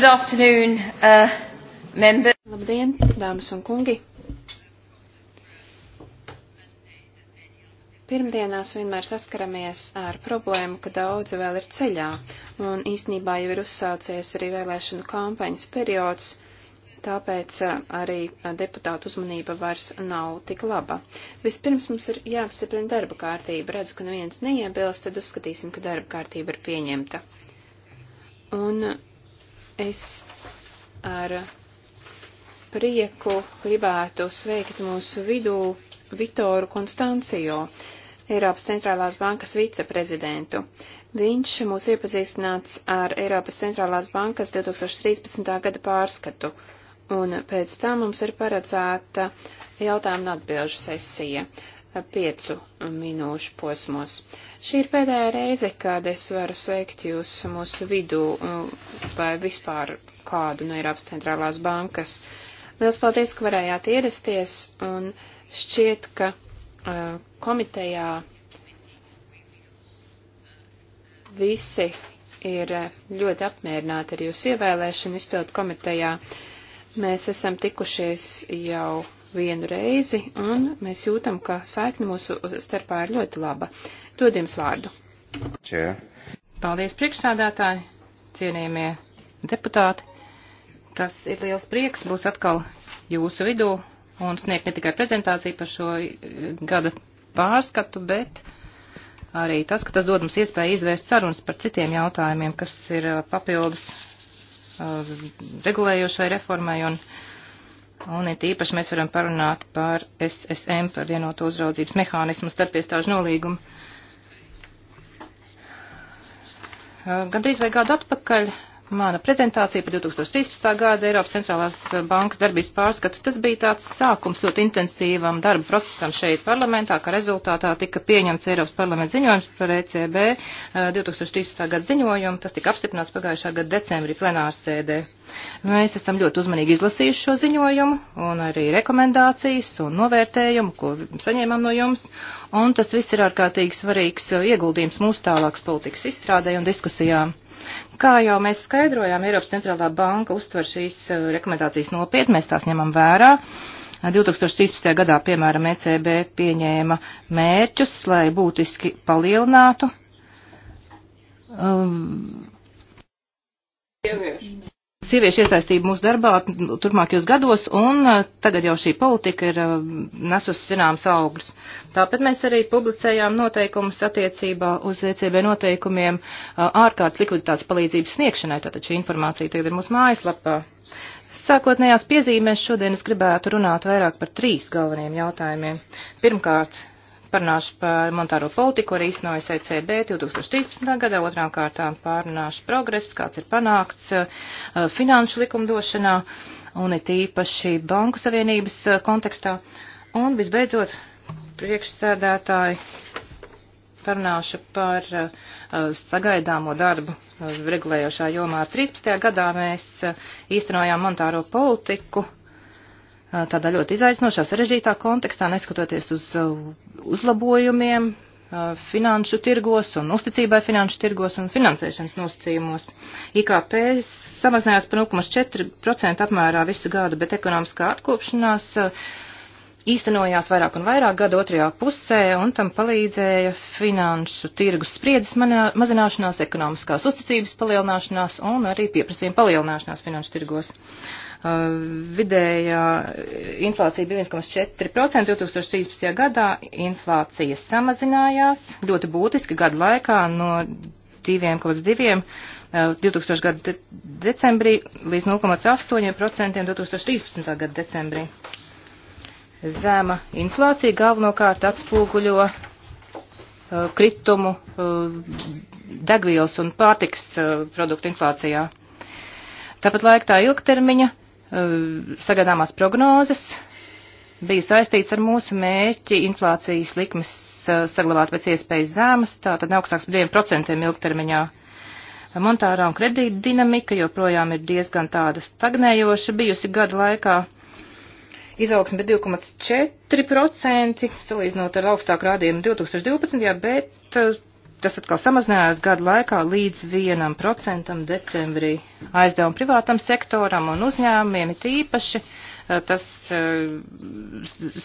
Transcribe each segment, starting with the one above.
good afternoon, uh, member. Labdien, dāmas un kungi. Pirmdienās vienmēr saskaramies ar problēmu, ka daudzi vēl ir ceļā, un īsnībā jau ir uzsācies arī vēlēšanu kampaņas periods, tāpēc uh, arī uh, deputātu uzmanība vairs nav tik laba. Vispirms mums ir jāapstiprina darba kārtība. Redzu, ka neviens neiebilst, tad uzskatīsim, ka darba kārtība ir pieņemta. Un Es ar prieku gribētu sveikt mūsu vidū Vitoru Konstancijo, Eiropas centrālās bankas viceprezidentu. Viņš mūs iepazīstināts ar Eiropas centrālās bankas 2013. gada pārskatu, un pēc tam mums ir paredzēta jautājuma un atbilžu sesija piecu minūšu posmos. Šī ir pēdējā reize, kad es varu sveikt jūs mūsu vidū mm, vai vispār kādu no Eiropas centrālās bankas. Liels paldies, ka varējāt ierasties un šķiet, ka uh, komitejā visi ir ļoti apmierināti ar jūsu ievēlēšanu izpildu komitejā. Mēs esam tikušies jau vienu reizi, un mēs jūtam, ka saikne mūsu starpā ir ļoti laba. Dod jums vārdu. Čē. Paldies, priekšsādātāji, cienījamie deputāti. Tas ir liels prieks būs atkal jūsu vidū un sniegt ne tikai prezentāciju par šo eh, gada pārskatu, bet arī tas, ka tas dod mums iespēju izvērst sarunas par citiem jautājumiem, kas ir eh, papildus eh, regulējošai reformai un uh, Un it īpaši mēs varam parunāt par SSM, par vienotu uzraudzības mehānismu starpiestāžu nolīgumu. Gandrīz vai gadu atpakaļ mana prezentācija par 2013. gada Eiropas centrālās eh, bankas darbības pārskatu. Tas bija tāds sākums ļoti intensīvam darba procesam šeit parlamentā, ka rezultātā tika pieņemts Eiropas parlamenta ziņojums par ECB 2013. Eh, gada ziņojumu. Tas tika apstiprināts pagājušā gada decembrī plenārsēdē. Mēs esam ļoti uzmanīgi izlasījuši šo ziņojumu un arī rekomendācijas un novērtējumu, ko saņēmām no jums. Un tas viss ir ārkārtīgi svarīgs eh, ieguldījums mūsu tālākas politikas izstrādē un diskusijām. Kā jau mēs skaidrojām, Eiropas centrālā banka uztver šīs eh, rekomendācijas nopietni, mēs tās ņemam vērā. 2013. gadā, piemēram, ECB pieņēma mērķus, lai būtiski palielinātu um, sieviešu iesaistību mūsu darbā turpmākajos gados, un uh, tagad jau šī politika ir uh, nesusi zināms augļus. Tāpēc mēs arī publicējām noteikumus attiecībā uz ECB noteikumiem uh, ārkārtas likviditātes palīdzības sniegšanai, tātad šī informācija tagad ir mūsu mājaslapā. Sākotnējās piezīmēs šodien es gribētu runāt vairāk par trīs galveniem jautājumiem. Pirmkārt, Parunāšu par monetāro politiku, arī iznojas ECB 2013. gadā, otrām kārtām pārunāšu progresus, kāds ir panākts uh, finanšu likumdošanā un it īpaši Banku Savienības uh, kontekstā. Un visbeidzot, priekšsēdētāji, parunāšu par uh, uh sagaidāmo darbu uh, regulējošā jomā. 13. gadā mēs uh, īstenojām monetāro politiku tādā ļoti izaicinošā, sarežģītā kontekstā, neskatoties uz uzlabojumiem finanšu tirgos un uzticībai finanšu tirgos un finansēšanas nosacījumos. IKP samazinājās par 0,4% apmērā visu gadu, bet ekonomiskā atkopšanās īstenojās vairāk un vairāk gada otrajā pusē, un tam palīdzēja finanšu tirgus spriedzes mazināšanās, ekonomiskās uzticības palielināšanās un arī pieprasījuma palielināšanās finanšu tirgos. Uh, Uh, vidējā inflācija bija 1,4%, 2013. gadā inflācija samazinājās ļoti būtiski gadu laikā no 2,2 2000. Uh, gada de decembrī līdz 0,8% 2013. gada decembrī. Zema inflācija galvenokārt atspoguļo uh, kritumu uh, degvielas un pārtiks uh, produktu inflācijā. Tāpat laikā ilgtermiņa Eh, sagaidāmās prognozes bija saistīts ar mūsu mērķi inflācijas likmes eh, saglabāt pēc iespējas zemes, tātad neaugstāks par 2% ilgtermiņā. Montārā un kredīta dinamika joprojām ir diezgan tāda stagnējoša bijusi gada laikā. Izaugsme bija 2,4% salīdzinot ar augstāku rādījumu 2012. bet eh, tas atkal samazinājās gadu laikā līdz 1% decembrī. Aizdevumi privātam sektoram un uzņēmumiem ir īpaši. Eh, tas eh,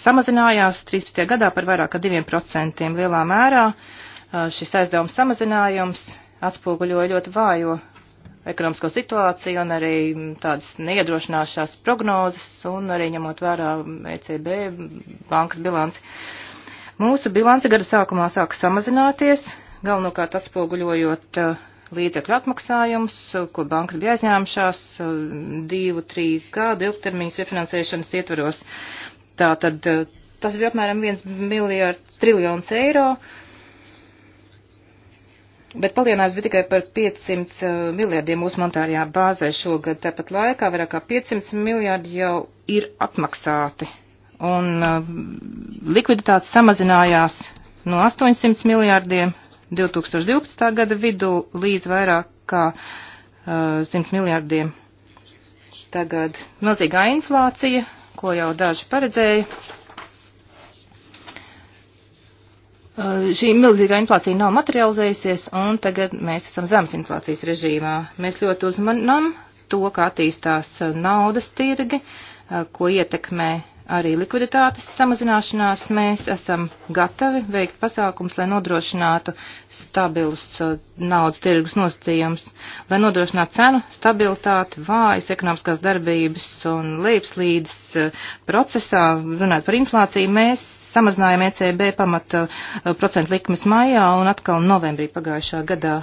samazinājās 13. gadā par vairāk kā 2%. Lielā mērā eh, šis aizdevuma samazinājums atspoguļoja ļoti vājo ekonomisko situāciju un arī mm, tādas neiedrošināšās prognozes un arī ņemot vērā mm, ECB bankas bilanci. Mūsu bilance gada sākumā sāka samazināties, galvenokārt atspoguļojot uh, līdzekļu atmaksājums, uh, ko bankas bija aizņēmušās uh, divu, trīs gadu ilgtermiņas refinansēšanas ietveros. Tātad tas bija apmēram 1 miljārds triljons eiro, bet palielinājums bija tikai par 500 miljārdiem mūsu monetārajā bāzē šogad. Tāpat laikā vairāk kā 500 miljārdi jau ir atmaksāti. Un likviditāte samazinājās no 800 miljārdiem 2012. gada vidū līdz vairāk kā uh, 100 miljārdiem. Tagad milzīgā inflācija, ko jau daži paredzēja. Uh, šī milzīgā inflācija nav materializējusies, un tagad mēs esam zemes inflācijas režīmā. Mēs ļoti uzmanam to, kā attīstās uh, naudas tirgi, uh, ko ietekmē arī likviditātes samazināšanās mēs esam gatavi veikt pasākums, lai nodrošinātu stabilus uh, naudas tirgus nosacījums, lai nodrošinātu cenu stabilitāti, vājas ekonomiskās darbības un leipslīdes uh, procesā, runāt par inflāciju, mēs samazinājām ECB pamata uh, procentu likmes maijā un atkal novembrī pagājušā gadā.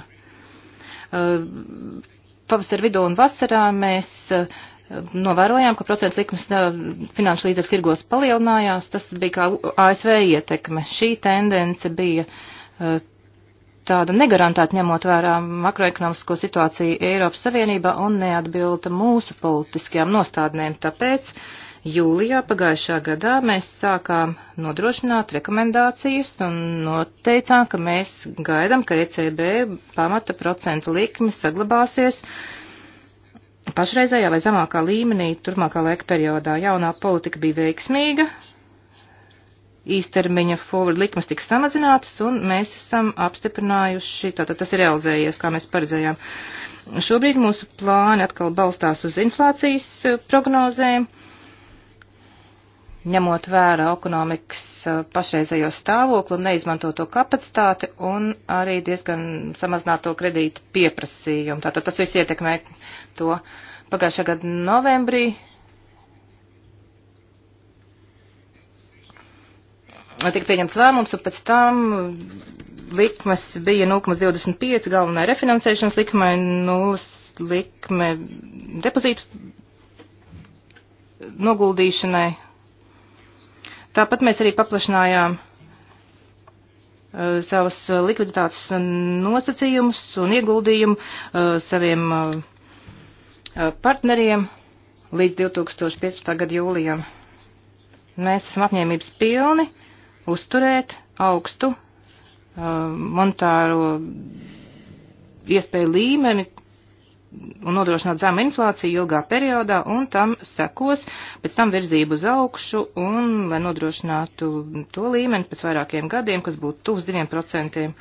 Pavasar vidū un vasarā mēs uh, novērojām, ka procentu likmes finanšu līdzekļu tirgos palielinājās, tas bija kā ASV ietekme. Šī tendence bija tāda negarantēta ņemot vērā makroekonomisko situāciju Eiropas Savienībā un neatbilda mūsu politiskajām nostādnēm. Tāpēc jūlijā pagājušā gadā mēs sākām nodrošināt rekomendācijas un noteicām, ka mēs gaidām, ka ECB pamata procentu likme saglabāsies uh, pašreizējā vai zemākā līmenī turmākā laika periodā. Jaunā politika bija veiksmīga, īstermiņa forward likmes tika samazinātas un mēs esam apstiprinājuši, tātad tas ir realizējies, kā mēs paredzējām. Šobrīd mūsu plāni atkal balstās uz inflācijas eh, prognozēm. Uh, ņemot vērā ekonomikas eh, pašreizējo stāvokli un neizmantoto kapacitāti un arī diezgan samazināto kredītu pieprasījumu. Tātad tas viss ietekmē to pagājušā gada novembrī. Tika pieņemts lēmums un pēc tam likmes bija 0,25 galvenai refinansēšanas likmai, 0 likme depozītu noguldīšanai Tāpat mēs arī paplašinājām uh, savus likviditātes nosacījumus un ieguldījumu uh, saviem uh, partneriem līdz 2015. gada jūlijam. Mēs esam apņēmības pilni uzturēt augstu monetāro iespēju līmeni, un nodrošināt zemu inflāciju ilgā periodā, un tam sekos pēc tam virzību uz augšu, un lai nodrošinātu to līmeni pēc vairākiem gadiem, kas būtu tuvs diviem procentiem.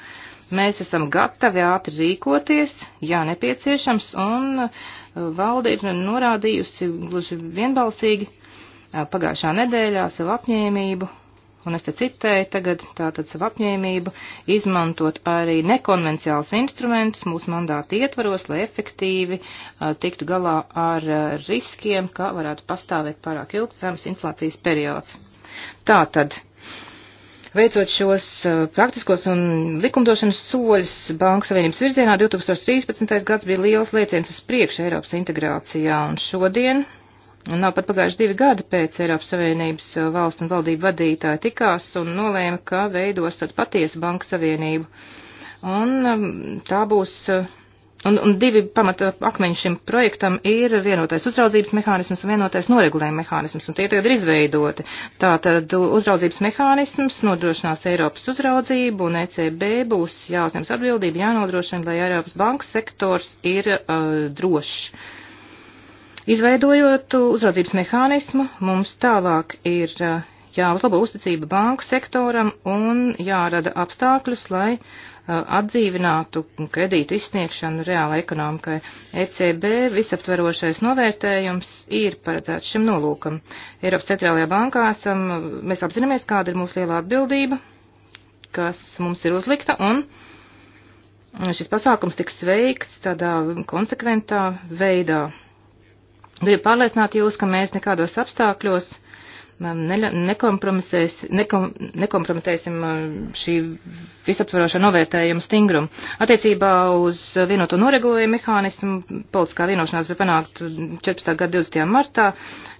Mēs esam gatavi ātri rīkoties, ja nepieciešams, un uh, valde ir norādījusi gluži vienbalsīgi uh, pagājušā nedēļā savu apņēmību un es te citēju tagad tātad savu apņēmību, izmantot arī nekonvenciāls instrumentus mūsu mandāta ietvaros, lai efektīvi a, tiktu galā ar a, riskiem, kā varētu pastāvēt pārāk ilgs zemes inflācijas periods. Tātad. Veicot šos praktiskos un likumdošanas soļus Banku Savienības virzienā, 2013. gads bija liels lēciens uz priekšu Eiropas integrācijā, un šodien Nav pat pagājuši divi gadi pēc Eiropas Savienības uh, valstu un valdību vadītāja tikās un nolēma, ka veidos tad patiesu banku savienību. Un um, tā būs, uh, un, un divi pamata akmeņi šim projektam ir vienotais uzraudzības mehānisms un vienotais noregulējuma mehānisms, un tie tagad ir izveidoti. Tātad uzraudzības mehānisms nodrošinās Eiropas uzraudzību, un ECB būs jāuzņems atbildība, jānodrošina, lai Eiropas bankas sektors ir uh, drošs. Izveidojot uzraudzības mehānismu, mums tālāk ir uh, jāuzlabo uzticība banku sektoram un jārada apstākļus, lai uh, atdzīvinātu kredītu izsniegšanu reālai ekonomikai. ECB visaptverošais novērtējums ir paredzēts šim nolūkam. Eiropas centrālajā bankā esam, mēs apzināmies, kāda ir mūsu lielā atbildība, kas mums ir uzlikta, un šis pasākums tiks veikts tādā konsekventā veidā Gribu pārliecināt jūs, ka mēs nekādos apstākļos um, ne, nekom, nekompromitēsim um, šī visaptvarošā novērtējuma stingrumu. Attiecībā uz vienoto noregulējumu mehānismu politiskā vienošanās bija panākt 14. gada 20. martā.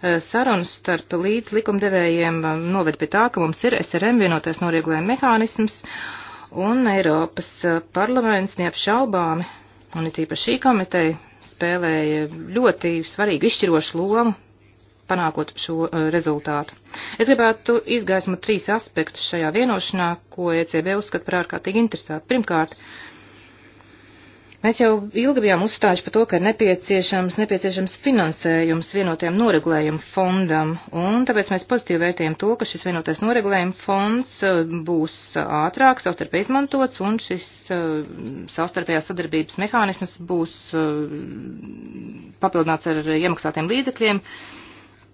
Uh, Sarunas starp līdz likumdevējiem um, noved pie tā, ka mums ir SRM vienotais noregulējuma mehānisms un Eiropas uh, parlaments neapšaubāmi un it īpaši šī komiteja spēlēja ļoti svarīgu izšķirošu lomu, panākot šo uh, rezultātu. Es gribētu izgaismot trīs aspektus šajā vienošanā, ko ECB uzskata par ārkārtīgi interesantu. Pirmkārt, uh, Mēs jau ilgi bijām uzstājuši par to, ka ir nepieciešams, nepieciešams finansējums vienotajam noregulējumu fondam, un tāpēc mēs pozitīvi vērtējam to, ka šis vienotais noregulējuma fonds uh, būs ātrāk savstarpēji izmantots, un šis uh, savstarpējās sadarbības mehānisms būs uh, papildināts ar iemaksātiem līdzekļiem. Uh,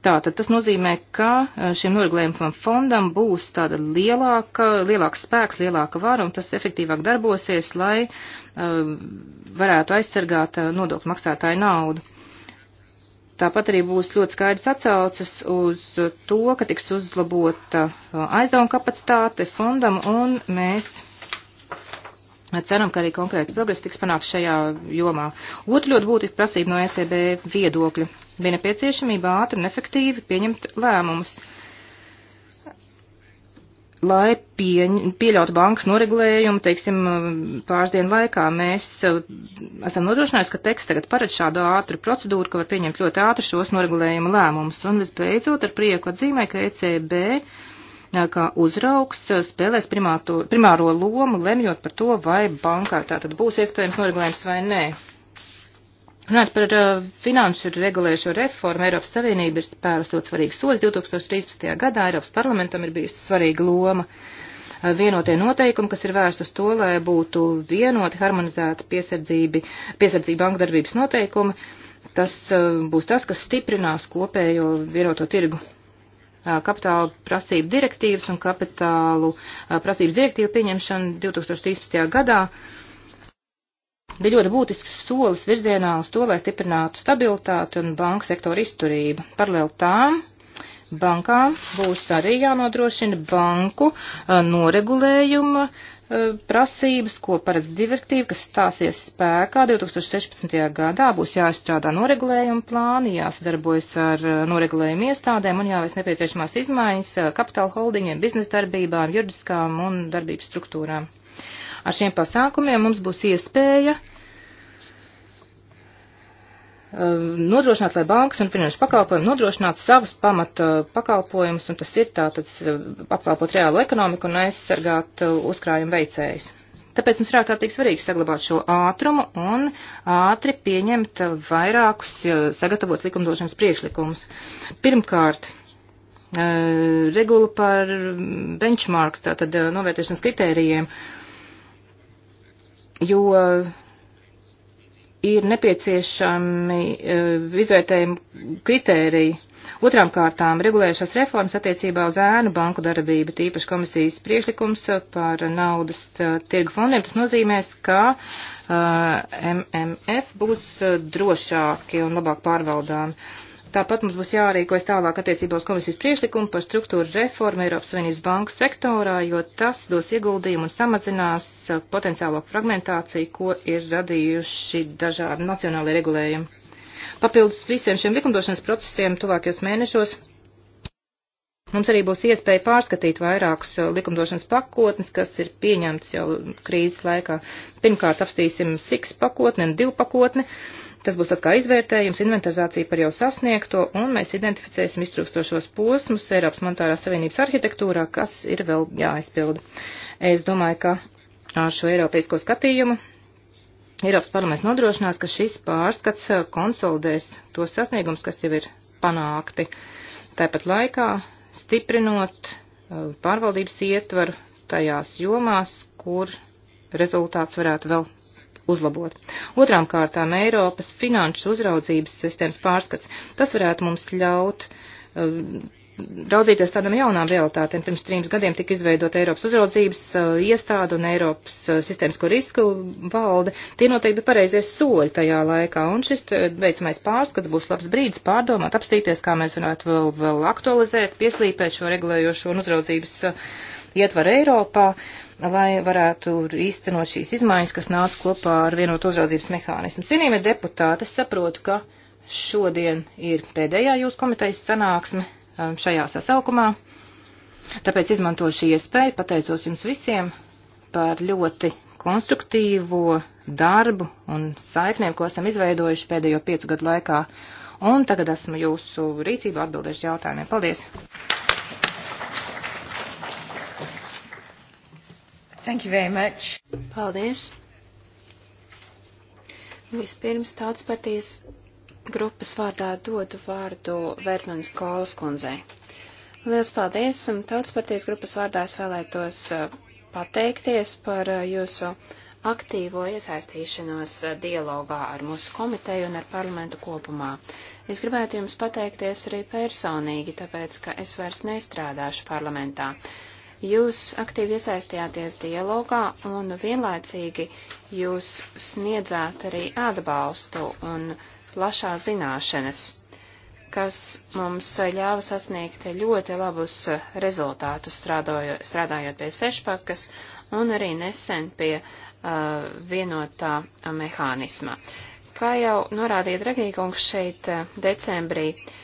Tātad tas nozīmē, ka e, šim noregulējumam fondam būs tāda lielāka, lielāks spēks, lielāka vara, un tas efektīvāk darbosies, lai uh, varētu aizsargāt uh, nodokļu maksātāju naudu. Tāpat arī būs ļoti skaidrs atsaucas uz to, ka tiks uzlabota aizdevuma kapacitāte fondam, un mēs Ceram, ka arī konkrēts progress tiks panāks šajā jomā. Otra ļoti būtiska prasība no ECB viedokļa bija nepieciešamība ātri un efektīvi pieņemt lēmumus, lai pieņ, pieļautu bankas noregulējumu, teiksim, pāris dienu laikā. Mēs eh, esam nodrošinājuši, ka teksts tagad paredz šādu ātru procedūru, ka var pieņemt ļoti ātri šos noregulējumu lēmumus. Un visbeidzot, ar prieku atzīmē, ka ECB kā uzraugs spēlēs primāto, primāro lomu, lemjot par to, vai bankā tātad būs iespējams noregulējums vai nē. Runāt par uh, finanšu regulējušo reformu, Eiropas Savienība ir spērus ļoti svarīgs solis. 2013. gadā Eiropas parlamentam ir bijusi svarīga loma. Uh, vienotie noteikumi, kas ir vērst uz to, lai būtu vienoti harmonizēti piesardzība bankdarbības noteikumi, tas uh, būs tas, kas stiprinās kopējo vienoto tirgu Uh, kapitāla prasību direktīvas un kapitālu uh, prasības direktīvu pieņemšanu 2013. gadā bija ļoti būtisks solis virzienā uz to, lai stiprinātu stabilitāti un banku sektoru izturību. Paralēli tām bankām būs arī jānodrošina banku uh, noregulējuma prasības, ko paredz direktīva, kas stāsies spēkā 2016. gadā, būs jāizstrādā noregulējuma plāni, jāsadarbojas ar eh, noregulējuma iestādēm un jāveic nepieciešamās izmaiņas eh, kapitāla holdingiem, biznesa darbībām, juridiskām un darbības struktūrām. Ar šiem pasākumiem mums būs iespēja uh, Um, nodrošināt, lai bankas un finanšu pakalpojumi nodrošinātu savus pamata pakalpojumus, un tas ir tātad uh, apkalpot reālu ekonomiku un aizsargāt uh, uzkrājumu veicējus. Tāpēc mums ir ārkārtīgi svarīgi saglabāt šo ātrumu un ātri pieņemt vairākus uh, sagatavots likumdošanas priekšlikumus. Pirmkārt, regula par benchmarks, tātad novērtēšanas kritērijiem, jo ir nepieciešami e, izvērtējumi kritēriji. Otrām kārtām regulējušās reformas attiecībā uz ēnu banku darbību, tīpaši komisijas priekšlikums par naudas e, tirgu fondiem, tas nozīmēs, ka uh, e, MMF būs drošāki un labāk pārvaldāmi. Uh, Tāpat mums būs jārīkojas tālāk attiecībā uz komisijas priešlikumu par struktūru reformu Eiropas Savienības banku sektorā, jo tas dos ieguldījumu un samazinās potenciālo fragmentāciju, ko ir radījuši dažādi nacionāli regulējumi. Papildus visiem šiem likumdošanas procesiem tuvākajos mēnešos Mums arī būs iespēja pārskatīt vairākus likumdošanas pakotnes, kas ir pieņemts jau krīzes laikā. Pirmkārt, apstīsim SIX pakotni un divu pakotni. Uh, Tas būs tāds kā izvērtējums, inventarizācija par jau sasniegto, un mēs identificēsim iztrūkstošos posmus Eiropas monetārās savienības arhitektūrā, kas ir vēl jāaizpilda. Es domāju, ka ar šo eiropeisko skatījumu Eiropas parlaments nodrošinās, ka šis pārskats uh, konsolidēs tos sasniegums, kas jau ir panākti. Tāpat laikā stiprinot uh, pārvaldības ietvaru tajās jomās, kur rezultāts varētu vēl uzlabot. Otrām kārtām Eiropas finanšu uzraudzības sistēmas pārskats. Tas varētu mums ļaut um, raudzīties tādam jaunām realitātēm. Pirms trīs gadiem tika izveidota Eiropas uzraudzības uh, iestāde un Eiropas uh, sistēmisko risku valde. Tie noteikti bija pareizie soļi tajā laikā, un šis veicamais pārskats būs labs brīdis pārdomāt, apstīties, kā mēs varētu vēl, vēl aktualizēt, pieslīpēt šo regulējošo un uzraudzības uh, ietvaru Eiropā. Uh, lai varētu īstenot šīs izmaiņas, kas nāca kopā ar vienotu uzraudzības mehānismu. Cienījamie deputāti, es saprotu, ka šodien ir pēdējā jūsu komitejas sanāksme um, šajā sasaukumā, tāpēc izmantošu iespēju, pateicos jums visiem par ļoti konstruktīvo darbu un saiknēm, ko esam izveidojuši pēdējo piecu gadu laikā. Un tagad esmu jūsu rīcībā atbildēšu jautājumiem. Paldies! Thank you very much. Paldies. Vispirms tautas partijas grupas vārdā dodu vārdu Vērtmanis Kolas kundzei. Lielas paldies, un tautas partijas grupas vārdā es vēlētos uh, pateikties par uh, jūsu aktīvo iesaistīšanos uh, dialogā ar mūsu komiteju un ar parlamentu kopumā. Es gribētu jums pateikties arī personīgi, tāpēc, ka es vairs nestrādāšu parlamentā. Jūs aktīvi iesaistījāties dialogā un vienlaicīgi jūs sniedzāt arī atbalstu un plašā zināšanas, kas mums ļāva sasniegt ļoti labus rezultātus strādājot, strādājot pie sešpakas un arī nesen pie uh, vienotā mehānisma. Kā jau norādīja Dragīkungs šeit uh, decembrī, uh,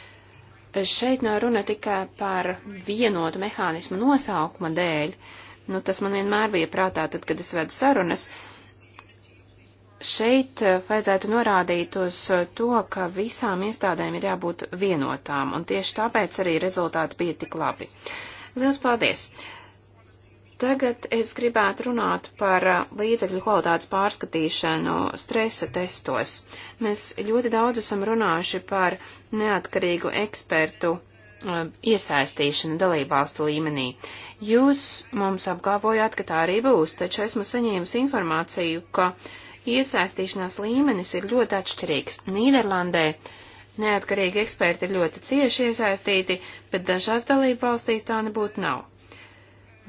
šeit nav runa tikai par vienotu mehānismu nosaukuma dēļ. Nu, tas man vienmēr bija prātā, tad, kad es vedu sarunas. Šeit eh, vajadzētu norādīt uz eh, to, ka visām iestādēm ir jābūt vienotām, un tieši tāpēc arī rezultāti bija tik labi. Liels paldies! Tagad es gribētu runāt par uh, līdzekļu kvalitātes pārskatīšanu stresa testos. Mēs ļoti daudz esam runājuši par neatkarīgu ekspertu uh, iesaistīšanu dalībvalstu līmenī. Jūs mums apgalvojāt, ka tā arī būs, taču esmu saņēmis informāciju, ka iesaistīšanās līmenis ir ļoti atšķirīgs. Nīderlandē neatkarīgi eksperti ir ļoti cieši iesaistīti, bet dažās dalībvalstīs tā nebūtu nav.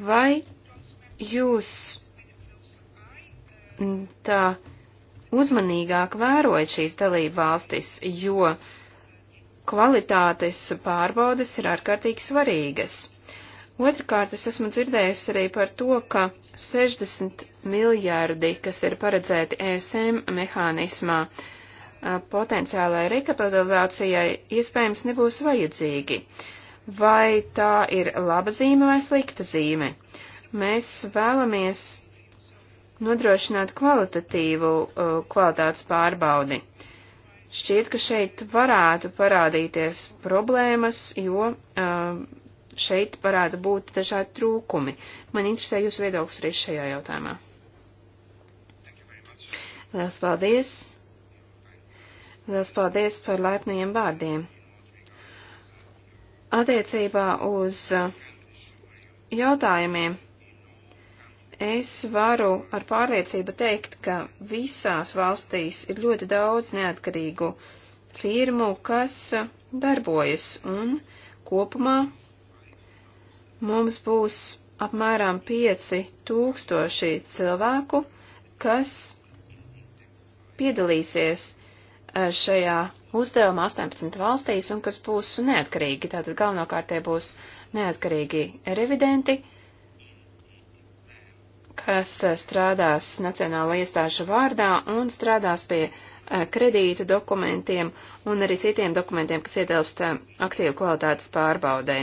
Vai jūs tā uzmanīgāk vērojat šīs dalību valstis, jo kvalitātes pārbaudes ir ārkārtīgi svarīgas. Otrakārt, es esmu dzirdējusi arī par to, ka 60 miljārdi, kas ir paredzēti ESM mehānismā, potenciālai rekapitalizācijai iespējams nebūs vajadzīgi. Vai tā ir laba zīme vai slikta zīme? Mēs vēlamies nodrošināt kvalitatīvu uh, kvalitātes pārbaudi. Šķiet, ka šeit varētu parādīties problēmas, jo uh, šeit varētu būt dažādi trūkumi. Man interesē jūsu viedoklis arī šajā jautājumā. Lielas paldies! Lielas paldies par laipniem vārdiem! Attiecībā uz uh, jautājumiem Es varu ar pārliecību teikt, ka visās valstīs ir ļoti daudz neatkarīgu firmu, kas darbojas, un kopumā mums būs apmēram 5000 cilvēku, kas piedalīsies e, šajā uzdevumā 18 valstīs un kas būs neatkarīgi. Tātad galvenokārt tie būs neatkarīgi revidenti kas strādās Nacionāla iestāžu vārdā un strādās pie eh, kredītu dokumentiem un arī citiem dokumentiem, kas ietilpst eh, aktīvu kvalitātes pārbaudē.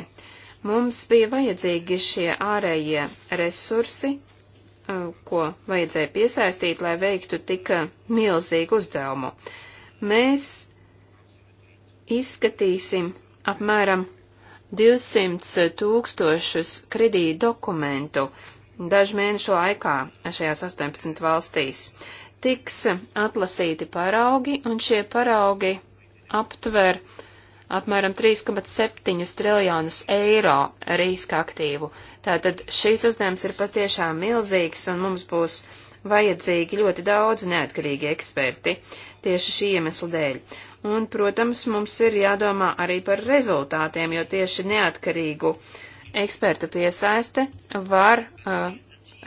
Mums bija vajadzīgi šie ārējie resursi, eh, ko vajadzēja piesaistīt, lai veiktu tik milzīgu uzdevumu. Mēs izskatīsim apmēram 200 tūkstošus kredītu dokumentu, uh, dažu mēnešu laikā šajās 18 valstīs. Tiks atlasīti paraugi, un šie paraugi aptver apmēram 3,7 triljonus eiro riska aktīvu. Tātad šīs uzdevums ir patiešām milzīgs, un mums būs vajadzīgi ļoti daudz neatkarīgi eksperti tieši šī iemesla dēļ. Un, protams, mums ir jādomā arī par rezultātiem, jo tieši neatkarīgu uh, ekspertu piesaiste var uh,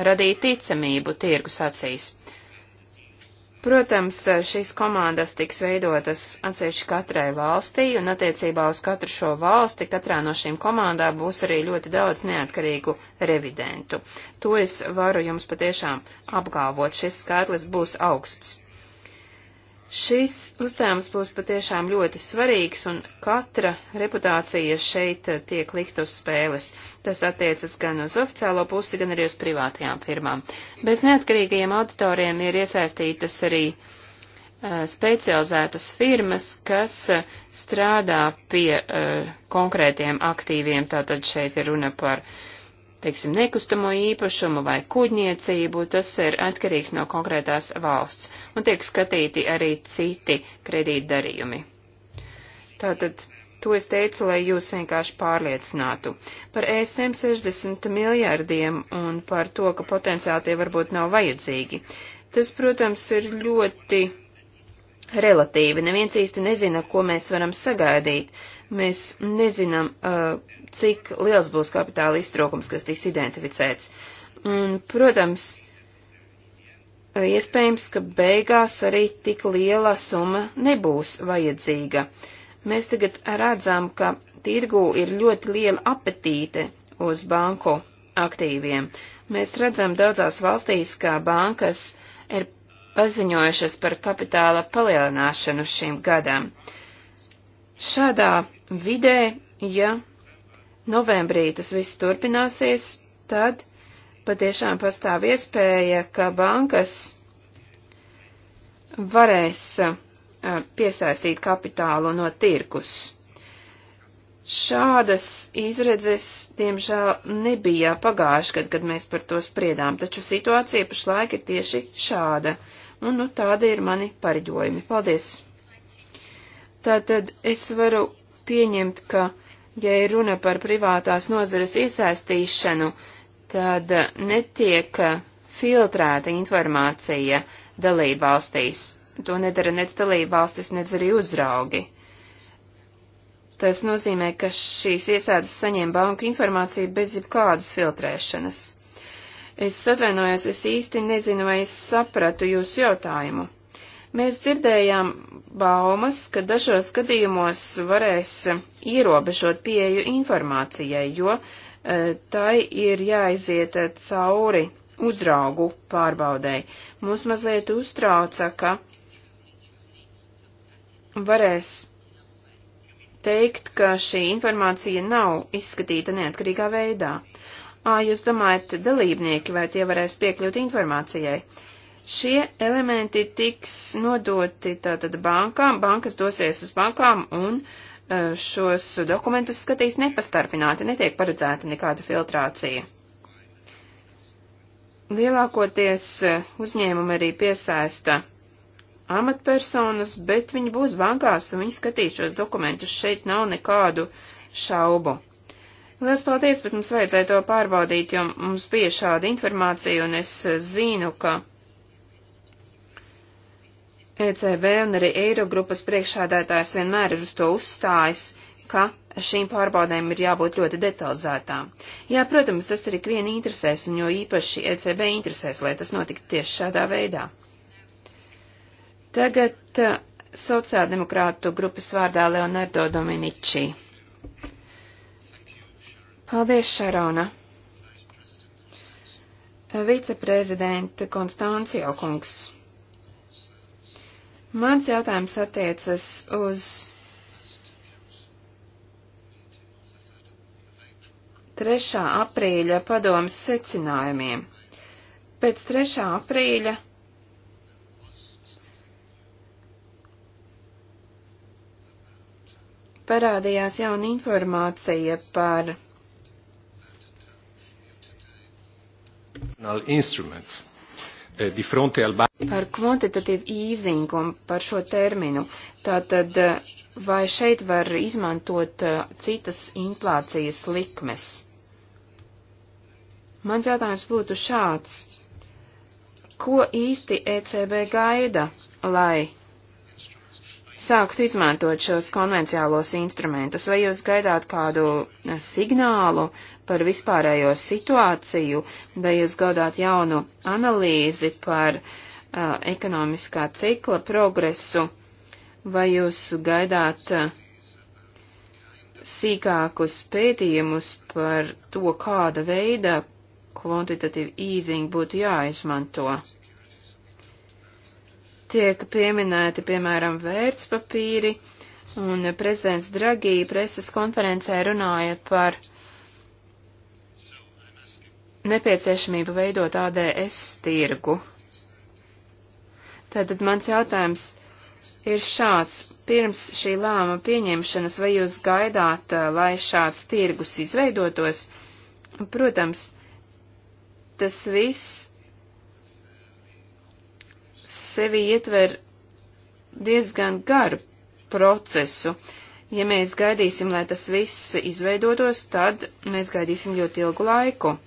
radīt ticamību tirgus acīs. Protams, uh, šīs komandas tiks veidotas atsevišķi katrai valstī, un attiecībā uz katru šo valsti katrā no šīm komandām būs arī ļoti daudz neatkarīgu revidentu. To es varu jums patiešām apgalvot, šis skaitlis būs augsts. Šis uzdevums būs patiešām ļoti svarīgs, un katra reputācija šeit eh, tiek likt uz spēles. Tas attiecas gan uz oficiālo pusi, gan arī uz privātajām firmām. Bez neatkarīgajiem auditoriem ir iesaistītas arī uh, specializētas firmas, kas uh, strādā pie uh, konkrētiem aktīviem, tātad šeit ir runa par uh, teiksim, nekustamo īpašumu vai kuģniecību, tas ir atkarīgs no konkrētās valsts, un tiek skatīti arī citi kredītdarījumi. Tātad, to es teicu, lai jūs vienkārši pārliecinātu. Par ESM 60 miljārdiem un par to, ka potenciāli tie varbūt nav vajadzīgi. Tas, protams, ir ļoti relatīvi. Neviens īsti nezina, ko mēs varam sagaidīt Mēs nezinām, uh, cik liels būs kapitāla iztrūkums, kas tiks identificēts. Un, protams, uh, iespējams, ka beigās arī tik liela summa nebūs vajadzīga. Mēs tagad redzam, ka tirgu ir ļoti liela apetīte uz banku aktīviem. Mēs redzam daudzās valstīs, ka bankas ir paziņojušas par kapitāla palielināšanu šim gadam. Šādā vidē, ja novembrī tas viss turpināsies, tad patiešām pastāv iespēja, ka bankas varēs piesaistīt kapitālu no tirkus. Šādas izredzes, diemžēl, nebija pagājuši, kad, kad mēs par to spriedām, taču situācija pašlaik ir tieši šāda, un nu tādi ir mani pareģojumi. Paldies! Tātad es varu pieņemt, ka, ja ir runa par privātās nozares iesaistīšanu, tad netiek filtrēta informācija dalībvalstīs. To nedara nec dalībvalstis, nec arī uzraugi. Tas nozīmē, ka šīs iestādes saņem banku informāciju bez jebkādas filtrēšanas. Es atvainojos, es īsti nezinu, vai es sapratu jūsu jautājumu. Mēs dzirdējām baumas, ka dažos gadījumos varēs ierobežot pieeju informācijai, jo e, tai ir jāiziet cauri uzraugu pārbaudēji. Mūs mazliet uztrauca, ka varēs teikt, ka šī informācija nav izskatīta neatkarīgā veidā. Ā, jūs domājat, dalībnieki vai tie varēs piekļūt informācijai? Šie elementi tiks nodoti tātad bankām, bankas dosies uz bankām un e, šos dokumentus skatīs nepastarpināti, netiek paredzēta nekāda filtrācija. Lielākoties e, uzņēmumi arī piesaista amatpersonas, bet viņi būs bankās un viņi skatīs šos dokumentus. Šeit nav nekādu šaubu. Lielas paldies, bet mums vajadzēja to pārbaudīt, jo mums bija šāda informācija un es e, zinu, ka ECB un arī Eirogrupas priekšādātājs vienmēr ir uz to uzstājis, ka šīm pārbaudēm ir jābūt ļoti detalizētām. Jā, protams, tas arī ikvienu interesēs, un jo īpaši ECB interesēs, lai tas notiktu tieši šādā veidā. Tagad uh, sociāldemokrātu grupas vārdā Leonardo Dominici. Paldies, Šarona. Viceprezidenta Konstancija Okungs. Mans jautājums attiecas uz trešā aprīļa padomas secinājumiem. Pēc 3. aprīļa parādījās jauna informācija par instruments eh, di fronte al par kvantitatīvu īzingu un par šo terminu. Tātad, vai šeit var izmantot uh, citas inflācijas likmes? Mans jautājums būtu šāds. Ko īsti ECB gaida, lai sāktu izmantot šos konvenciālos instrumentus, vai jūs gaidāt kādu uh, signālu par vispārējo situāciju, vai jūs gaidāt jaunu analīzi par uh, uh, ekonomiskā cikla progresu, vai jūs gaidāt uh, sīkākus pētījumus par to, kāda veida kvantitatīva easing būtu jāizmanto. Tiek pieminēti, piemēram, vērtspapīri, un prezidents Dragī preses konferencē runāja par nepieciešamību veidot ADS tirgu. Tātad mans jautājums ir šāds. Pirms šī lēma pieņemšanas, vai jūs gaidāt, lai šāds tirgus izveidotos? Protams, tas viss sevi ietver diezgan garu procesu. Ja mēs gaidīsim, lai tas viss izveidotos, tad mēs gaidīsim ļoti ilgu laiku.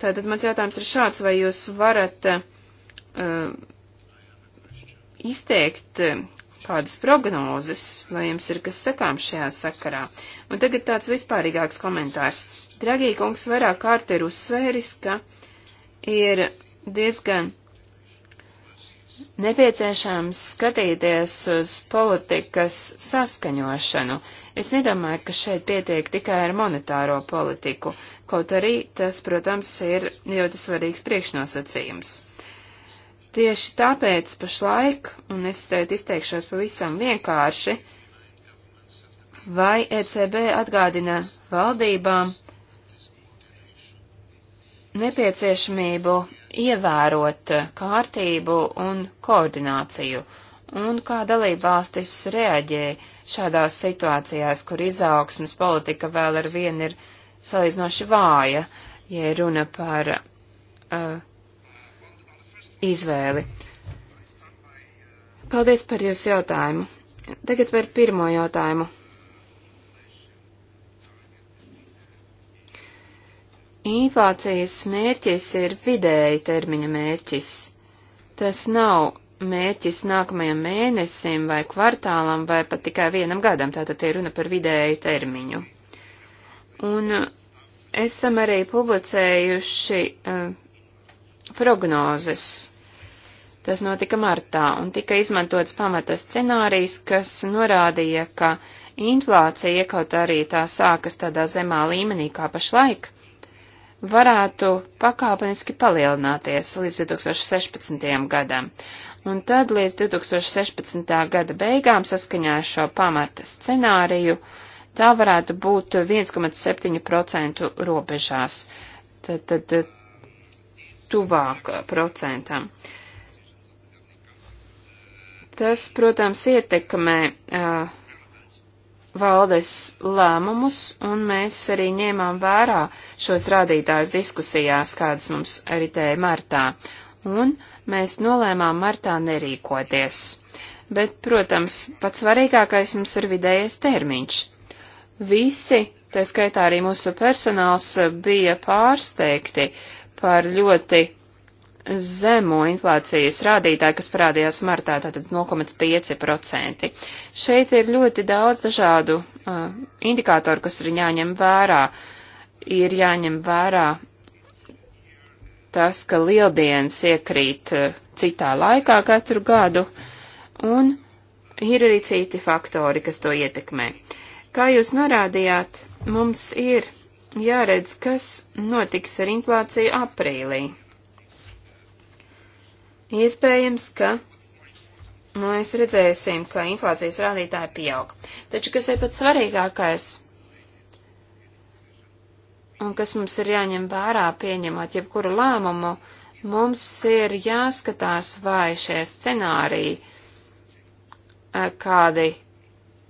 Tātad mans jautājums ir šāds, vai jūs varat uh, izteikt eh, kādas prognozes, vai jums ir kas sakām šajā sakarā. Un tagad tāds vispārīgāks komentārs. Dragī kungs vairāk kārt ir uzsvēris, ka ir diezgan nepieciešams skatīties uz politikas saskaņošanu. Es nedomāju, ka šeit pietiek tikai ar monetāro politiku, kaut arī tas, protams, ir ļoti svarīgs priekšnosacījums. Tieši tāpēc pašlaik, un es šeit izteikšos pavisam vienkārši, vai ECB atgādina valdībām nepieciešamību ievērot kārtību un koordināciju, un kā dalībvalstis reaģē šādās situācijās, kur izaugsmas politika vēl ar vienu ir salīdzinoši vāja, ja runa par uh, izvēli. Paldies par jūsu jautājumu. Tagad par pirmo jautājumu. Inflācijas mērķis ir vidēji termiņa mērķis. Tas nav mērķis nākamajam mēnesim vai kvartālam vai pat tikai vienam gadam, tātad ir runa par vidēju termiņu. Un uh, esam arī publicējuši uh, prognozes Tas notika martā un tika izmantots pamata scenārijs, kas norādīja, ka inflācija, kaut arī tā sākas tādā zemā līmenī kā pašlaik, varētu pakāpeniski palielināties līdz 2016. gadam. Un tad līdz 2016. gada beigām saskaņā ar šo pamata scenāriju tā varētu būt 1,7% robežās, tad, tad tuvāk procentam. Uh, Tas, protams, ietekmē uh, valdes lēmumus, un mēs arī ņēmām vērā šos rādītājus diskusijās, kādas mums ritēja martā, un mēs nolēmām martā nerīkoties. Bet, protams, pats svarīgākais mums ir vidējais termiņš. Visi, tā skaitā arī mūsu personāls, bija pārsteigti par ļoti zemo inflācijas rādītāju, kas parādījās martā, tātad 0,5%. Šeit ir ļoti daudz dažādu uh, indikātoru, kas ir jāņem vērā. Ir jāņem vērā tas, ka lieldienas iekrīt uh, citā laikā katru gadu, un ir arī citi faktori, kas to ietekmē. Kā jūs norādījāt, mums ir jāredz, kas notiks ar inflāciju aprīlī. Iespējams, ka nu, mēs redzēsim, ka inflācijas rādītāji pieaug. Taču, kas ir pats svarīgākais un kas mums ir jāņem vērā pieņemot jebkuru lēmumu, mums ir jāskatās, vai šie scenāriji, eh, kādi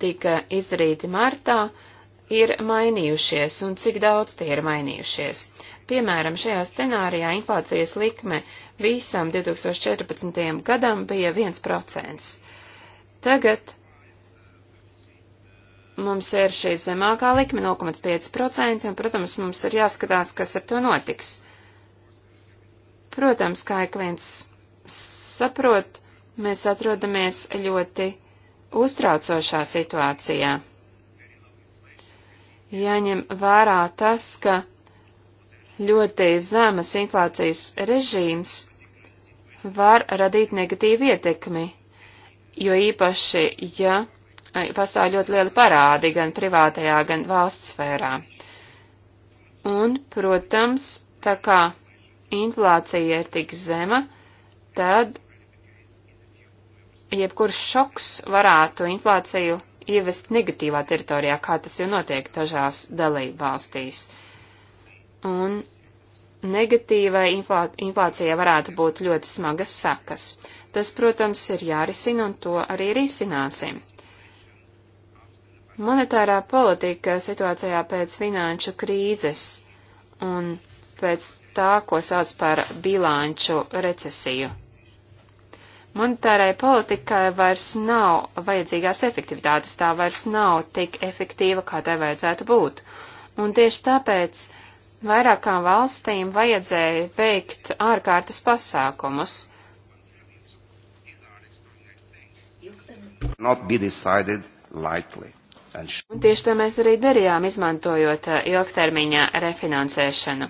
tika izdarīti martā, uh, ir mainījušies un cik daudz tie ir mainījušies. Piemēram, šajā scenārijā inflācijas likme visam 2014. gadam bija 1%. Tagad mums ir šī zemākā likme 0,5%, un, protams, mums ir jāskatās, kas ar to notiks. Protams, kā ik viens saprot, mēs atrodamies ļoti uztraucošā situācijā jāņem vērā tas, ka ļoti zemas inflācijas režīms var radīt negatīvu ietekmi, jo īpaši, ja pastāv ļoti lieli parādi gan privātajā, gan valsts sfērā. Un, protams, tā kā inflācija ir tik zema, tad jebkurš šoks varētu inflāciju ievest negatīvā teritorijā, kā tas jau notiek dažās dalība valstīs. Un negatīvai inflā, inflācijai varētu būt ļoti smagas sakas. Tas, protams, ir jārisina un to arī risināsim. Monetārā politika situācijā pēc finanšu krīzes un pēc tā, ko sauc par bilanču recesiju. Monetārai politikai vairs nav vajadzīgās efektivitātes, tā vairs nav tik efektīva, kā tai vajadzētu būt. Un tieši tāpēc vairākām valstīm vajadzēja veikt ārkārtas pasākumus. Un tieši to mēs arī darījām, izmantojot eh, ilgtermiņa refinansēšanu.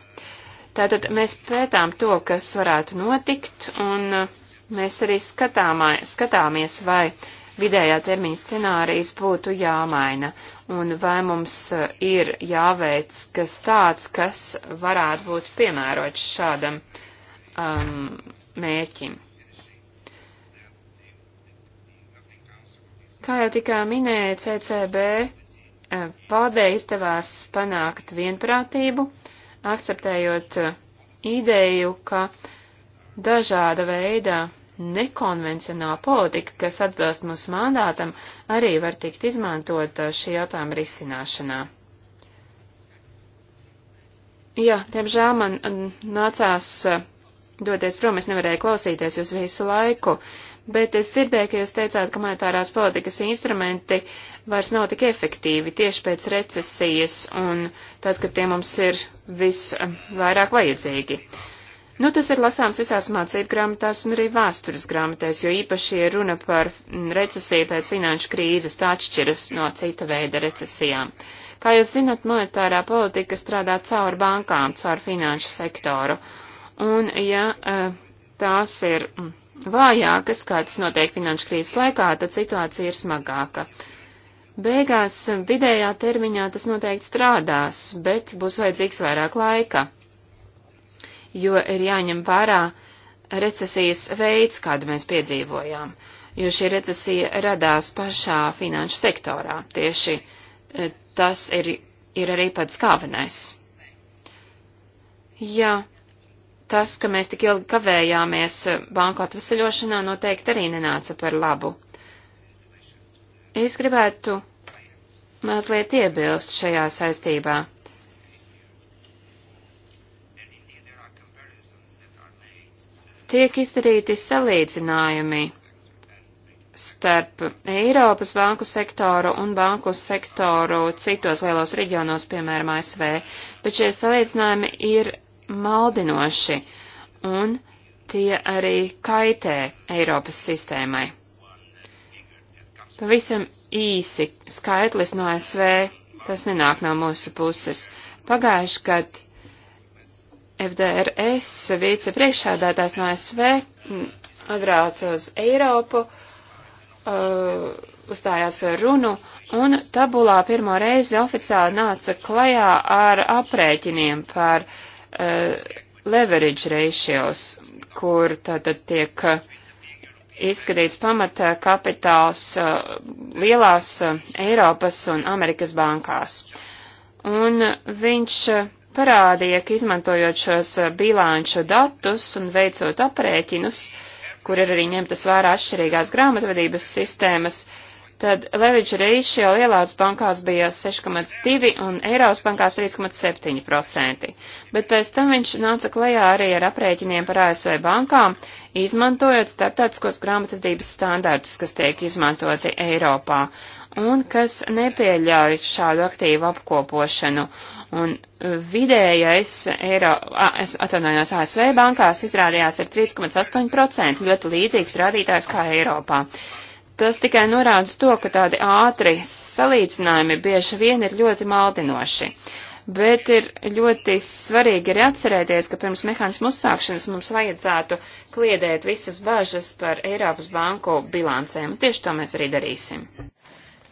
Tātad mēs pētām to, kas varētu notikt, un uh, Mēs arī skatāmā, skatāmies, vai vidējā termiņa scenārijs būtu jāmaina, un vai mums eh, ir jāveic kas tāds, kas varētu būt piemērots šādam um, mērķim. Kā jau tikā minēja CCB, eh, valdē izdevās panākt vienprātību, akceptējot eh, ideju, ka uh, dažāda veida nekonvencionāla politika, kas atbilst mūsu mandātam, arī var tikt izmantot uh, šī jautājuma risināšanā. Jā, diemžēl man uh, nācās uh, doties prom, es nevarēju klausīties jūs visu laiku, bet es dzirdēju, ka jūs teicāt, ka monetārās politikas instrumenti vairs nav tik efektīvi tieši pēc recesijas un tad, kad tie mums ir visvairāk vajadzīgi. Uh, Nu, tas ir lasāms visās mācību grāmatās un arī vēstures grāmatās, jo īpaši ir runa par mm, recesiju pēc finanšu krīzes, tā atšķiras no cita veida recesijām. Kā jūs zinat, monetārā politika strādā caur bankām, caur finanšu sektoru. Un, ja eh, tās ir mm, vājākas, kā tas notiek finanšu krīzes laikā, tad situācija ir smagāka. Beigās vidējā termiņā tas noteikti strādās, bet būs vajadzīgs vairāk laika jo ir jāņem vērā recesijas veids, kādu mēs piedzīvojām, jo šī recesija radās pašā finanšu sektorā. Tieši eh, tas ir, ir arī pats galvenais. Jā, tas, ka mēs tik ilgi kavējāmies eh, banku atvesaļošanā, noteikti arī nenāca par labu. Es gribētu mazliet iebilst šajā saistībā. tiek izdarīti salīdzinājumi starp Eiropas banku sektoru un banku sektoru citos lielos reģionos, piemēram, ASV, bet šie salīdzinājumi ir maldinoši un tie arī kaitē Eiropas sistēmai. Pavisam īsi skaitlis no ASV, tas nenāk no mūsu puses. Pagājuši gadu FDRS vicepriekšādātājs no SV atbrauca uz Eiropu, uh, uzstājās runu, un tabulā pirmo reizi oficiāli nāca klajā ar aprēķiniem par uh, leverage ratios, kur tātad tiek uh, izskatīts pamata kapitāls uh, lielās uh, Eiropas un Amerikas bankās. Un viņš uh, parādīja, ka izmantojot šos eh, bilanču datus un veicot aprēķinus, kur ir arī ņemtas vērā atšķirīgās grāmatvedības sistēmas, tad leverage reiz šajā lielās bankās bija 6,2 un Eiropas bankās 3,7%. Bet pēc tam viņš nāca klajā arī ar aprēķiniem par ASV bankām, izmantojot starptautiskos grāmatvedības standārtus, kas tiek izmantoti Eiropā un kas nepieļauj šādu aktīvu apkopošanu Un e, vidējais eiro, atvainojos ASV bankās, izrādījās ar 3,8%, ļoti līdzīgs rādītājs kā Eiropā. Tas tikai norāda to, ka tādi ātri salīdzinājumi bieži vien ir ļoti maldinoši bet ir ļoti svarīgi arī atcerēties, ka pirms mehānismu uzsākšanas mums vajadzētu kliedēt visas bažas par Eiropas banku bilancēm. Tieši to mēs arī darīsim.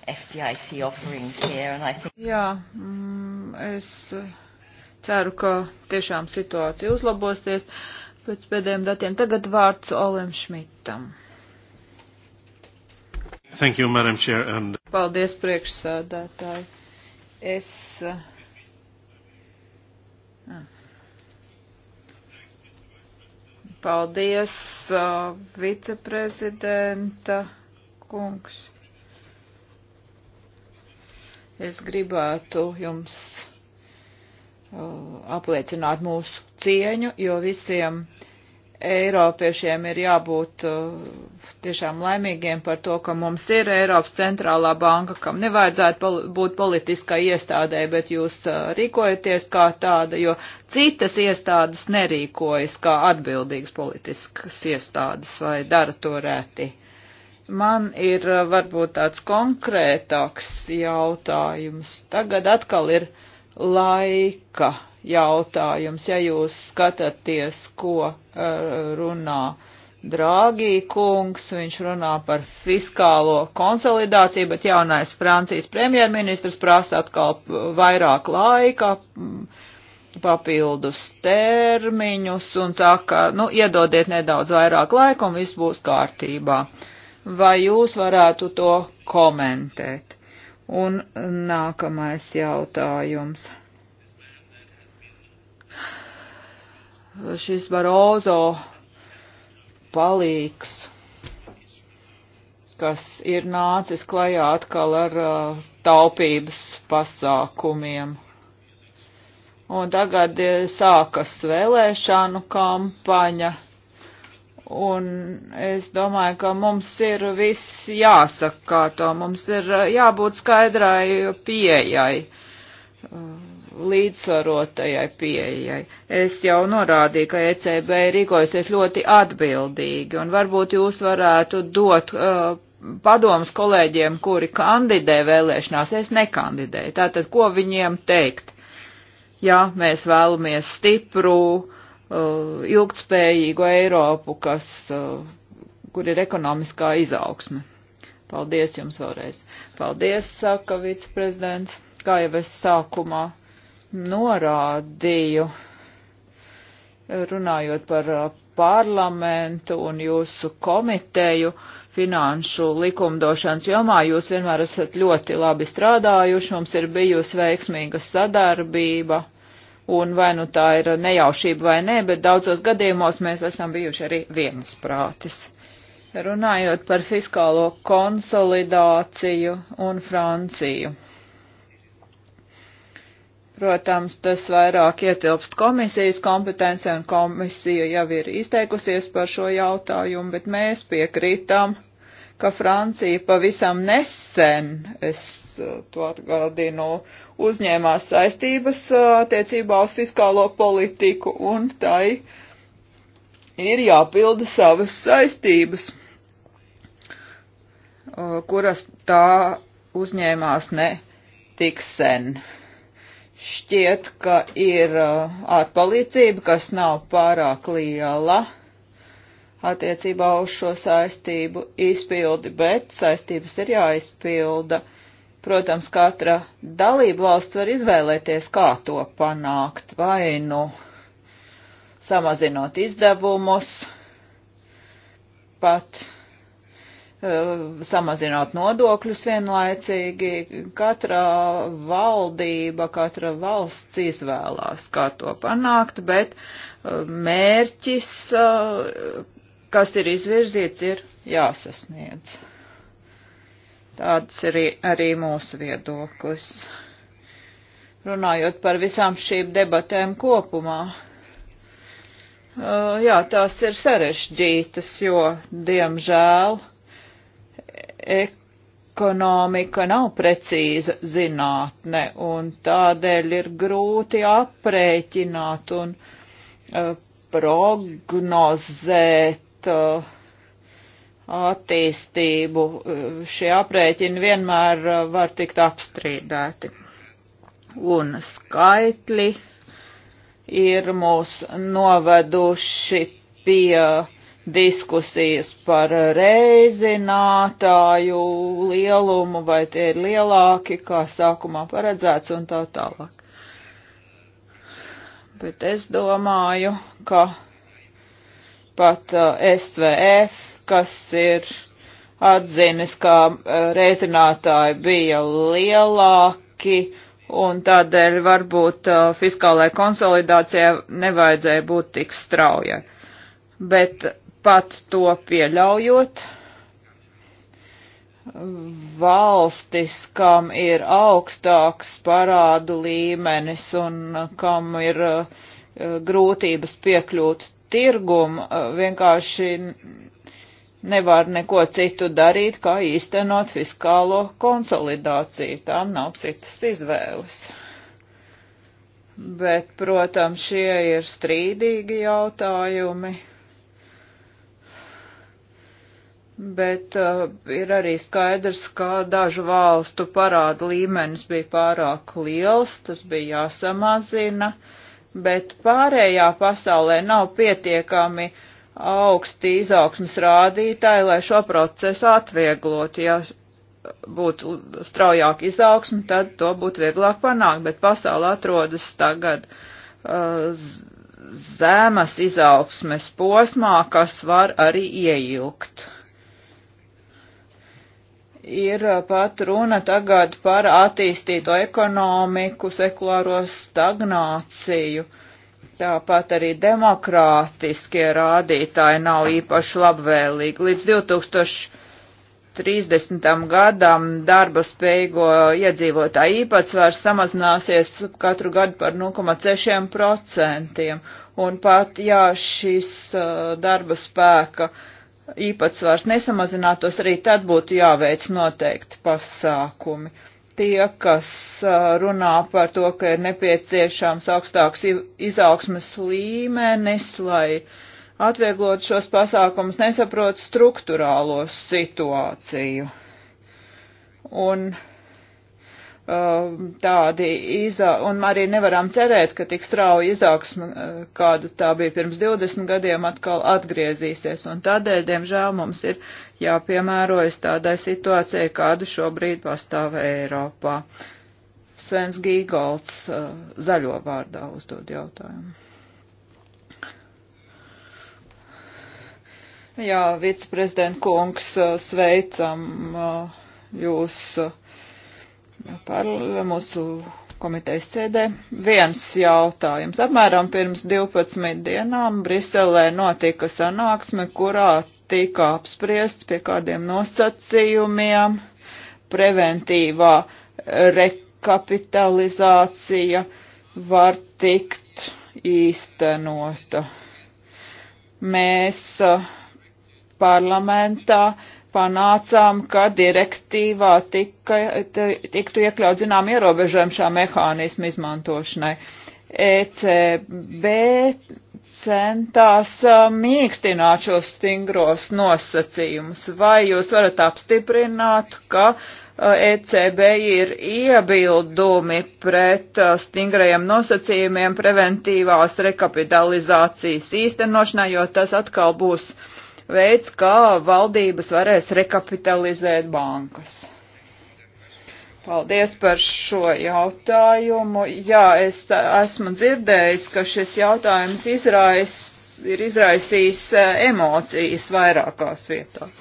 Think... Jā, mm, Es eh, ceru, ka tiešām situācija uzlabosies pēc pēdējiem datiem. Tagad vārds Olem Šmitam. Thank you, Madam Chair. And... Paldies, priekšsādātāji. Es. Eh, paldies, eh, viceprezidenta kungs. Es gribētu jums uh, apliecināt mūsu cieņu, jo visiem Eiropiešiem ir jābūt uh, tiešām laimīgiem par to, ka mums ir Eiropas centrālā banka, kam nevajadzētu pol būt politiskai iestādē, bet jūs uh, rīkojaties kā tāda, jo citas iestādes nerīkojas kā atbildīgas politiskas iestādes vai dara to rēti. Uh, Man ir eh, varbūt tāds konkrētāks jautājums. Tagad atkal ir laika jautājums, ja jūs skatāties, ko eh, runā Drāgī kungs, viņš runā par fiskālo konsolidāciju, bet jaunais Francijas premjerministrs prasa atkal vairāk laika, mm, papildus termiņus un saka, nu, iedodiet nedaudz vairāk laika un viss būs kārtībā. Uh, vai jūs varētu to komentēt? Un nākamais jautājums. Šis Barozo palīgs, kas ir nācis klajā atkal ar uh, taupības pasākumiem. Un tagad uh, sākas vēlēšanu kampaņa Un es domāju, ka mums ir viss jāsakārto, mums ir eh, jābūt skaidrai pieejai, eh, līdzsvarotajai pieejai. Es jau norādīju, ka ECB rīkojasies ļoti atbildīgi, un varbūt jūs varētu dot uh, padomus kolēģiem, kuri kandidē vēlēšanās, es nekandidēju. Tātad, ko viņiem teikt? Ja mēs vēlamies stipru, uh, Uh, ilgtspējīgu Eiropu, kas, uh, kur ir ekonomiskā izaugsme. Paldies jums vēlreiz. Paldies, saka viceprezidents, kā jau es sākumā norādīju, runājot par uh, parlamentu un jūsu komiteju finanšu likumdošanas jomā. Jūs vienmēr esat ļoti labi strādājuši, mums ir bijusi veiksmīga sadarbība un vai nu tā ir nejaušība vai nē, bet daudzos gadījumos mēs esam bijuši arī viensprātis. Runājot par fiskālo konsolidāciju un Franciju. Protams, tas vairāk ietilpst komisijas kompetencija, un komisija jau ir izteikusies par šo jautājumu, bet mēs piekrītam, ka Francija pavisam nesen, es Eh, to atgādinu, uzņēmās saistības eh, attiecībā uz fiskālo politiku un tai ir jāpilda savas saistības, eh, kuras tā uzņēmās ne tik sen. Šķiet, ka ir atpalīdzība, kas nav pārāk liela attiecībā uz šo saistību izpildi, bet saistības ir jāizpilda. Protams, katra dalība valsts var izvēlēties, kā to panākt, vai nu samazinot izdevumus, pat uh, samazinot nodokļus vienlaicīgi. Katra valdība, katra valsts izvēlās, kā to panākt, bet uh, mērķis, uh, kas ir izvirzīts, ir jāsasniedz. Tāds ir arī mūsu viedoklis. Runājot par visām šīm debatēm kopumā, Uh, jā, tās ir sarežģītas, jo, diemžēl, ekonomika nav precīza zinātne, un tādēļ ir grūti aprēķināt un uh, prognozēt uh, attīstību. Šie aprēķini vienmēr var tikt apstrīdēti. Un skaitļi ir mūs noveduši pie diskusijas par reizinātāju lielumu, vai tie ir lielāki, kā sākumā paredzēts, un tā tālāk. Bet es domāju, ka pat eh, SVF kas ir atzinis, ka e, reizinātāji bija lielāki un tādēļ varbūt e, fiskālajai konsolidācijai nevajadzēja būt tik straujai. Bet pat to pieļaujot, valstis, kam ir augstāks parādu līmenis un kam ir e, grūtības piekļūt tirgumu, vienkārši nevar neko citu darīt, kā īstenot fiskālo konsolidāciju. Tām nav citas izvēles. Bet, protams, šie ir strīdīgi jautājumi. Bet uh, ir arī skaidrs, ka dažu valstu parāda līmenis bija pārāk liels, tas bija jāsamazina, bet pārējā pasaulē nav pietiekami uh, augsti izaugsmas rādītāji, lai šo procesu atvieglotu. Ja būtu straujāk izaugsme, tad to būtu vieglāk panākt, bet pasaulē atrodas tagad uh, zemes izaugsmes posmā, kas var arī ieilgt. Ir uh, pat runa tagad par attīstīto ekonomiku, sekulāro stagnāciju. Uh, Tāpat arī demokrātiskie rādītāji nav īpaši labvēlīgi. Līdz 2030. gadam darba spējīgo iedzīvotāju īpatsvars samazināsies katru gadu par 0,6%. Un pat, ja šis uh, darba spēka īpatsvars nesamazinātos, arī tad būtu jāveic noteikti pasākumi tie, kas runā par to, ka ir nepieciešams augstāks izaugsmes līmenis, lai atvieglot šos pasākumus, nesaprot struktūrālo situāciju. Un Um, tādi izā, un arī nevaram cerēt, ka tik strauja izaugsme, uh, kāda tā bija pirms 20 gadiem, atkal atgriezīsies, un tādēļ, diemžēl, mums ir jāpiemērojas tādai situācijai, kāda šobrīd pastāv Eiropā. Svens Gīgolds uh, zaļo vārdā uzdod jautājumu. Jā, viceprezident kungs, uh, sveicam jūs par mūsu komitejas sēdē. Viens jautājums. Apmēram pirms 12 dienām Briselē notika sanāksme, kurā tika apspriests pie kādiem nosacījumiem preventīvā rekapitalizācija var tikt īstenota. Mēs uh, parlamentā uh, panācām, ka direktīvā tika, tiktu iekļaut zinām ierobežojumu šā mehānismu izmantošanai. ECB centās uh, mīkstināt šos stingros nosacījumus. Vai jūs varat apstiprināt, ka uh, ECB ir iebildumi pret uh, stingrajiem nosacījumiem preventīvās rekapitalizācijas īstenošanā, jo tas atkal būs uh, veids, kā valdības varēs rekapitalizēt bankas. Paldies par šo jautājumu. Jā, es esmu dzirdējis, ka šis jautājums izrais, ir izraisījis eh, emocijas vairākās vietās.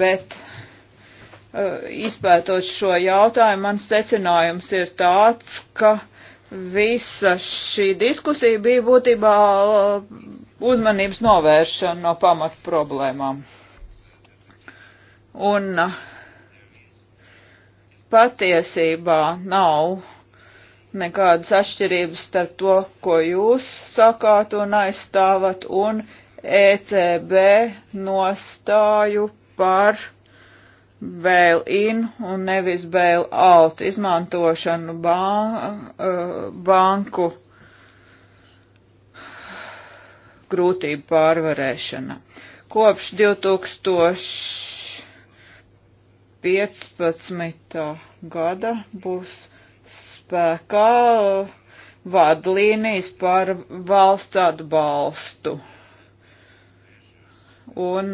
Bet eh, izpētot šo jautājumu, mans secinājums ir tāds, ka visa šī diskusija bija būtībā uzmanības novēršana no pamat problēmām. Un uh, patiesībā nav nekādas atšķirības starp to, ko jūs sakāt un aizstāvat, un ECB nostāju par bail in un nevis bail out izmantošanu ban uh, banku grūtību pārvarēšana. Kopš 2015. gada būs spēkā vadlīnijas par valsts atbalstu. Un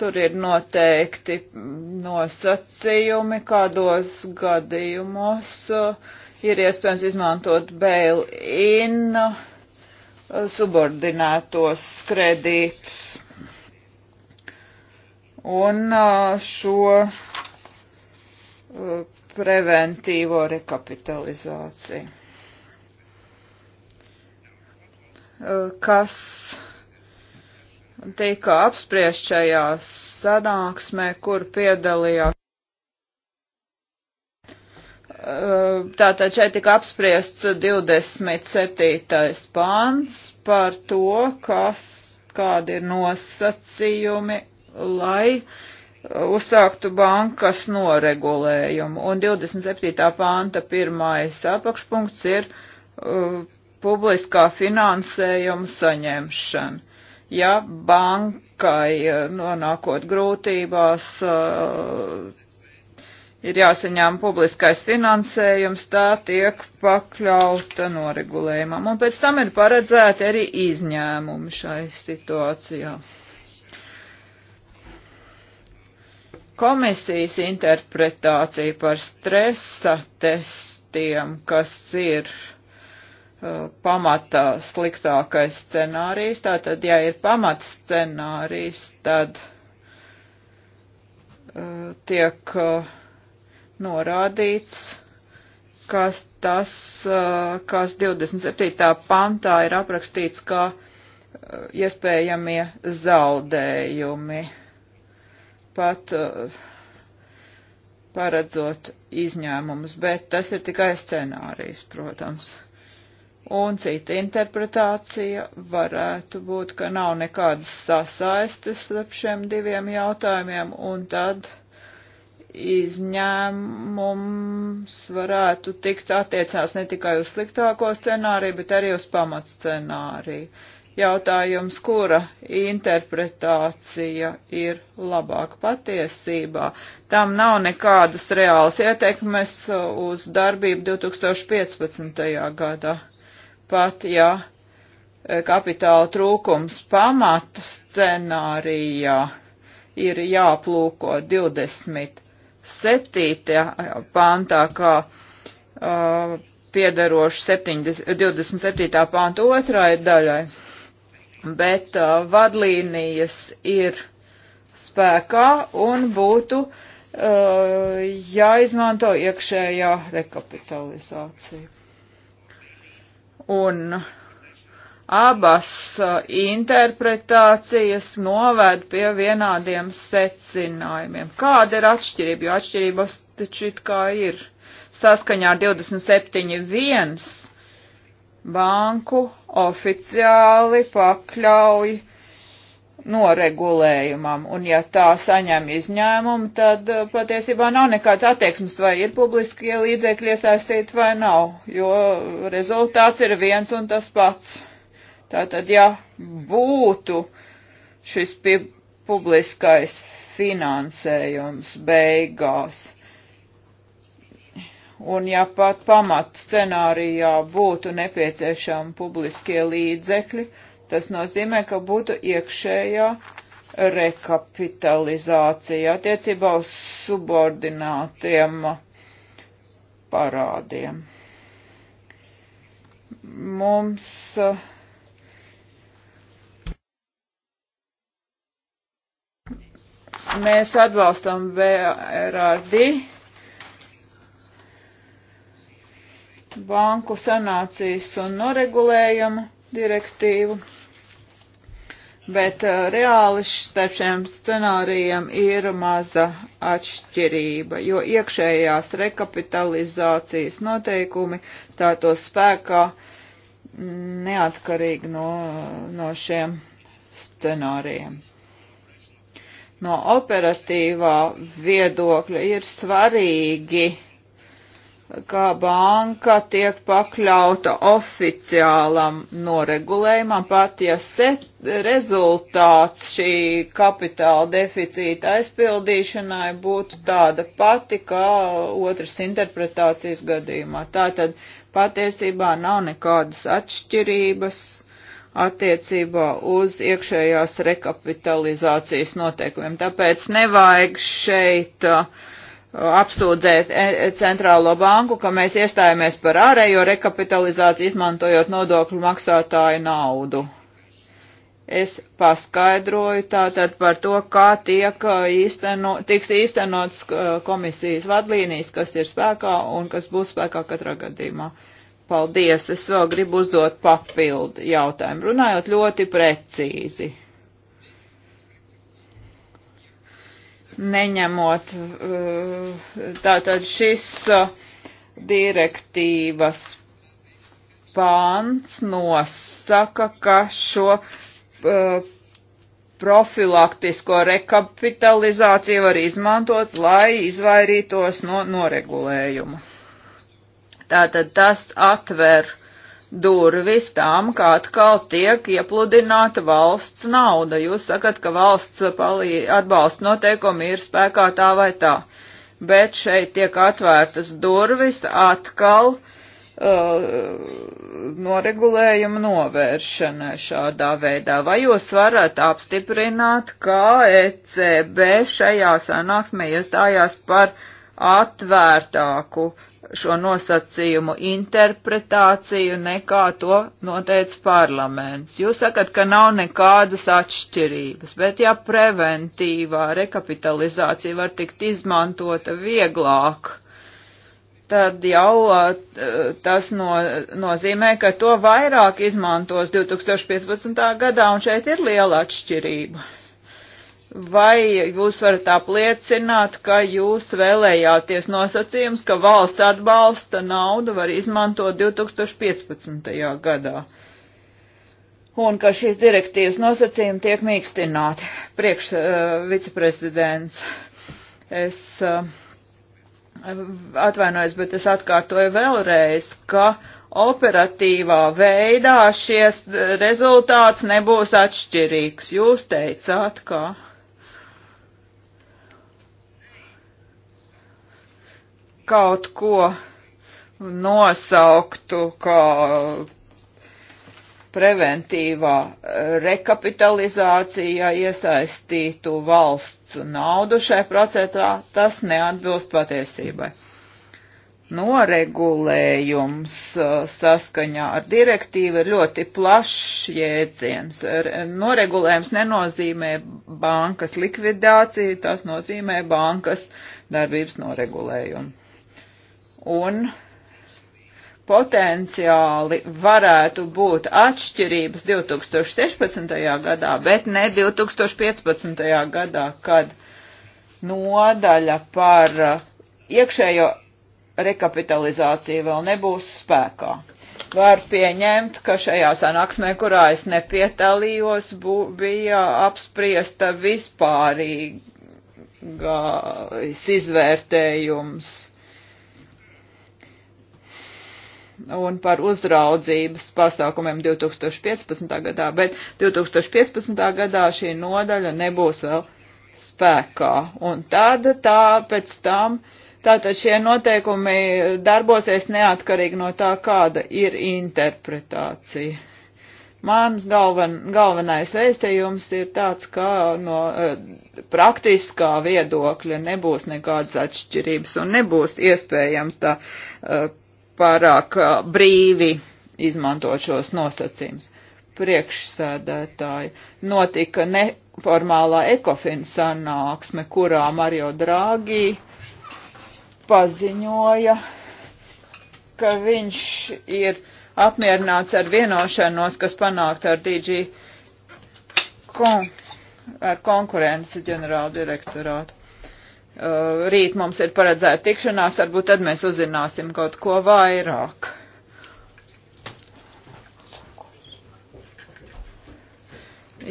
tur ir noteikti nosacījumi, kādos gadījumos ir iespējams izmantot bail-in subordinētos kredītus. Un šo preventīvo rekapitalizāciju. Kas tika apspriest šajā sanāksmē, kur piedalījās Eh, tātad šeit tika apspriests 27. pāns par to, kas, kādi ir nosacījumi, lai eh, uzsāktu bankas noregulējumu. Un 27. pānta pirmais apakšpunkts ir uh, publiskā finansējuma saņemšana. Ja bankai nonākot grūtībās, uh, ir jāsaņem publiskais finansējums, tā tiek pakļauta noregulējumam. Un pēc tam ir paredzēti arī izņēmumi šai situācijā. Komisijas interpretācija par stresa testiem, kas ir uh, pamata sliktākais scenārijs, tātad, ja ir pamata scenārijs, tad uh, tiek uh, norādīts, ka tas, uh, kas 27. pantā ir aprakstīts kā uh, iespējamie zaudējumi, pat uh, paredzot izņēmumus, bet tas ir tikai scenārijs, protams. Un cita interpretācija varētu būt, ka nav nekādas sasaistes ar šiem diviem jautājumiem, un tad uh, izņēmums varētu tikt attiecināts ne tikai uz sliktāko scenāriju, bet arī uz pamatscenāriju. Jautājums, kura interpretācija ir labāka patiesībā, tam nav nekādas reālas ietekmes uz darbību 2015. gadā. Pat, ja kapitāla trūkums pamata scenārijā ir jāplūko 20 7. pāntā, kā uh, piedarošu 27. pānta otrai daļai, bet uh, vadlīnijas ir spēkā un būtu uh, jāizmanto iekšējā rekapitalizācija. Un uh, abas uh, interpretācijas noved pie vienādiem secinājumiem. Kāda ir atšķirība? Jo atšķirības taču it kā ir. Saskaņā ar 27.1 banku oficiāli pakļauj noregulējumam, un ja tā saņem izņēmumu, tad uh, patiesībā nav nekāds attieksmes, vai ir publiskie līdzekļi iesaistīti vai nav, jo rezultāts ir viens un tas pats. Tātad, ja būtu šis publiskais finansējums beigās, un ja pat pamat scenārijā būtu nepieciešami publiskie līdzekļi, tas nozīmē, ka būtu iekšējā rekapitalizācija attiecībā uz subordinātiem parādiem. Mums uh, Mēs atbalstam BRD banku sanācijas un noregulējumu direktīvu, bet eh, reāli starp šiem scenārijiem ir maza atšķirība, jo iekšējās rekapitalizācijas noteikumi stātos spēkā neatkarīgi no, no šiem scenārijiem no operatīvā viedokļa ir svarīgi, kā banka tiek pakļauta oficiālam noregulējumam, pat ja set, rezultāts šī kapitāla deficīta aizpildīšanai būtu tāda pati kā otras interpretācijas gadījumā. Tātad patiesībā nav nekādas atšķirības attiecībā uz iekšējās rekapitalizācijas noteikumiem. Tāpēc nevajag šeit uh, apsūdzēt e, e, centrālo banku, ka mēs iestājāmies par ārējo rekapitalizāciju, izmantojot nodokļu maksātāju naudu. Es paskaidroju tātad par to, kā tiek uh, īsteno, tiks īstenots uh, komisijas vadlīnijas, kas ir spēkā un kas būs spēkā katrā gadījumā. Paldies, es vēl gribu uzdot papildu jautājumu, runājot ļoti precīzi. Neņemot, uh, tātad šis uh, direktīvas pāns nosaka, ka šo uh, profilaktisko rekapitalizāciju var izmantot, lai izvairītos no noregulējuma. Tātad tas atver durvis tām, kā atkal tiek iepludināta valsts nauda. Jūs sakat, ka valsts palī, atbalsta noteikumi ir spēkā tā vai tā, bet šeit tiek atvērtas durvis atkal uh, noregulējuma novēršanai šādā veidā. Vai jūs varat apstiprināt, ka ECB šajā sanāksmē iestājās par atvērtāku uh, šo nosacījumu interpretāciju nekā to noteica parlaments. Jūs sakat, ka nav nekādas atšķirības, bet ja preventīvā rekapitalizācija var tikt izmantota vieglāk, tad jau tas no, nozīmē, ka to vairāk izmantos 2015. gadā, un šeit ir liela atšķirība. Vai jūs varat apliecināt, ka jūs vēlējāties nosacījums, ka valsts atbalsta naudu var izmantot 2015. gadā? Un ka šīs direktīvas nosacījumi tiek mīkstināti. Priekš uh, viceprezidents, es uh, atvainojos, bet es atkārtoju vēlreiz, ka operatīvā veidā šies eh, rezultāts nebūs atšķirīgs. Jūs teicāt, ka. Kā... kaut ko nosauktu kā preventīvā rekapitalizācijā iesaistītu valsts naudu šai procesā, tas neatbilst patiesībai. Noregulējums uh, saskaņā ar direktīvu ir ļoti plašs jēdziens. Noregulējums nenozīmē bankas likvidāciju, tas nozīmē bankas darbības noregulējumu un potenciāli varētu būt atšķirības 2016. gadā, bet ne 2015. gadā, kad nodaļa par uh, iekšējo rekapitalizāciju vēl nebūs spēkā. Var pieņemt, ka šajā sanāksmē, kurā es nepietalījos, bū, bija apspriesta vispārīgais izvērtējums un par uzraudzības pasākumiem 2015. gadā, bet 2015. gadā šī nodaļa nebūs vēl spēkā. Un tad tā pēc tam, tātad šie noteikumi darbosies neatkarīgi no tā, kāda ir interpretācija. Mans galven, galvenais vēstījums ir tāds, ka no eh, praktiskā viedokļa nebūs nekādas atšķirības un nebūs iespējams tā uh, pārāk brīvi izmantot šos nosacījumus. Priekšsēdētāji notika neformālā ekofina sanāksme, kurā Mario Draghi paziņoja, ka viņš ir apmierināts ar vienošanos, kas panākt ar DG kon ar konkurences ģenerāldirektorātu Eh, rīt mums ir paredzēta tikšanās, varbūt tad mēs uzzināsim kaut ko vairāk.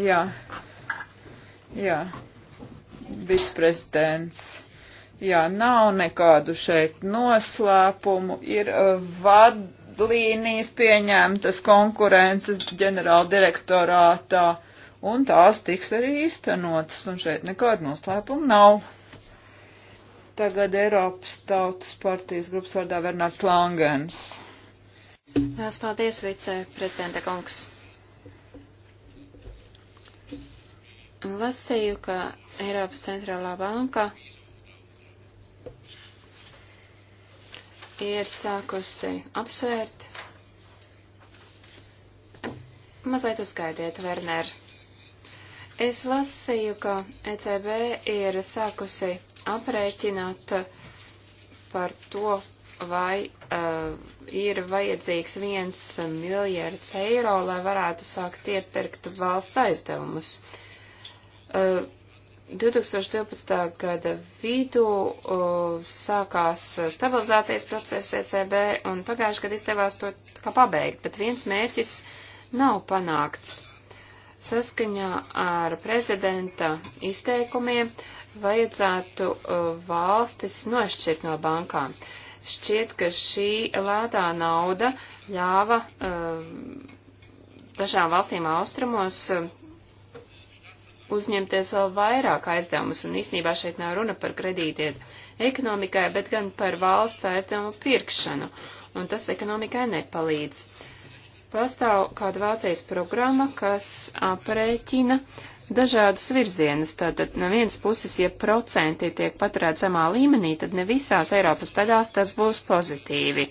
Jā, jā, viceprezidents. Jā, nav nekādu šeit noslēpumu, ir eh, vadlīnijas pieņemtas konkurences ģenerāldirektorātā, un tās tiks arī īstenotas, un šeit nekādu noslēpumu nav. Tagad Eiropas Tautas partijas grupas vārdā Bernārds Langens. Lielas paldies, vice prezidenta kungs. Lasīju, ka Eiropas centrālā banka ir sākusi apsvērt. Mazliet uzgaidiet, Werner. Es lasīju, ka ECB ir sākusi aprēķināt par to, vai uh, ir vajadzīgs viens miljards eiro, lai varētu sākt iepirkt valsts aizdevumus. Uh, 2012. gada vidū uh, sākās stabilizācijas process ECB un pagājuši gadu izdevās to kā pabeigt, bet viens mērķis nav panākts. Saskaņā ar prezidenta izteikumiem vajadzētu uh, valstis nošķirt no bankām. Šķiet, ka šī lētā nauda ļāva uh, dažām valstīm austrumos uh, uzņemties vēl vairāk aizdevumus, un īstenībā šeit nav runa par kredītiem ekonomikai, bet gan par valsts aizdevumu pirkšanu, un tas ekonomikai nepalīdz. Pastāv kāda Vācijas programma, kas aprēķina uh, dažādus virzienus. Tātad no vienas puses, ja procenti tiek paturēt zemā līmenī, tad ne visās Eiropas daļās tas būs pozitīvi.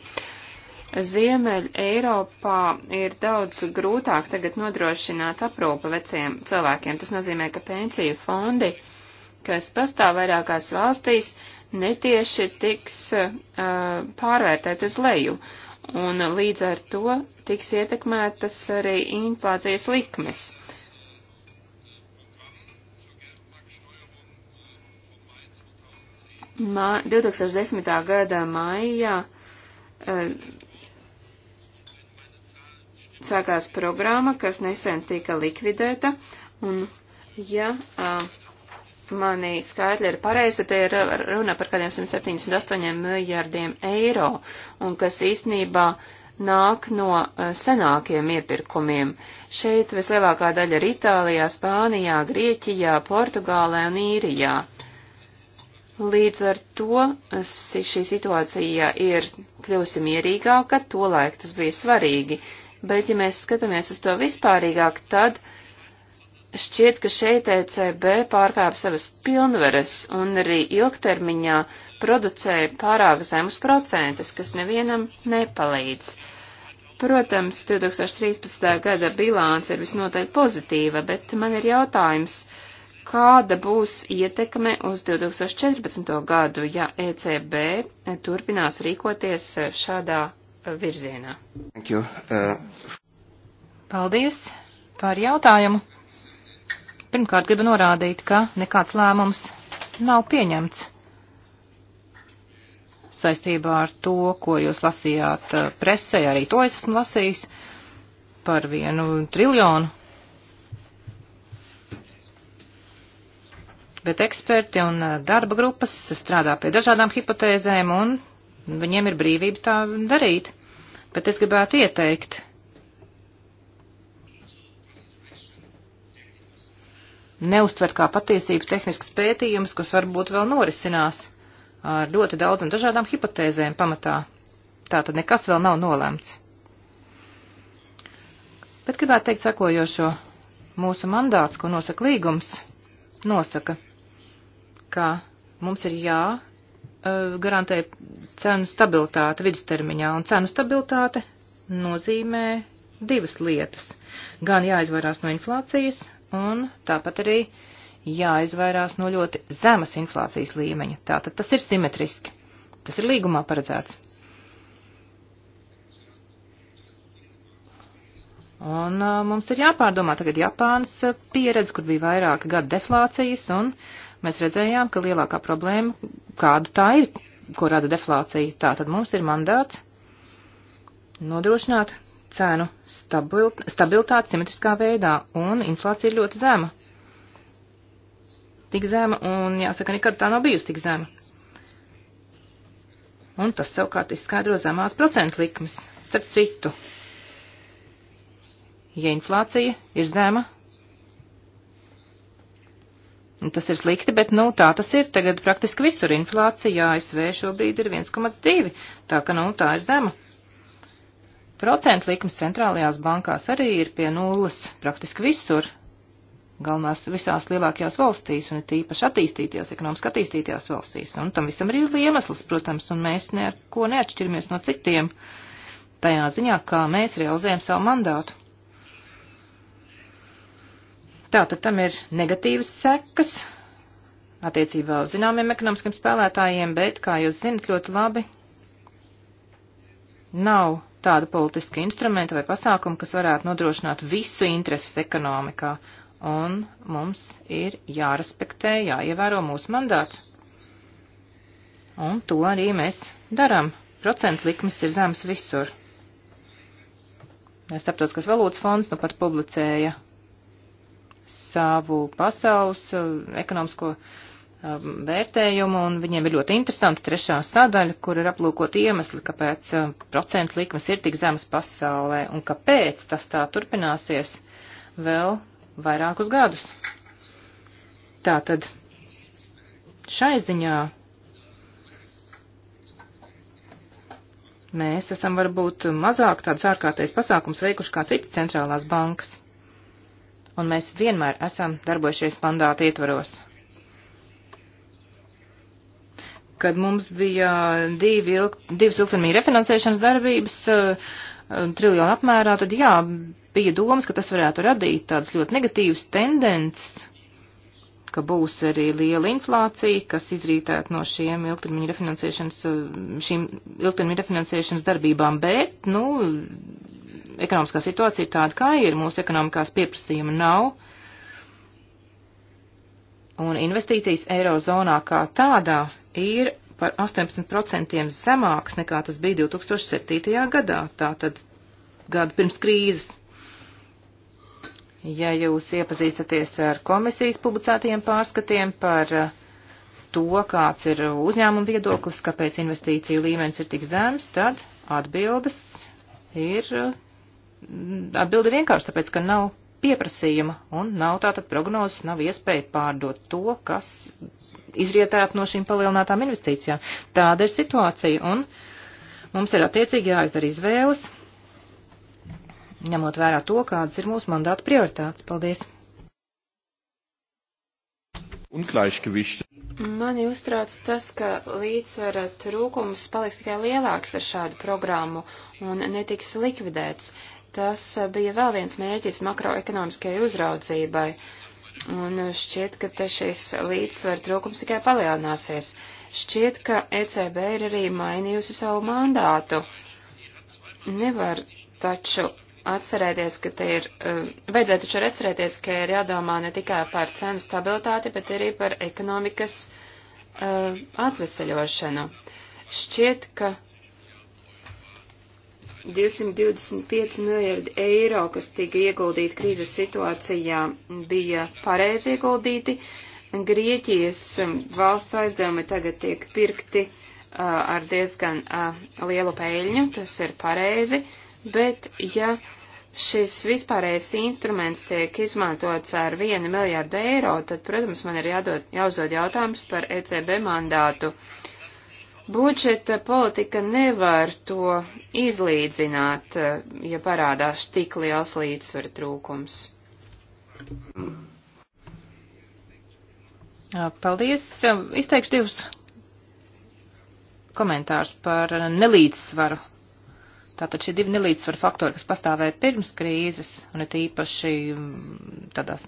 Ziemeļ Eiropā ir daudz grūtāk tagad nodrošināt aprūpa veciem cilvēkiem. Tas nozīmē, ka pensiju fondi, kas pastāv vairākās valstīs, netieši tiks uh, pārvērtēt uz leju. Un līdz ar to tiks ietekmētas arī inflācijas likmes. Uh, Ma, 2010. gada maijā eh, sākās programma, kas nesen tika likvidēta, un ja eh, mani skaitļi ir pareizi, te ir runa par kādiem 178 miljārdiem eiro, un kas īstenībā nāk no eh, senākiem iepirkumiem. Šeit vislielākā daļa ir Itālijā, Spānijā, Grieķijā, Portugālē un Īrijā. Līdz ar to šī situācija ir kļūsi mierīgāka, tolaik tas bija svarīgi, bet ja mēs skatāmies uz to vispārīgāk, tad šķiet, ka šeit ECB pārkāp savas pilnveres un arī ilgtermiņā producē pārāk zemus procentus, kas nevienam nepalīdz. Protams, 2013. gada bilāns ir visnotaļ pozitīva, bet man ir jautājums, uh, kāda būs ietekme uz 2014. gadu, ja ECB turpinās rīkoties šādā virzienā? Uh... Paldies par jautājumu. Pirmkārt, gribu norādīt, ka nekāds lēmums nav pieņemts saistībā ar to, ko jūs lasījāt uh, presē, arī to es esmu lasījis par vienu triljonu bet eksperti un eh, darba grupas strādā pie dažādām hipotēzēm un viņiem ir brīvība tā darīt. Bet es gribētu ieteikt. Neuztvert kā patiesību tehniskus pētījumus, kas varbūt vēl norisinās ar ļoti daudz un dažādām hipotēzēm pamatā. Tā tad nekas vēl nav nolemts. Bet gribētu teikt sakojošo. Mūsu mandāts, ko nosaka līgums, nosaka, ka mums ir jā garantē cenu stabilitāte vidustermiņā, un cenu stabilitāte nozīmē divas lietas. Gan jāizvairās no inflācijas, un tāpat arī jāizvairās no ļoti zemas inflācijas līmeņa. Tātad tas ir simetriski. Tas ir līgumā paredzēts. Un uh, mums ir jāpārdomā tagad Japānas pieredze, kur bija vairāki gadi deflācijas, un uh, Mēs redzējām, ka lielākā problēma, kāda tā ir, ko rada deflācija, tā tad mums ir mandāts nodrošināt cēnu stabil, stabilitāti simetriskā veidā, un inflācija ir ļoti zema. Tik zema, un jāsaka, nekad tā nav bijusi tik zema. Un tas savukārt izskaidro zemās procentu likmes. Starp citu, ja inflācija ir zema, Tas ir slikti, bet, nu, tā tas ir tagad praktiski visur. Inflācija ASV šobrīd ir 1,2, tā ka, nu, tā ir zema. Procentu likums centrālajās bankās arī ir pie nulles praktiski visur. Galvenās visās lielākajās valstīs un tīpaši attīstītajās, ekonomiski attīstītajās valstīs. Un tam visam ir iemesls, protams, un mēs neko neatšķiramies no citiem tajā ziņā, kā mēs realizējam savu mandātu. Tātad tam ir negatīvas sekas attiecībā uz zināmiem ekonomiskiem spēlētājiem, bet, kā jūs zinat ļoti labi, nav tāda politiska instrumenta vai pasākuma, kas varētu nodrošināt visu intereses ekonomikā, un mums ir jārespektē, jāievēro mūsu mandāts. Un to arī mēs darām. Procentu likmes ir zemes visur. Starptautiskās valūtas fonds nu pat publicēja savu pasaules uh, ekonomisko um, vērtējumu, un viņiem ir ļoti interesanta trešā sadaļa, kur ir aplūkot iemesli, kāpēc uh, procentu likmes ir tik zemas pasaulē, un kāpēc tas tā turpināsies vēl vairākus gadus. Tātad šai ziņā mēs esam varbūt mazāk tādus ārkārtējas pasākums veikuši kā citas centrālās bankas un mēs vienmēr esam darbojušies mandāta ietvaros. Kad mums bija divi ilg, divas ilgtermiņa refinansēšanas darbības, eh, triljonu apmērā, tad jā, bija domas, ka tas varētu radīt tādas ļoti negatīvas tendences, ka būs arī liela inflācija, kas izrītētu no šiem ilgtermiņa refinansēšanas, eh, šīm ilgtermiņa refinansēšanas darbībām, bet, nu, ekonomiskā situācija tāda, kā ir. Mūsu ekonomikās pieprasījuma nav. Un investīcijas Eirozonā kā tādā ir par 18% zemāks nekā tas bija 2007. gadā, tātad gadu pirms krīzes. Ja jūs iepazīstaties ar komisijas publicētajiem pārskatiem par eh, to, kāds ir uzņēmuma viedoklis, kāpēc investīciju līmenis ir tik zems, tad atbildes ir eh, Atbildi vienkārši tāpēc, ka nav pieprasījuma un nav tātad prognozes, nav iespēja pārdot to, kas izrietētu no šīm palielinātām investīcijām. Tāda ir situācija un mums ir attiecīgi jāizdara izvēles, ņemot vērā to, kādas ir mūsu mandāta prioritātes. Paldies! Ungleichgewicht. Mani uztrauc tas, ka līdzsvera trūkums paliks tikai lielāks ar šādu programmu un netiks likvidēts. Tas bija vēl viens mērķis makroekonomiskajai uzraudzībai. Un šķiet, ka te šis līdzsver trūkums tikai palielināsies. Šķiet, ka ECB ir arī mainījusi savu mandātu. Nevar taču atcerēties, ka te ir, eh, vajadzētu taču atcerēties, ka ir jādomā ne tikai par cenu stabilitāti, bet arī par ekonomikas uh, atveseļošanu. Šķiet, ka 225 miljardi eiro, kas tika ieguldīti krīzes situācijā, bija pareizi ieguldīti. Grieķijas um, valsts aizdevumi tagad tiek pirkti uh, ar diezgan uh, lielu peļņu, tas ir pareizi, bet ja šis vispārējais instruments tiek izmantots ar 1 miljārdu eiro, tad, protams, man ir jādod, jāuzdod jautājums par ECB mandātu. Uh, Budžeta politika nevar to izlīdzināt, eh, ja parādās tik liels līdzsvara trūkums. Paldies. Izteikšu divus komentārus par nelīdzsvaru. Tātad šie divi nelīdzsvaru faktori, kas pastāvēja pirms krīzes, un ir īpaši mm, tādās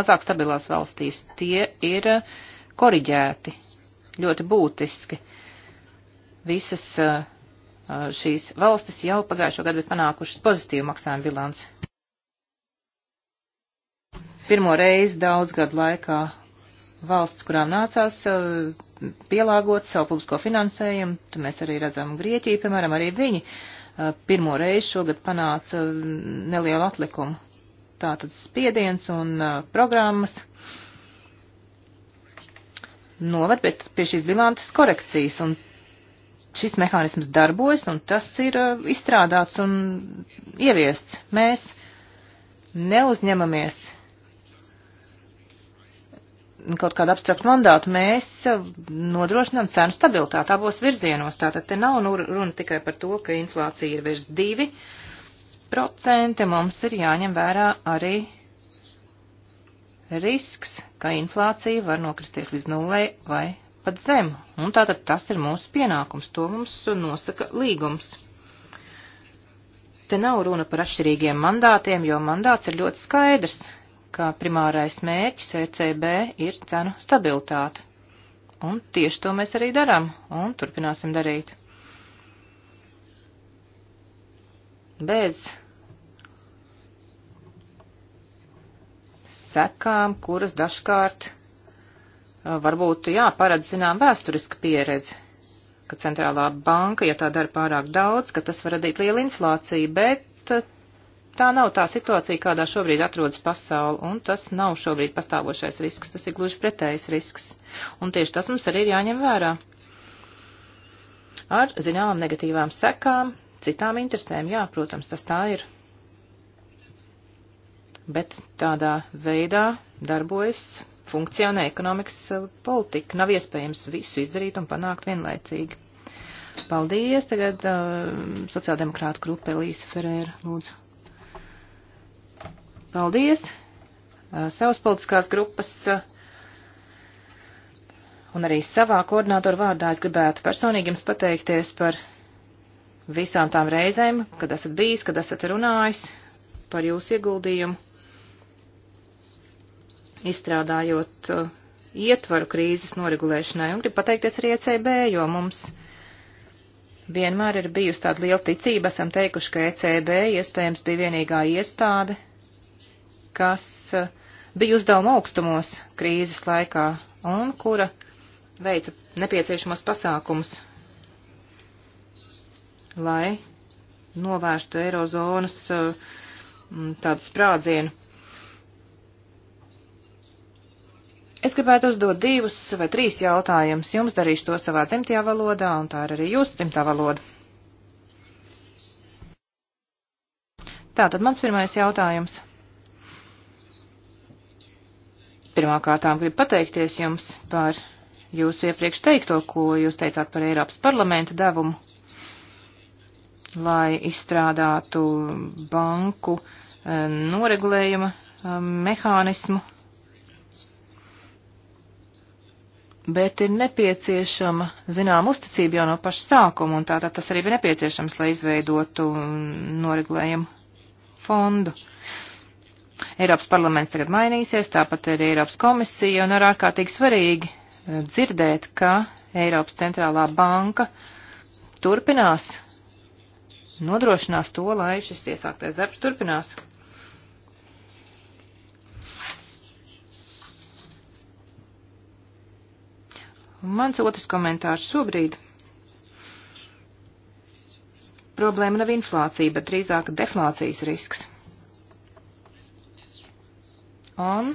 mazāk stabilās valstīs, tie ir koriģēti ļoti būtiski. Uh, visas uh, uh, šīs valstis jau pagājušo gadu ir panākušas pozitīvu maksājumu bilanci. Pirmo reizi daudz gadu laikā valsts, kurām nācās uh, pielāgot savu publisko finansējumu, tu mēs arī redzam Grieķiju, piemēram, arī viņi pirmo reizi šogad panāca mm, nelielu atlikumu. Tātad spiediens un programmas noved pie šīs bilantes korekcijas, un šis mehānisms darbojas un tas ir uh, izstrādāts un ieviests. Mēs neuzņemamies kaut kādu abstraktu mandātu, mēs uh, nodrošinām cenu stabilitāti abos virzienos. Tātad te nav nu runa tikai par to, ka inflācija ir virs divi procenti, mums ir jāņem vērā arī risks, ka inflācija var nokristies līdz nulē vai pat zem, un tātad tas ir mūsu pienākums, to mums nosaka līgums. Te nav runa par atšķirīgiem mandātiem, jo mandāts ir ļoti skaidrs, ka primārais mērķis ECB ir cenu stabilitāte. Un tieši to mēs arī darām un turpināsim darīt. Bez sekām, kuras dažkārt varbūt jāparedz zinām vēsturiska pieredze, ka centrālā banka, ja tā dara pārāk daudz, ka tas var radīt lielu inflāciju, bet eh, tā nav tā situācija, kādā šobrīd atrodas pasauli, un tas nav šobrīd pastāvošais risks, tas ir gluži pretējs risks. Un tieši tas mums arī ir jāņem vērā. Ar zināmām negatīvām sekām, citām interesēm, jā, protams, tas tā ir bet tādā veidā darbojas funkcionē ekonomikas eh, politika. Nav iespējams visu izdarīt un panākt vienlaicīgi. Paldies. Tagad uh, sociāldemokrāta grupa Elīsa Ferēra, lūdzu. Paldies. Uh, savas politiskās grupas uh, un arī savā koordinātoru vārdā es gribētu personīgi jums pateikties par visām tām reizēm, kad esat bijis, kad esat runājis par jūsu ieguldījumu izstrādājot uh, ietvaru krīzes noregulēšanai. Un gribu pateikties arī ECB, jo mums vienmēr ir bijusi tāda liela ticība. Esam teikuši, ka ECB iespējams bija vienīgā iestāde, kas uh, bija uzdevuma augstumos krīzes laikā un kura veica nepieciešamos pasākumus, lai novērstu eirozonas uh, tādu sprādzienu. Es gribētu uzdot divus vai trīs jautājumus. Jums darīšu to savā dzimtajā valodā, un tā ir arī jūsu dzimtā valoda. Tātad mans pirmais jautājums. Pirmkārtām gribu pateikties jums par jūsu iepriekš teikto, ko jūs teicāt par Eiropas parlamenta devumu, lai izstrādātu banku eh, noregulējuma eh, mehānismu bet ir nepieciešama, zinām, uzticība jau no paša sākuma, un tātad tā tas arī bija nepieciešams, lai izveidotu noregulējumu fondu. Eiropas parlaments tagad mainīsies, tāpat arī Eiropas komisija, un ir ārkārtīgi svarīgi eh, dzirdēt, ka Eiropas centrālā banka turpinās, nodrošinās to, lai šis iesāktais darbs turpinās. Mans otrs komentārs šobrīd. Problēma nav inflācija, bet drīzāk deflācijas risks. Un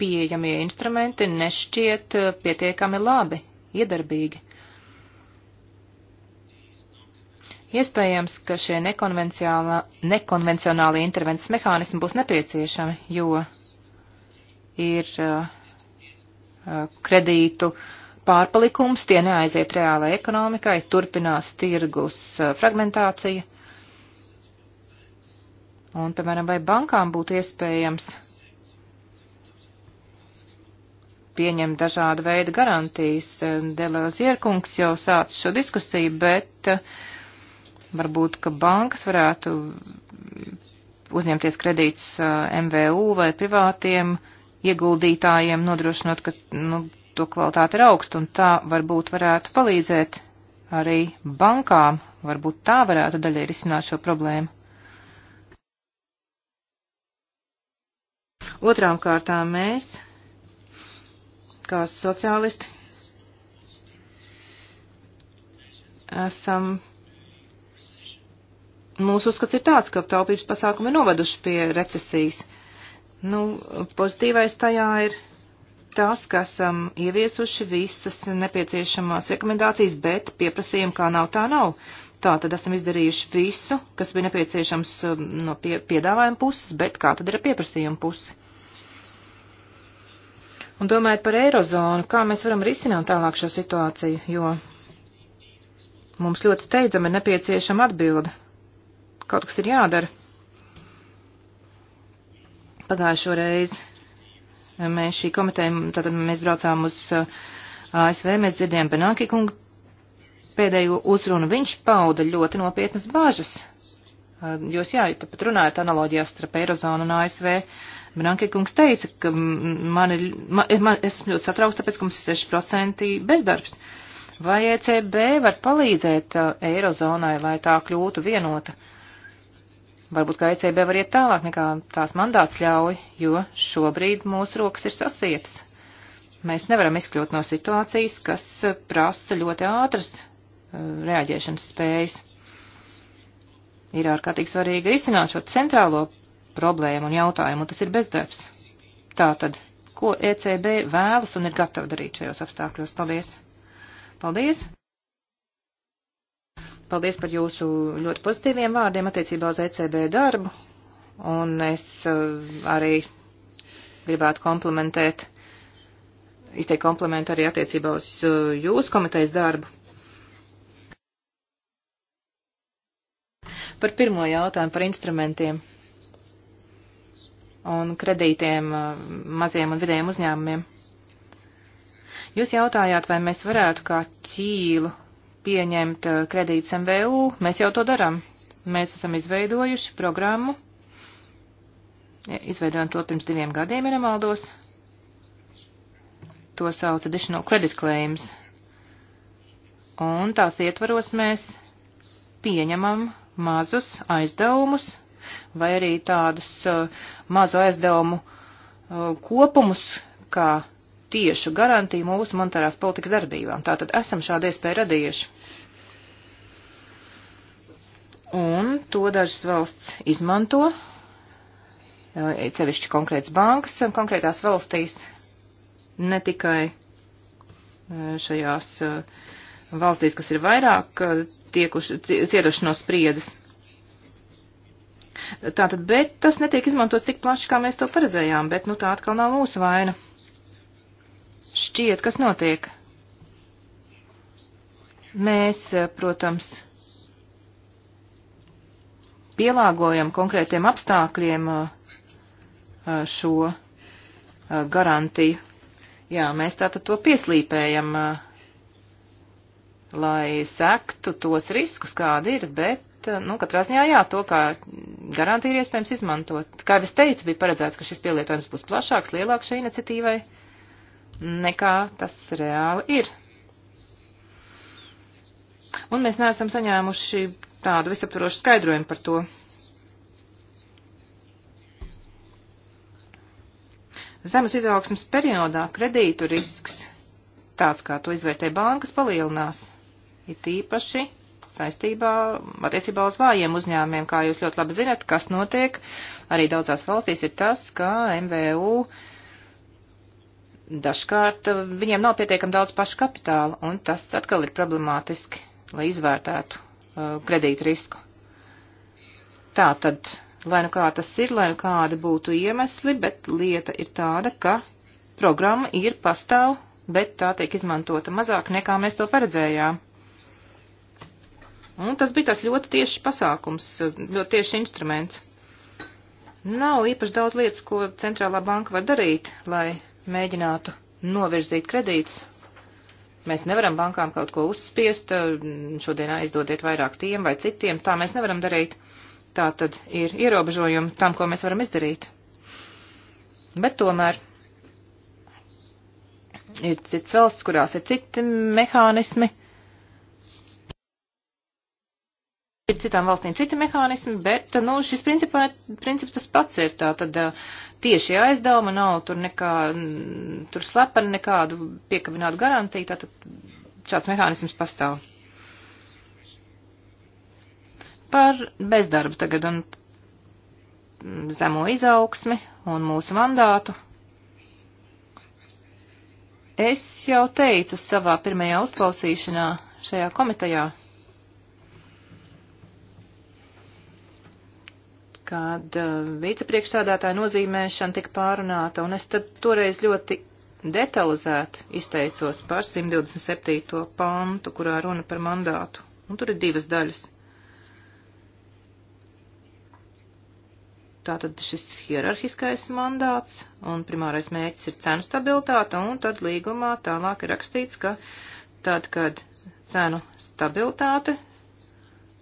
pieejamie instrumenti nešķiet eh, pietiekami labi, iedarbīgi. Iespējams, ka šie nekonvencionāli intervences mehānismi būs nepieciešami, jo ir uh, Eh, kredītu pārpalikums, tie neaiziet reālai ekonomikai, turpinās tirgus eh, fragmentācija. Un, piemēram, vai bankām būtu iespējams pieņemt dažādu veidu garantijas. Eh, Delozierkungs jau sāca šo diskusiju, bet varbūt, ka bankas varētu uzņemties kredītus MVU vai privātiem uh, ieguldītājiem, nodrošinot, ka nu, to kvalitāte ir augsta, un tā varbūt varētu palīdzēt arī bankām, varbūt tā varētu daļai risināt šo problēmu. Otrām kārtām mēs, kā sociālisti, esam. Mūsu uzskats ir tāds, ka taupības pasākumi noveduši pie recesijas. Uh, Nu, pozitīvais tajā ir tas, ka esam ieviesuši visas nepieciešamās rekomendācijas, bet pieprasījumi kā nav, tā nav. Tā tad esam izdarījuši visu, kas bija nepieciešams um, no pie, piedāvājuma puses, bet kā tad ir pieprasījuma puse? Un domājot par eirozonu, kā mēs varam risināt tālāk šo situāciju, jo mums ļoti steidzami ir nepieciešama atbilde. Kaut kas ir jādara. Pagājušo reizi mēs šī komiteja, tātad mēs braucām uz uh, ASV, mēs dzirdējām Benāki kungu pēdējo uzrunu. Viņš pauda ļoti nopietnas bāžas. Uh, jūs jā, pat runājat analoģijās starp Eirozonu un ASV. Benāki kungs teica, ka man ir, man, man, es esmu ļoti satraukts, tāpēc, ka mums ir 6% bezdarbs. Vai ECB var palīdzēt uh, Eirozonai, lai tā kļūtu vienota? Uh, Varbūt, ka ECB var iet tālāk nekā tās mandāts ļauj, jo šobrīd mūsu rokas ir sasietas. Mēs nevaram izkļūt no situācijas, kas eh, prasa ļoti ātras eh, reaģēšanas spējas. Ir ārkārtīgi svarīgi risināt šo centrālo problēmu un jautājumu, un tas ir bezdarbs. Tātad, ko ECB vēlas un ir gatava darīt šajos apstākļos? Paldies! Paldies! Paldies par jūsu ļoti pozitīviem vārdiem attiecībā uz ECB darbu, un es eh, arī gribētu komplementēt, izteikt komplementu arī attiecībā uz eh, jūsu komitejas darbu. Par pirmo jautājumu par instrumentiem un kredītiem eh, maziem un vidējiem uzņēmumiem. Jūs jautājāt, vai mēs varētu kā ķīlu pieņemt eh, kredītus MVU. Mēs jau to darām. Mēs esam izveidojuši programmu. Izveidojam to pirms diviem gadiem, ja nemaldos. To sauc Additional Credit Claims. Un tās ietvaros mēs pieņemam mazus aizdevumus vai arī tādus uh, mazu aizdevumu uh, kopumus, kā tiešu garantiju mūsu monetārās politikas darbībām. Tātad esam šādu iespēju radījuši. Un to dažas valsts izmanto, cevišķi eh, konkrēts bankas konkrētās valstīs, ne tikai eh, šajās eh, valstīs, kas ir vairāk tiekuši, cietuši no spriedzes. Tātad, bet tas netiek izmantots tik plaši, kā mēs to paredzējām, bet nu tā atkal nav mūsu vaina šķiet, kas notiek. Mēs, eh, protams, pielāgojam konkrētiem apstākļiem eh, eh, šo garantiju. Jā, mēs tātad to pieslīpējam, lai sektu tos riskus, kādi ir, bet, nu, katrā ziņā, jā, to, kā garantija ir iespējams izmantot. Kā jau es teicu, bija paredzēts, ka šis pielietojums būs plašāks, lielāks šai iniciatīvai nekā tas reāli ir. Un mēs neesam saņēmuši tādu visaptvarošu skaidrojumu par to. Zemes izaugsmas periodā kredītu risks, tāds kā to izvērtē bankas, palielinās. Ir tīpaši saistībā attiecībā uz vājiem uzņēmumiem, kā jūs ļoti labi zinat, kas notiek. Arī daudzās valstīs ir tas, ka MVU uh, dažkārt eh, viņiem nav pietiekami daudz pašu kapitāla, un tas atkal ir problemātiski, lai izvērtētu uh, kredītu risku. Tā tad, lai nu kā tas ir, lai nu kādi būtu iemesli, bet lieta ir tāda, ka programma ir pastāv, bet tā tiek izmantota mazāk nekā mēs to paredzējām. Un tas bija tas ļoti tieši pasākums, ļoti tieši instruments. Nav īpaši daudz lietas, ko centrālā banka var darīt, lai mēģinātu novirzīt kredītus. Mēs nevaram bankām kaut ko uzspiest, šodien aizdodiet vairāk tiem vai citiem, tā mēs nevaram darīt. Tā tad ir ierobežojumi tam, ko mēs varam izdarīt. Bet tomēr ir cits valsts, kurās ir citi mehānismi, uh, citām valstīm citi mehānismi, bet, nu, šis principā, principā tas pats ir tā, tad tieši aizdevuma nav tur nekā, tur slepeni nekādu piekabinātu garantiju, tātad šāds mehānisms pastāv. Par bezdarbu tagad un zemo izaugsmi un mūsu mandātu. Es jau teicu savā pirmajā uzklausīšanā šajā komitejā, kad eh, vicepriekšsādātāja nozīmēšana tika pārunāta, un es tad toreiz ļoti detalizēti izteicos par 127. pantu, kurā runa par mandātu, un tur ir divas daļas. Tātad šis hierarhiskais mandāts un primārais mērķis ir cenu stabilitāte, un tad līgumā tālāk ir rakstīts, ka tad, kad cenu stabilitāte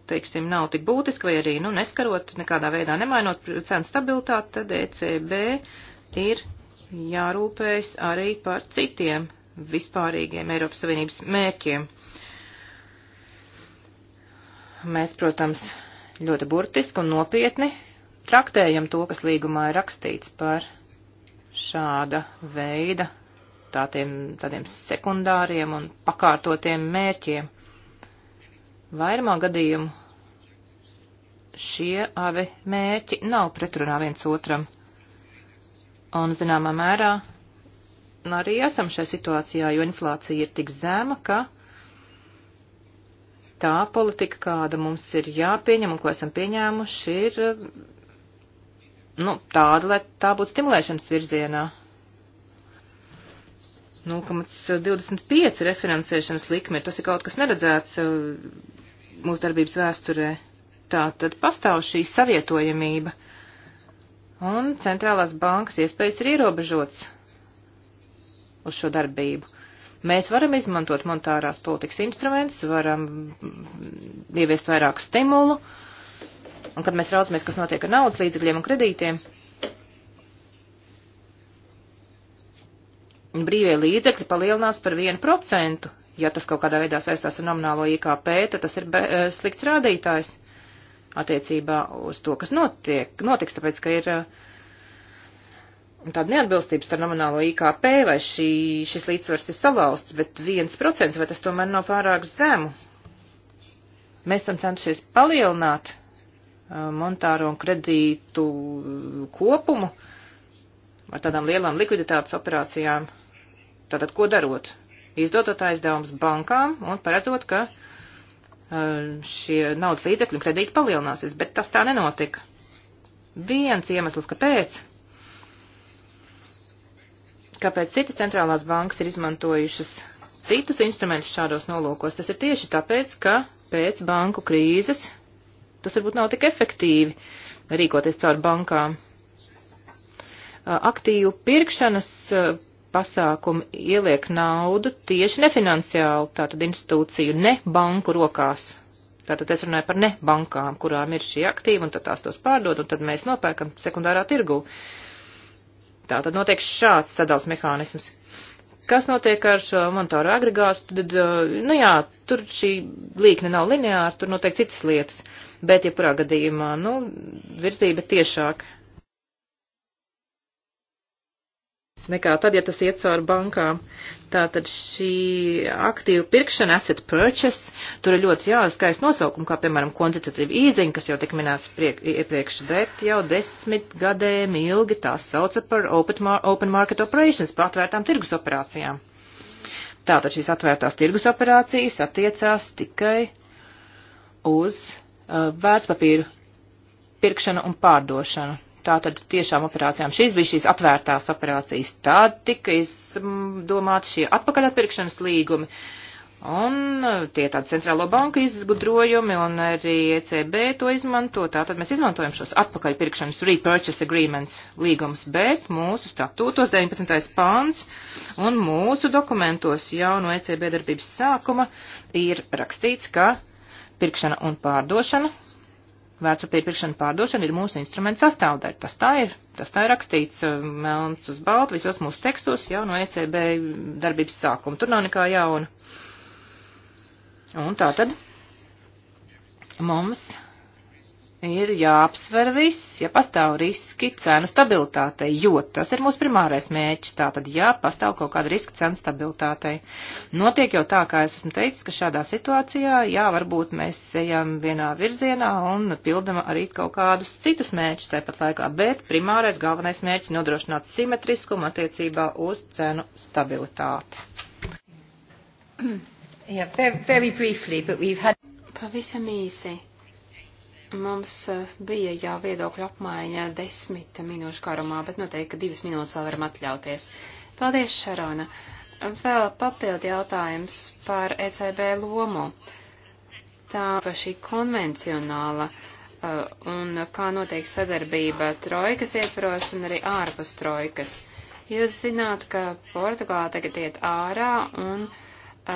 teiksim, nav tik būtiski, vai arī, nu, neskarot nekādā veidā, nemainot cenu stabilitāti, tad ECB ir jārūpējas arī par citiem vispārīgiem Eiropas Savienības mērķiem. Mēs, protams, ļoti burtiski un nopietni traktējam to, kas līgumā ir rakstīts par šāda veida tādiem, tādiem sekundāriem un pakārtotiem mērķiem. Vairumā gadījumu šie abi mērķi nav pretrunā viens otram. Un, zināmā mērā, arī esam šajā situācijā, jo inflācija ir tik zema, ka tā politika, kāda mums ir jāpieņem un ko esam pieņēmuši, ir nu, tāda, lai tā būtu stimulēšanas virzienā. 0,25 refinansēšanas likme, tas ir kaut kas neredzēts uh, mūsu darbības vēsturē. Tā tad pastāv šī savietojamība. Un centrālās bankas iespējas ir ierobežots uz šo darbību. Mēs varam izmantot monetārās politikas instrumentus, varam ieviest vairāk stimulu, un kad mēs raucamies, kas notiek ar naudas līdzekļiem un kredītiem, brīvie līdzekļi palielinās par 1%. Ja tas kaut kādā veidā saistās ar nominālo IKP, tad tas ir be, eh, slikts rādītājs attiecībā uz to, kas notiek, notiks, tāpēc, ka ir eh, tāda neatbilstības ar nominālo IKP, vai šī, šis līdzsvars ir savalsts, bet 1%, vai tas tomēr nav pārāk zemu. Mēs esam centušies palielināt eh, monetāro un kredītu kopumu ar tādām lielām likviditātes operācijām. Tātad, ko darot? Izdodot aizdevums bankām un paredzot, ka e, šie naudas līdzekļi un kredīti palielināsies, bet tas tā nenotika. Viens iemesls, kāpēc, kāpēc citas centrālās bankas ir izmantojušas citus instrumentus šādos nolūkos, tas ir tieši tāpēc, ka pēc banku krīzes tas varbūt nav tik efektīvi rīkoties caur bankām. E, aktīvu pirkšanas e, pasākumi ieliek naudu tieši nefinanciāli, tātad institūciju ne banku rokās. Tātad es runāju par ne bankām, kurām ir šie aktīvi, un tad tās tos pārdod, un tad mēs nopērkam sekundārā tirgū. Tātad notiek šāds sadals mehānisms. Kas notiek ar šo monetāro agregātu, tad, nu jā, tur šī līkne nav lineāra, tur notiek citas lietas, bet, ja kurā gadījumā, nu, virzība tiešāk nekā tad, ja tas iet caur bankām. Tātad šī aktīva pirkšana, asset purchase, tur ir ļoti jāskais nosaukumi, kā piemēram kvantitatīva īziņa, kas jau tik minēts priek, iepriekš, bet jau desmit gadiem ilgi tās sauca par open market operations, pārtvērtām tirgus operācijām. Tātad šīs atvērtās tirgus operācijas attiecās tikai uz uh, vērtspapīru pirkšanu un pārdošanu tātad tiešām operācijām. Šīs bija šīs atvērtās operācijas. Tad tika izdomāti šie atpakaļ atpirkšanas līgumi. Un eh, tie tādi centrālo banku izgudrojumi un arī ECB to izmanto. Tātad mēs izmantojam šos atpakaļpirkšanas repurchase agreements līgums, bet mūsu statūtos 19. pāns un mūsu dokumentos jau no ECB darbības sākuma ir rakstīts, ka pirkšana un pārdošana Vērtspapīra pirkšana pārdošana ir mūsu instrumenta sastāvdaļa. Tas tā ir. Tas tā ir rakstīts uh, melns uz baltu visos mūsu tekstos jau no ECB darbības sākuma. Tur nav nekā jauna. Un tā tad mums ir jāapsver viss, ja pastāv riski cenu stabilitātei, jo tas ir mūsu primārais mērķis. Tātad, ja pastāv kaut kāda riska cenu stabilitātei, notiek jau tā, kā es esmu teicis, ka šādā situācijā, jā, varbūt mēs ejam vienā virzienā un pildam arī kaut kādus citus mērķus tāpat laikā, bet primārais galvenais mērķis nodrošināt simetriskumu attiecībā uz cenu stabilitāti. Yeah, very, very briefly, but we've had... Pavisam īsi Mums e, bija jau viedokļu apmaiņa desmit minūšu garumā, bet noteikti, ka divas minūtes vēl varam atļauties. Paldies, Šarona! Vēl papildi jautājums par ECB lomu. Tā paši konvencionāla e, un kā notiek sadarbība trojkas ietvaros un arī ārpus trojkas. Jūs zināt, ka Portugāla tagad iet ārā un uh,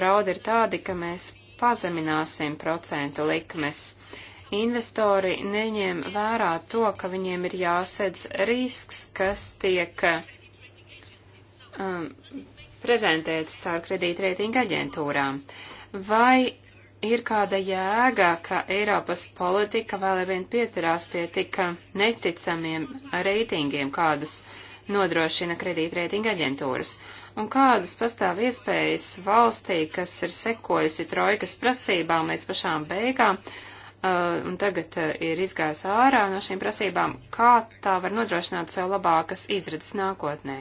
draudi ir tādi, ka mēs pazemināsim procentu likmes. Uh, investori neņem vērā to, ka viņiem ir jāsedz risks, kas tiek um, prezentēts caur kredītreitinga aģentūrām. Vai ir kāda jēga, ka Eiropas politika vēl ar vien pieturās pie tik neticamiem reitingiem, kādus nodrošina kredītreitinga aģentūras? un kādas pastāv iespējas valstī, kas ir sekojusi trojkas prasībām līdz pašām beigām, Eh, un tagad eh, ir izgājis ārā no šīm prasībām, kā tā var nodrošināt sev labākas izredzes nākotnē.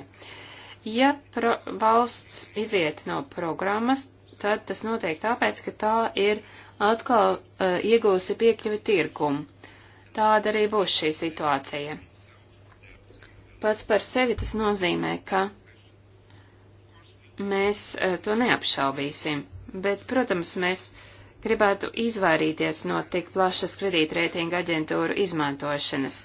Ja pro, valsts iziet no programmas, tad tas notiek tāpēc, ka tā ir atkal uh, iegūsi piekļuvi tirkumu. Tāda arī būs šī situācija. Pats par sevi tas nozīmē, ka mēs uh, to neapšaubīsim, bet, protams, mēs uh, gribētu izvairīties no tik plašas kredītreitinga aģentūru izmantošanas.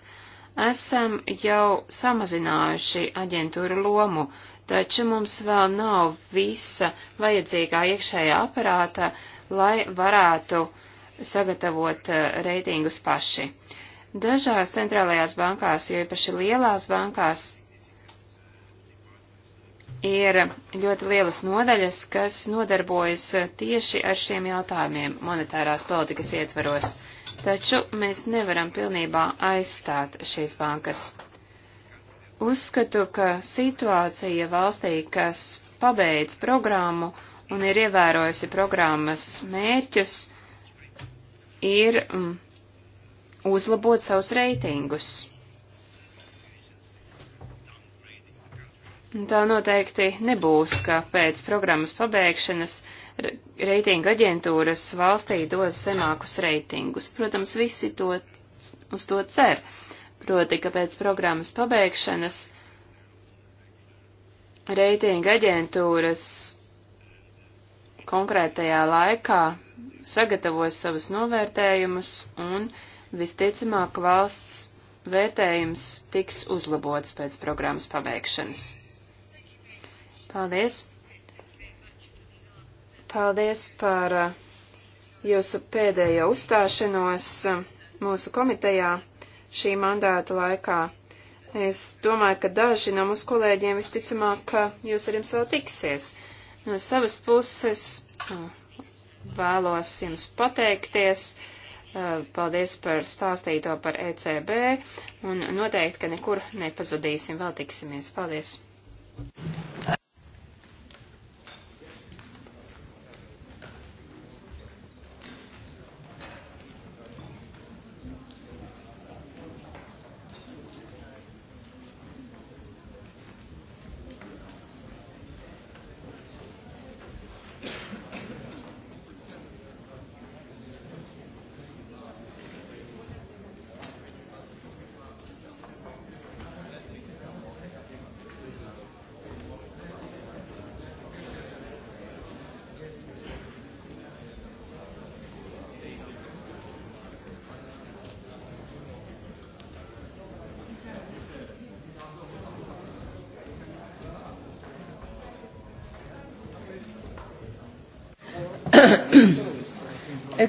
Esam jau samazinājuši aģentūru lomu, taču mums vēl nav visa vajadzīgā iekšējā aparāta, lai varētu sagatavot eh, reitingus paši. Dažās centrālajās bankās, jo īpaši lielās bankās, ir ļoti lielas nodaļas, kas nodarbojas tieši ar šiem jautājumiem monetārās politikas ietveros, taču mēs nevaram pilnībā aizstāt šīs bankas. Uzskatu, ka situācija valstī, kas pabeidz programmu un ir ievērojusi programmas mērķus, ir mm, uzlabot savus reitingus. Tā noteikti nebūs, ka pēc programmas pabeigšanas reitinga aģentūras valstī dos zemākus reitingus. Protams, visi to, uz to cer. Proti, ka pēc programmas pabeigšanas reitinga aģentūras konkrētajā laikā sagatavos savus novērtējumus un visticamāk valsts vērtējums tiks uzlabots pēc programmas pabeigšanas. Paldies! Paldies par uh, jūsu pēdējo uzstāšanos uh, mūsu komitejā šī mandāta laikā. Es domāju, ka daži no mūsu kolēģiem visticamāk, jūs ar jums vēl tiksies. No savas puses uh, vēlos jums pateikties. Paldies par stāstīto par ECB un noteikti, ka nekur nepazudīsim, vēl tiksimies. Paldies!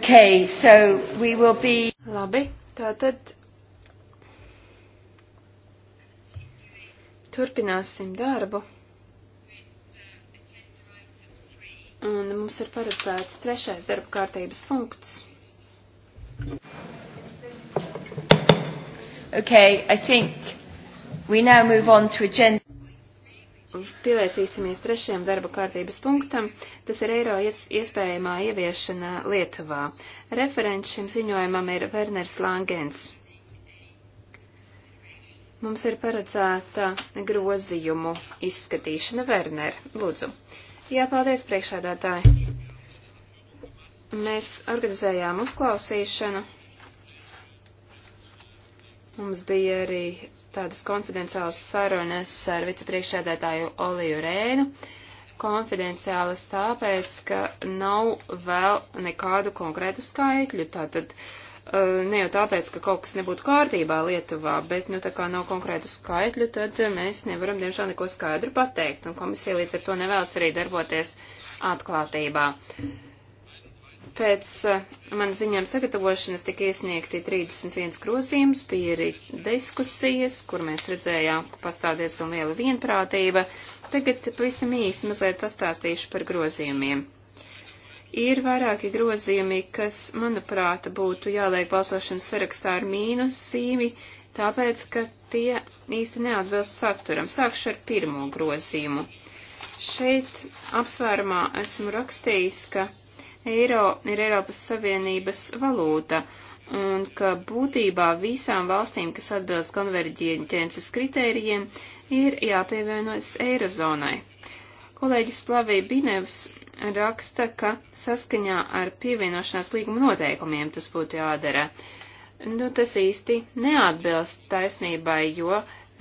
Okay, so we will be... Labi, tātad turpināsim darbu. Un mums ir paredzēts trešais darba kārtības punkts. Okay, I think we now move on to agenda pievērsīsimies trešajam darba kārtības punktam, tas ir eiro iespējamā ieviešana Lietuvā. Referents šim ziņojumam ir Werners Langens. Mums ir paredzēta grozījumu izskatīšana. Werner, lūdzu. Jā, paldies priekšādātāji. Mēs organizējām uzklausīšanu. Mums bija arī tādas konfidenciālas sarunas ar vicepriekšēdētāju Oliju Rēnu. Konfidenciālas tāpēc, ka nav vēl nekādu konkrētu skaitļu. Tātad eh, ne jau tāpēc, ka kaut kas nebūtu kārtībā Lietuvā, bet, nu, tā kā nav konkrētu skaitļu, tad mēs nevaram, diemžēl, neko skaidru pateikt, un komisija līdz ar to nevēlas arī darboties atklātībā. Uh, Pēc uh, manas ziņām sagatavošanas tika iesniegti 31 grozījums, bija arī diskusijas, kur mēs redzējām, ka pastāv diezgan liela vienprātība. Tagad pavisam īsi mazliet pastāstīšu par grozījumiem. Ir vairāki grozījumi, kas, manuprāt, būtu jāliek balsošanas sarakstā ar mīnus zīmi, tāpēc, ka tie īsti neatbilst saturam. Sākšu ar pirmo grozījumu. Šeit apsvērumā esmu rakstījis, ka eiro ir Eiropas Savienības valūta un ka būtībā visām valstīm, kas atbilst konverģences kritērijiem, ir jāpievienojas eirozonai. Kolēģis Slavija Binevs raksta, ka saskaņā ar pievienošanās līguma noteikumiem tas būtu jādara. Nu, tas īsti neatbilst taisnībai, jo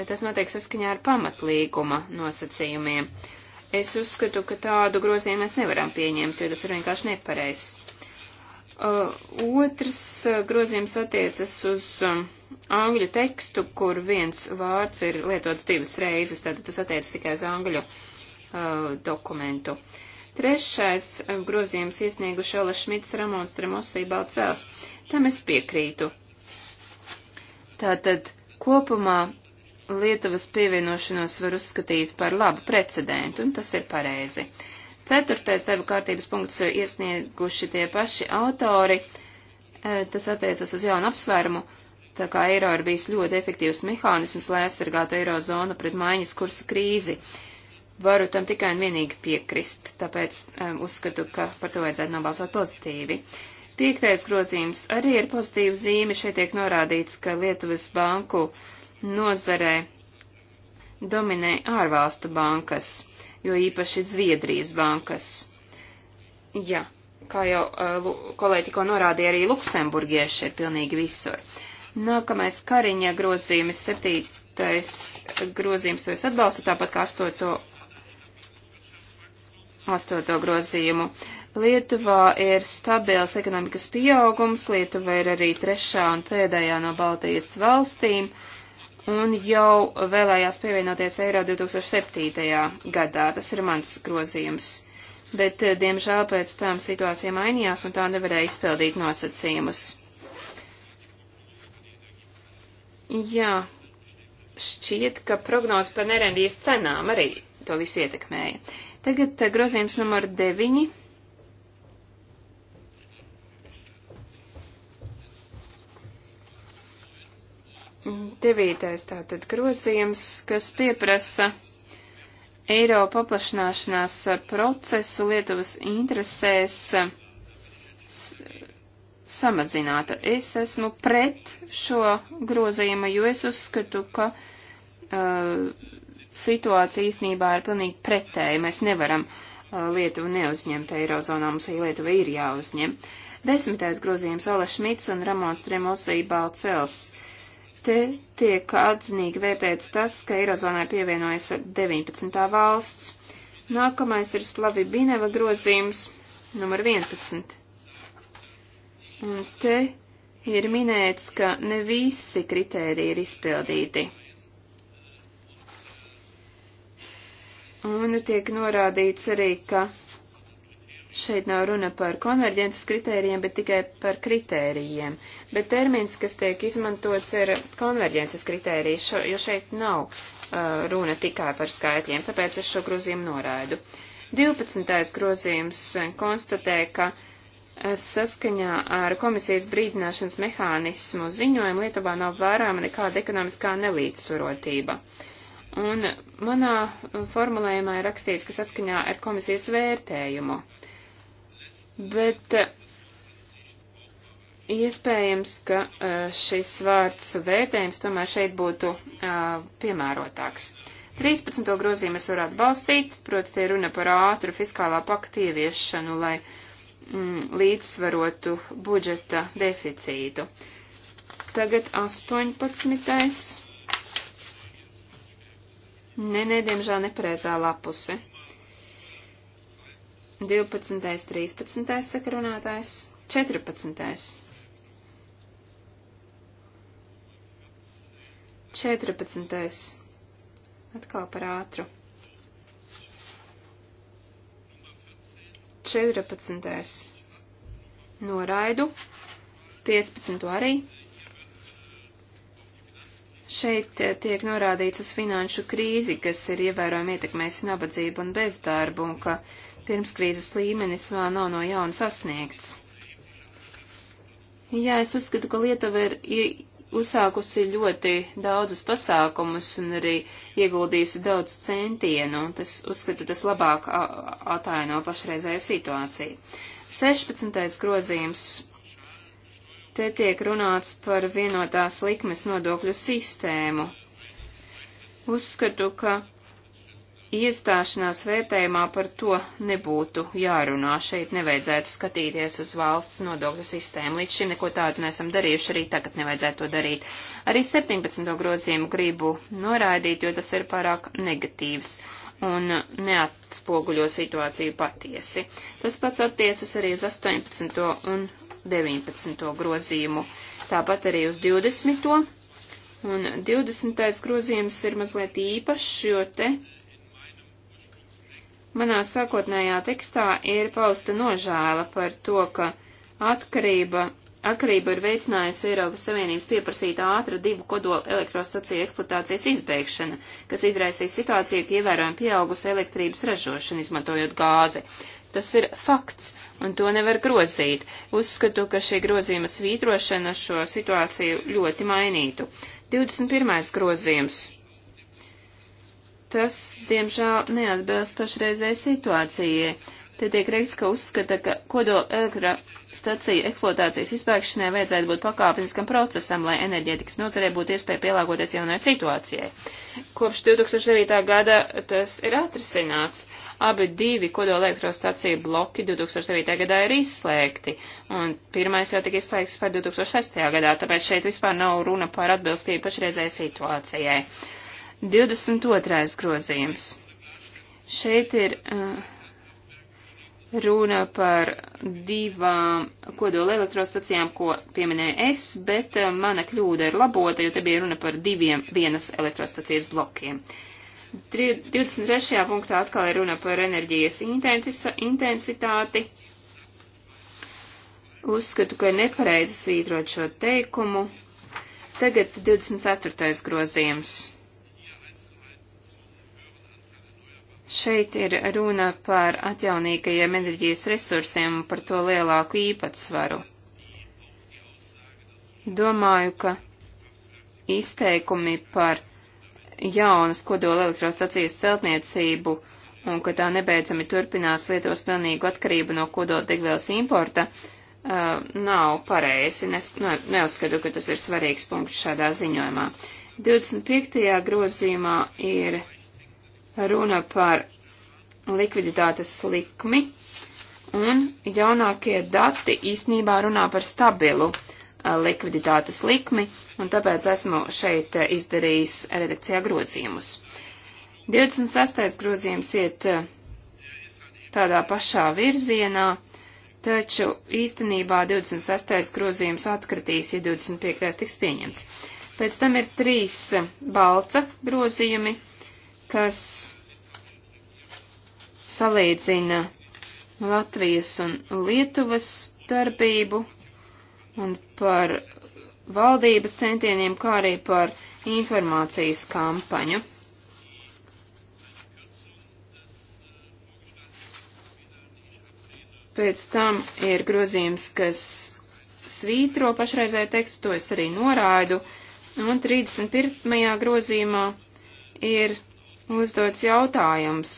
tas notiek saskaņā ar pamatlīguma nosacījumiem. Uh, Es uzskatu, ka tādu grozījumu mēs nevaram pieņemt, jo tas ir vienkārši nepareizs. Uh, otrs uh, grozījums attiecas uz um, angļu tekstu, kur viens vārds ir lietots divas reizes, tātad tas attiecas tikai uz angļu uh, dokumentu. Trešais um, grozījums iesnieguši Ola Šmits, Ramons Tremosī, Balcēls. Tam es piekrītu. Tātad kopumā Lietuvas pievienošanos var uzskatīt par labu precedentu, un tas ir pareizi. Ceturtais darba kārtības punkts iesnieguši tie paši autori, e, tas attiecas uz jaunu apsvērumu, tā kā eiro ir bijis ļoti efektīvs mehānisms, lai aizsargātu eirozonu pret maiņas kursa krīzi. Varu tam tikai un vienīgi piekrist, tāpēc um, uzskatu, ka par to vajadzētu nobalsot pozitīvi. Piektais grozījums arī ir pozitīva zīme, šeit tiek norādīts, ka Lietuvas banku uh, nozarē dominē ārvalstu bankas, jo īpaši Zviedrijas bankas. Jā, kā jau uh, kolēģi tikko norādīja, arī luksemburgieši ir pilnīgi visur. Nākamais kariņa grozījums, septītais grozījums, to es atbalstu, tāpat kā astoto, astoto grozījumu. Lietuvā ir stabils ekonomikas pieaugums, Lietuva ir arī trešā un pēdējā no Baltijas valstīm. Uh, un jau vēlējās pievienoties eiro 2007. gadā. Tas ir mans grozījums. Bet, eh, diemžēl, pēc tam situācija mainījās un tā nevarēja izpildīt nosacījumus. Jā, šķiet, ka prognozes par nerendijas cenām arī to visu ietekmēja. Tagad eh, grozījums numur 9 Devītais tātad grozījums, kas pieprasa eiro paplašanāšanās procesu Lietuvas interesēs samazināta. Es esmu pret šo grozījumu, jo es uzskatu, ka uh, situācija īstenībā ir pilnīgi pretēja. Mēs nevaram uh, Lietuvu neuzņemt eirozonā, mums arī Lietuva ir jāuzņem. Desmitais grozījums Ola Šmits un Ramons Tremosī Balcels. Uh, Te tiek atzinīgi vērtēts tas, ka Eirozonai pievienojas 19. valsts. Nākamais ir Slavi Bineva grozījums, numur 11. Un te ir minēts, ka ne visi kritēriji ir izpildīti. Un tiek norādīts arī, ka Šeit nav runa par konverģences kritērijiem, bet tikai par kritērijiem. Bet termins, kas tiek izmantots, ir konverģences kritērijas, jo šeit nav uh, runa tikai par skaitļiem, tāpēc es šo grozījumu noraidu. 12. grozījums konstatē, ka uh, saskaņā ar komisijas brīdināšanas mehānismu ziņojumu Lietuvā nav vērāma nekāda ekonomiskā nelīdzsvarotība. Un manā formulējumā ir rakstīts, ka saskaņā ar komisijas vērtējumu bet eh, iespējams, ka eh, šis vārds vērtējums tomēr šeit būtu eh, piemērotāks. 13. grozījumu es varētu balstīt, proti te runa par ātru fiskālā pakta ieviešanu, lai mm, līdzsvarotu budžeta deficītu. Tagad 18. Nē, nē, diemžēl nepareizā lapuse. 12. 13. sakarunātājs, 14. 14. Atkal par ātru. 14. Noraidu. 15. arī. Šeit eh, tiek norādīts uz finanšu krīzi, kas ir ievērojami ietekmējusi nabadzību un bezdarbu, un ka uh, pirmskrīzes līmenis vēl nav no jauna sasniegts. Jā, es uzskatu, ka Lietuva ir uzsākusi ļoti daudzus pasākumus un arī ieguldījusi daudz centienu, un tas, uzskatu, tas labāk ataino pašreizēju situāciju. 16. grozījums. Te tiek runāts par vienotās likmes nodokļu sistēmu. Uzskatu, ka iestāšanās vērtējumā par to nebūtu jārunā. Šeit nevajadzētu skatīties uz valsts nodokļu sistēmu. Līdz šim neko tādu neesam darījuši, arī tagad nevajadzētu to darīt. Arī 17. grozījumu gribu noraidīt, jo tas ir pārāk negatīvs un neatspoguļo situāciju patiesi. Tas pats attiecas arī uz 18. un 19. grozījumu, tāpat arī uz 20. Un 20. grozījums ir mazliet īpašs, jo te Manā sākotnējā tekstā ir pausta nožēla par to, ka atkarība, atkarība ir veicinājusi Eiropas Savienības pieprasītā ātra divu kodola elektrostaciju eksploatācijas izbēgšana, kas izraisīs situāciju, ka ievērojami pieaugusi elektrības ražošana, izmantojot gāzi. Tas ir fakts, un to nevar grozīt. Uzskatu, ka šī grozījuma svītrošana šo situāciju ļoti mainītu. 21. grozījums tas, diemžēl, neatbilst pašreizējai situācijai. Te tiek reikts, ka uzskata, ka kodola elektrostaciju eksploatācijas izbēgšanai vajadzētu būt pakāpeniskam procesam, lai enerģētikas nozarē būtu iespēja pielāgoties jaunai situācijai. Kopš 2009. gada tas ir atrisināts. Abi divi kodola elektrostaciju bloki 2009. gadā ir izslēgti, un pirmais jau tika izslēgts par 2006. gadā, tāpēc šeit vispār nav runa par atbilstību pašreizējai situācijai. 22. grozījums. Šeit ir uh, runa par divām kodola elektrostacijām, ko pieminēju es, bet uh, mana kļūda ir labota, jo te bija runa par diviem vienas elektrostacijas blokiem. 23. punktā atkal ir runa par enerģijas intensitāti. Uzskatu, ka ir nepareizi svītrot šo teikumu. Tagad 24. grozījums. Šeit ir runa par atjaunīgajiem enerģijas resursiem un par to lielāku īpatsvaru. Domāju, ka izteikumi par jaunas kodola elektrostacijas celtniecību un ka tā nebeidzami turpinās lietos pilnīgu atkarību no kodola degvielas importa uh, nav pareizi. Es nu, neuzskatu, ka tas ir svarīgs punkts šādā ziņojumā. 25. grozījumā ir runa par likviditātes likmi, un jaunākie dati īsnībā runā par stabilu eh, likviditātes likmi, un tāpēc esmu šeit eh, izdarījis redakcijā grozījumus. 26. grozījums iet eh, tādā pašā virzienā, taču īstenībā 26. grozījums atkritīs, ja 25. tiks pieņemts. Pēc tam ir trīs balca grozījumi kas salīdzina Latvijas un Lietuvas darbību un par valdības centieniem, kā arī par informācijas kampaņu. Pēc tam ir grozījums, kas svītro pašreizēju tekstu, to es arī noraidu, un 31. grozījumā ir uzdots jautājums.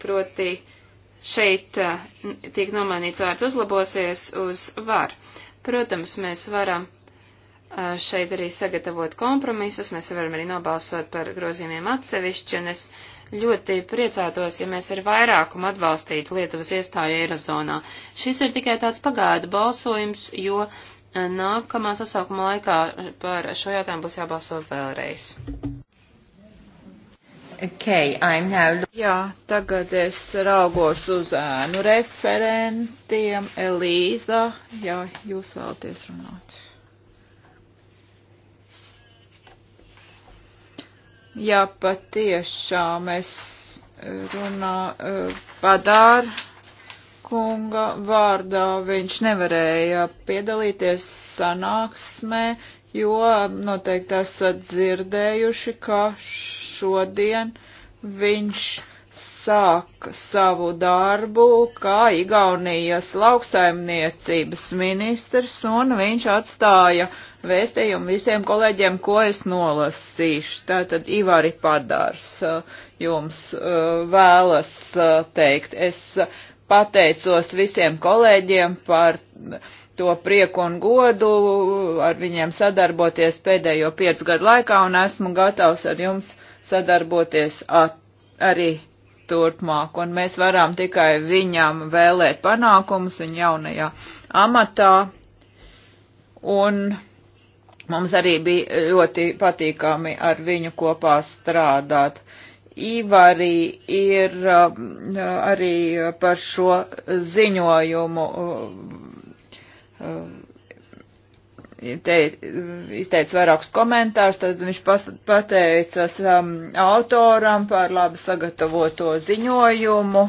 Proti, šeit eh, tiek nomainīts vārds uzlabosies uz var. Protams, mēs varam eh, šeit arī sagatavot kompromisus, mēs varam arī nobalsot par grozījumiem atsevišķi, un es ļoti priecātos, ja mēs ar vairākumu atbalstītu Lietuvas iestāju Eirozonā. Šis ir tikai tāds pagāda balsojums, jo uh, Nākamā sasaukuma laikā par šo jautājumu būs jābalso vēlreiz. Okay, I'm now... Jā, tagad es raugos uz ēnu referentiem. Elīza, jā, jūs vēlaties runāt. Jā, patiešām es runā, eh, padāru kunga vārdā. Viņš nevarēja piedalīties sanāksmē, jo noteikti esat dzirdējuši, ka šodien viņš sāk savu darbu kā Igaunijas lauksaimniecības ministrs, un viņš atstāja vēstījumu visiem kolēģiem, ko es nolasīšu. Tātad Ivari Padārs uh, jums uh, vēlas uh, teikt. Es pateicos visiem kolēģiem par to prieku un godu ar viņiem sadarboties pēdējo piecu gadu laikā un esmu gatavs ar jums sadarboties at, arī turpmāk. Un mēs varam tikai viņam vēlēt panākumus viņa jaunajā amatā. Un mums arī bija ļoti patīkami ar viņu kopā strādāt. Ivarī ir um, arī par šo ziņojumu um, te, izteica vairākus komentārus, tad viņš pateicas um, autoram par labi sagatavoto ziņojumu,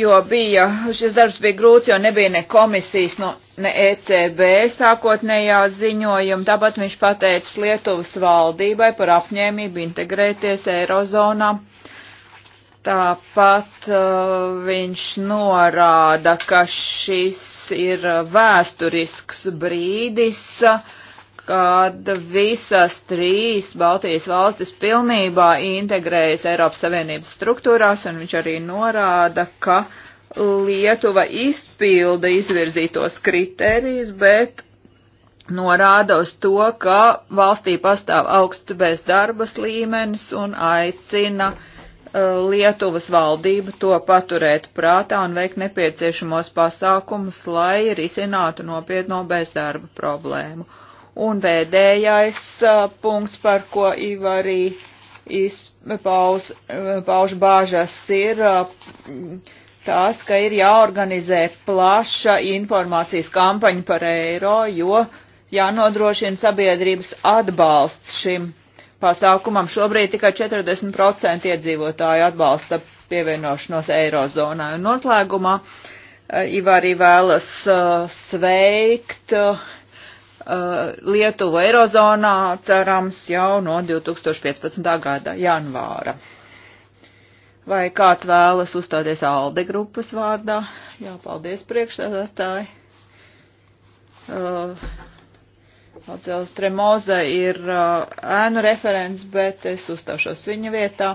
jo bija, šis darbs bija grūts, jo nebija ne komisijas, no ECB e sākotnējā ziņojuma, tāpat viņš pateicis Lietuvas valdībai par apņēmību integrēties Eirozonā. Tāpat uh, viņš norāda, ka šis ir vēsturisks brīdis, kad visas trīs Baltijas valstis pilnībā integrējas Eiropas Savienības struktūrās, un viņš arī norāda, ka uh, Lietuva izpilda izvirzītos kritērijus, bet norāda uz to, ka valstī pastāv augsts bezdarbas līmenis un aicina uh, Lietuvas valdību to paturēt prātā un veikt nepieciešamos pasākumus, lai risinātu nopietno bezdarba problēmu. Un pēdējais uh, punkts, par ko Ivarī pauž, uh, pauž bāžas, ir tās, ka ir jāorganizē plaša informācijas kampaņa par eiro, jo jānodrošina sabiedrības atbalsts šim pasākumam. Šobrīd tikai 40% iedzīvotāju atbalsta pievienošanos eirozonai. Un noslēgumā eh, Iva arī vēlas eh, sveikt eh, Lietuvu eirozonā, cerams, jau no 2015. gada janvāra. Vai kāds vēlas uzstāties ALDE grupas vārdā? Jā, paldies priekšstādātāji. Uh, Atcēlis Tremoze ir uh, ēnu referents, bet es uzstāšos viņa vietā.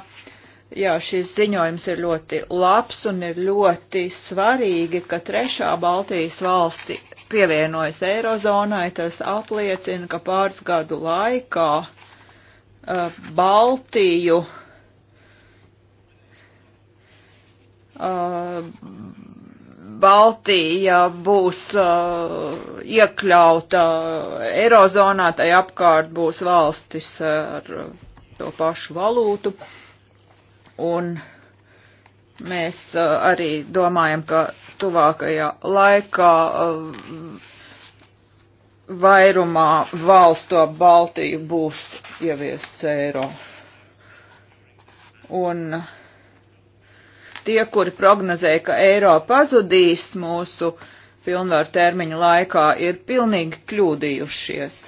Jā, šis ziņojums ir ļoti labs un ir ļoti svarīgi, ka trešā Baltijas valsts pievienojas Eirozonai. Tas apliecina, ka pāris gadu laikā uh, Baltiju uh, Uh, Baltija būs uh, iekļauta Eirozonā, tai apkārt būs valstis ar uh, to pašu valūtu. Un mēs arī domājam, ka tuvākajā laikā vairumā valstu ap Baltiju būs ieviests eiro. Un uh, tie, kuri prognozēja, ka eiro pazudīs mūsu pilnvaru termiņu laikā, ir pilnīgi kļūdījušies.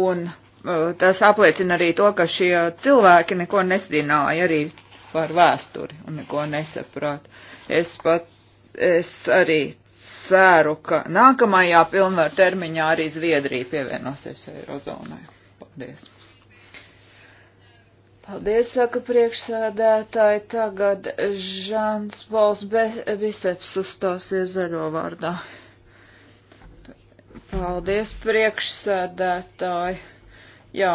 Un uh, tas apliecina arī to, ka šie cilvēki neko nezināja arī par vēsturi un neko nesaprāt. Es pat, es arī ceru, ka nākamajā pilnvaru termiņā arī Zviedrija pievienosies Eirozonai. Paldies! Paldies, saka priekšsēdētāji. Tagad Žans Pols Biseps uzstāsies zaļo vārdā. Paldies, priekšsēdētāji. Jā,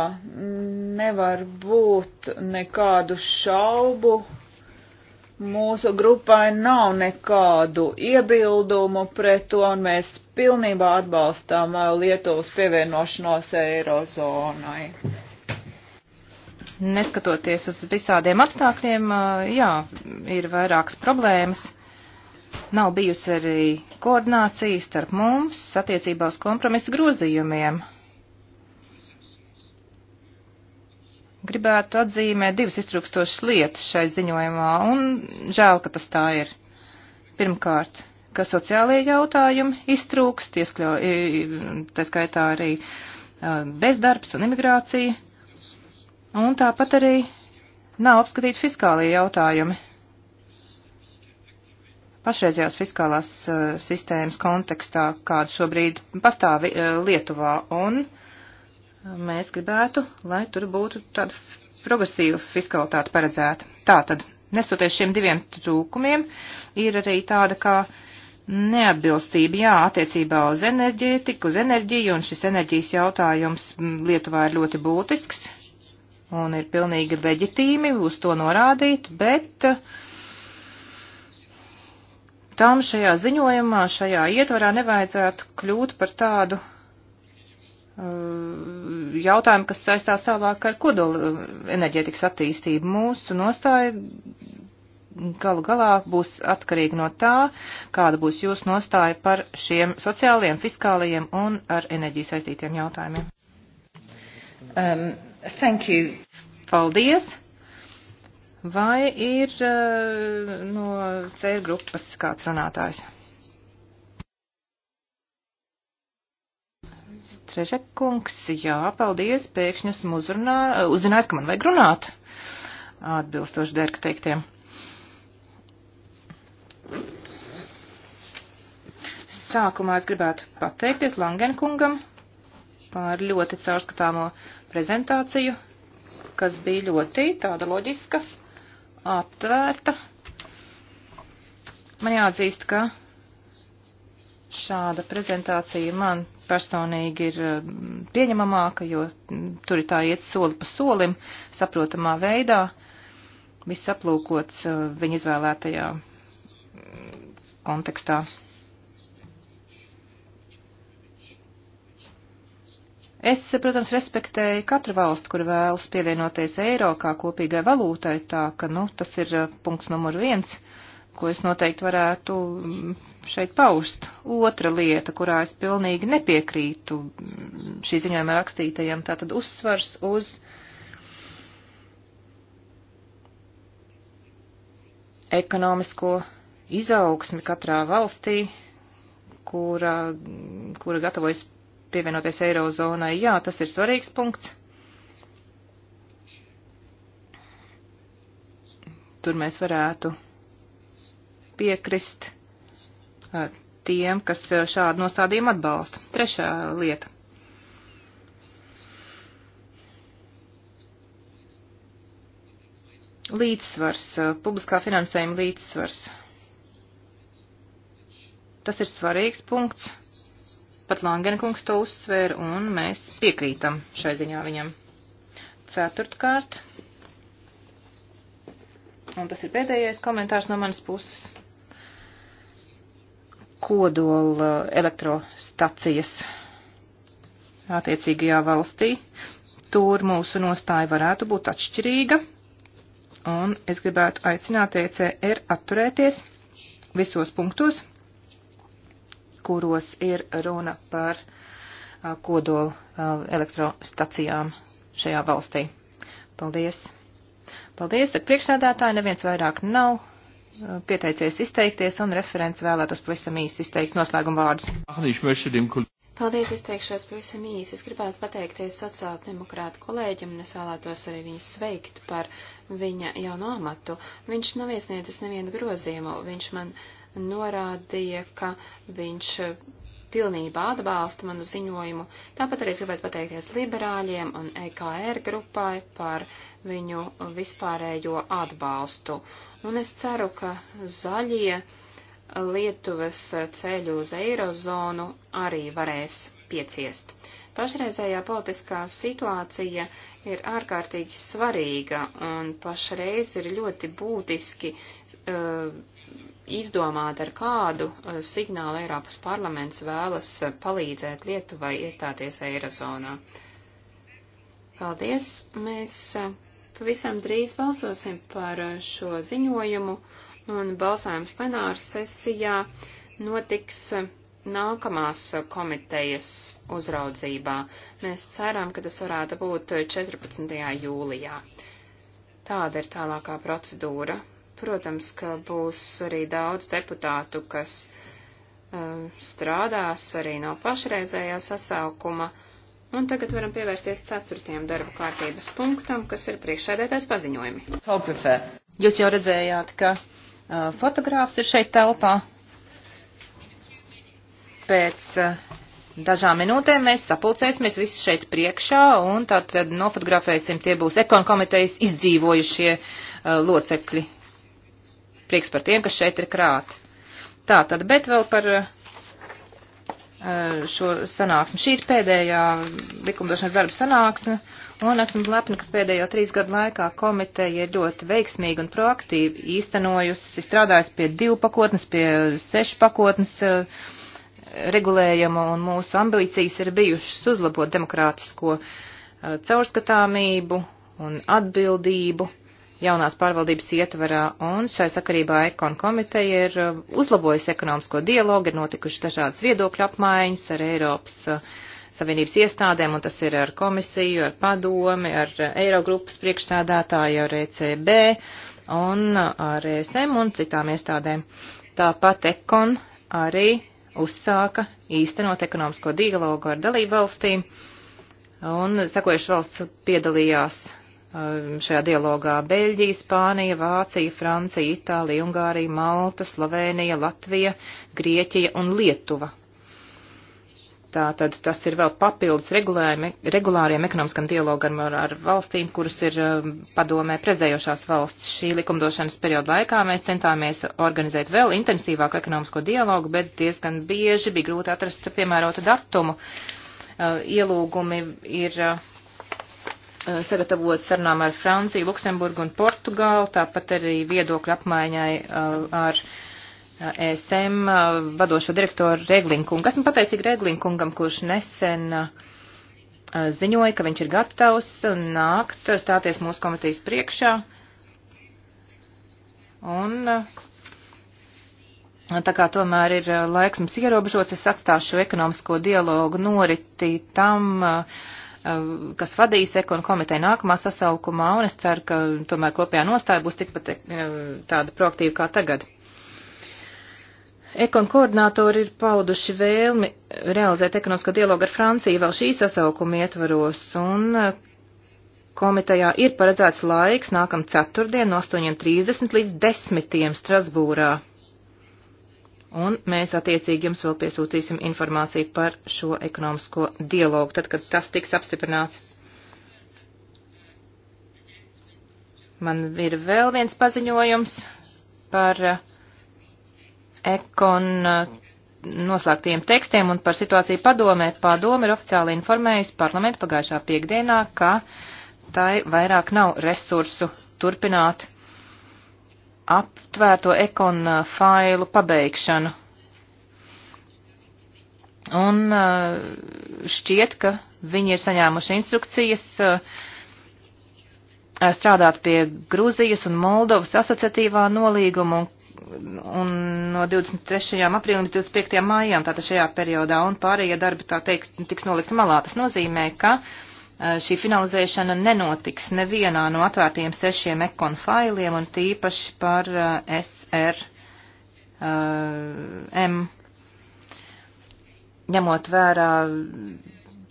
nevar būt nekādu šaubu. Mūsu grupai nav nekādu iebildumu pret to, un mēs pilnībā atbalstām uh, Lietuvas pievienošanos Eirozonai neskatoties uz visādiem apstākļiem, jā, ir vairākas problēmas. Nav bijusi arī koordinācija starp mums attiecībā uz kompromisu grozījumiem. Gribētu atzīmēt divas iztrukstošas lietas šai ziņojumā, un žēl, ka tas tā ir. Pirmkārt, ka sociālajie jautājumi iztrūkst, ieskļau, tā skaitā arī uh, bezdarbs un imigrācija. Un tāpat arī nav apskatīti fiskālie jautājumi pašreizējās fiskālās uh, sistēmas kontekstā, kāda šobrīd pastāv uh, Lietuvā. Un uh, mēs gribētu, lai tur būtu tāda progresīva fiskalitāte paredzēta. Tātad, nesoties šiem diviem trūkumiem, ir arī tāda kā neatbilstība, jā, attiecībā uz enerģētiku, uz enerģiju, un šis enerģijas jautājums mm, Lietuvā ir ļoti būtisks un ir pilnīgi leģitīmi uz to norādīt, bet eh, tam šajā ziņojumā, šajā ietvarā nevajadzētu kļūt par tādu eh, jautājumu, kas saistās tālāk ar kodolu eh, enerģētikas attīstību. Mūsu nostāja galu galā būs atkarīga no tā, kāda būs jūsu nostāja par šiem sociālajiem, fiskālajiem un ar enerģiju saistītiem jautājumiem. Um, Thank you. Paldies. Vai ir uh, no C grupas kāds runātājs? Strežekungs, jā, paldies, pēkšņi esmu uzrunā, uzzinājis, ka man vajag runāt, atbilstoši derka teiktiem. Sākumā es gribētu pateikties Langenkungam par ļoti caurskatāmo prezentāciju, kas bija ļoti tāda loģiska, atvērta. Man jāatzīst, ka šāda prezentācija man personīgi ir eh, pieņemamāka, jo mm, tur ir tā iet soli pa solim, saprotamā veidā, viss aplūkots eh, viņa izvēlētajā mm, kontekstā. Es, protams, respektēju katru valstu, kur vēlas pievienoties eiro kā kopīgai valūtai, tā ka, nu, tas ir eh, punkts numur viens, ko es noteikti varētu mm, šeit paust. Otra lieta, kurā es pilnīgi nepiekrītu mm, šī ziņojuma rakstītajam, tātad uzsvars uz. ekonomisko izaugsmi katrā valstī, kura, kura gatavojas pievienoties Eirozonai. Jā, tas ir svarīgs punkts. Tur mēs varētu piekrist uh, tiem, kas uh, šādu nostādījumu atbalsta. Trešā lieta. Līdzsvars, uh, publiskā finansējuma līdzsvars. Tas ir svarīgs punkts Pat Langenkungs to uzsvēra, un mēs piekrītam šai ziņā viņam. Ceturtkārt, un tas ir pēdējais komentārs no manas puses, kodola elektrostacijas attiecīgajā valstī. Tur mūsu nostāja varētu būt atšķirīga, un es gribētu aicināt ECR atturēties visos punktos, kuros ir runa par uh, kodolu uh, elektrostacijām šajā valstī. Paldies! Paldies! Ar priekšsēdētāju neviens vairāk nav uh, pieteicies izteikties, un referents vēlētos pavisam īsi izteikt noslēgumu vārdus. Paldies, izteikšos pavisam īsi. Es gribētu pateikties sociāla demokrāta kolēģim, un es vēlētos arī viņu sveikt par viņa jauno amatu. Viņš nav iesniedzis nevienu grozījumu, viņš man norādīja, ka viņš pilnībā atbalsta manu ziņojumu. Tāpat arī es gribētu pateikties liberāļiem un EKR grupai par viņu vispārējo atbalstu. Un es ceru, ka zaļie Lietuvas ceļu uz eirozonu arī varēs pieciest. Pašreizējā politiskā situācija ir ārkārtīgi svarīga un pašreiz ir ļoti būtiski uh, izdomāt, ar kādu uh, signālu Eiropas parlaments vēlas uh, palīdzēt Lietuvai iestāties Eirozonā. Paldies! Mēs uh, pavisam drīz balsosim par šo ziņojumu, un balsājums plenāra sesijā notiks nākamās komitejas uzraudzībā. Mēs ceram, ka tas varētu būt 14. jūlijā. Tāda ir tālākā procedūra. Protams, ka būs arī daudz deputātu, kas um, strādās arī no pašreizējā sasaukuma. Un tagad varam pievērsties ceturtajam darba kārtības punktam, kas ir priekšsēdētājs paziņojumi. Hopifē. Jūs jau redzējāt, ka uh, fotogrāfs ir šeit telpā. Pēc uh, dažām minūtēm mēs sapulcēsimies visi šeit priekšā un tātad nofotografēsim, tie būs ekonomitejas izdzīvojušie uh, locekļi prieks par tiem, kas šeit ir krāti. Tā tad, bet vēl par eh, šo sanāksmi. Šī ir pēdējā likumdošanas darba sanāksme, un esmu lepna, ka pēdējo trīs gadu laikā komiteja ir ļoti veiksmīgi un proaktīvi īstenojusi, strādājusi pie divu pakotnes, pie sešu pakotnes eh, regulējuma, un mūsu ambīcijas ir bijušas uzlabot demokrātisko eh, caurskatāmību un atbildību jaunās pārvaldības ietvarā, un šai sakarībā Ekon komiteja ir uh, uzlabojusi ekonomisko dialogu, ir notikuši dažādas viedokļu apmaiņas ar Eiropas uh, Savienības iestādēm, un tas ir ar komisiju, ar padomi, ar uh, Eirogrupas priekšsādātāju, ar ECB un ar ESM un citām iestādēm. Tāpat Ekon arī uzsāka īstenot ekonomisko dialogu ar dalību valstīm, un sekojuši valsts piedalījās Um, šajā dialogā Beļģija, Spānija, Vācija, Francija, Itālija, Ungārija, Malta, Slovēnija, Latvija, Grieķija un Lietuva. Tātad tas ir vēl papildus regulāriem ekonomiskam dialogam ar, ar valstīm, kuras ir um, padomē prezidējošās valsts. Šī likumdošanas perioda laikā mēs centāmies organizēt vēl intensīvāku ekonomisko dialogu, bet diezgan bieži bija grūti atrast piemērotu datumu. Uh, ielūgumi ir uh, Eh, sagatavot sarunām ar Franciju, Luksemburgu un Portugālu, tāpat arī viedokļu apmaiņai eh, ar ESM eh, e vadošo direktoru Reglinkungu. Esmu pateicīgi Reglinkungam, kurš nesen ziņoja, ka viņš ir gatavs nākt stāties mūsu komitejas priekšā. Un tā kā tomēr ir laiks mums ierobežots, es atstāšu ekonomisko dialogu noriti tam, uh, Um, kas vadīs ekonu komiteju nākamā sasaukumā, un es ceru, ka tomēr kopējā nostāja būs tikpat um, tāda proaktīva kā tagad. Ekon koordinātori ir pauduši vēlmi realizēt ekonomisko dialogu ar Franciju vēl šī sasaukuma ietvaros, un uh, komitejā ir paredzēts laiks nākam ceturtdien no 8.30 līdz 10.00 Strasbūrā. Un mēs attiecīgi jums vēl piesūtīsim informāciju par šo ekonomisko dialogu, tad, kad tas tiks apstiprināts. Man ir vēl viens paziņojums par eh, ekon eh, noslēgtiem tekstiem un par situāciju padomē. Padome ir oficiāli informējusi parlamentu pagājušā piekdienā, ka tai vairāk nav resursu turpināt aptvērto ekon uh, failu pabeigšanu. Un uh, šķiet, ka viņi ir saņēmuši instrukcijas uh, strādāt pie Gruzijas un Moldovas asociatīvā nolīguma un un no 23. aprīlim līdz 25. maijam, tātad šajā periodā, un pārējie darbi, tā teikt, tiks nolikti malā. Tas nozīmē, ka uh, Eh, šī finalizēšana nenotiks nevienā no atvērtiem sešiem ekonu failiem un tīpaši par eh, SRM. Eh, Ņemot vērā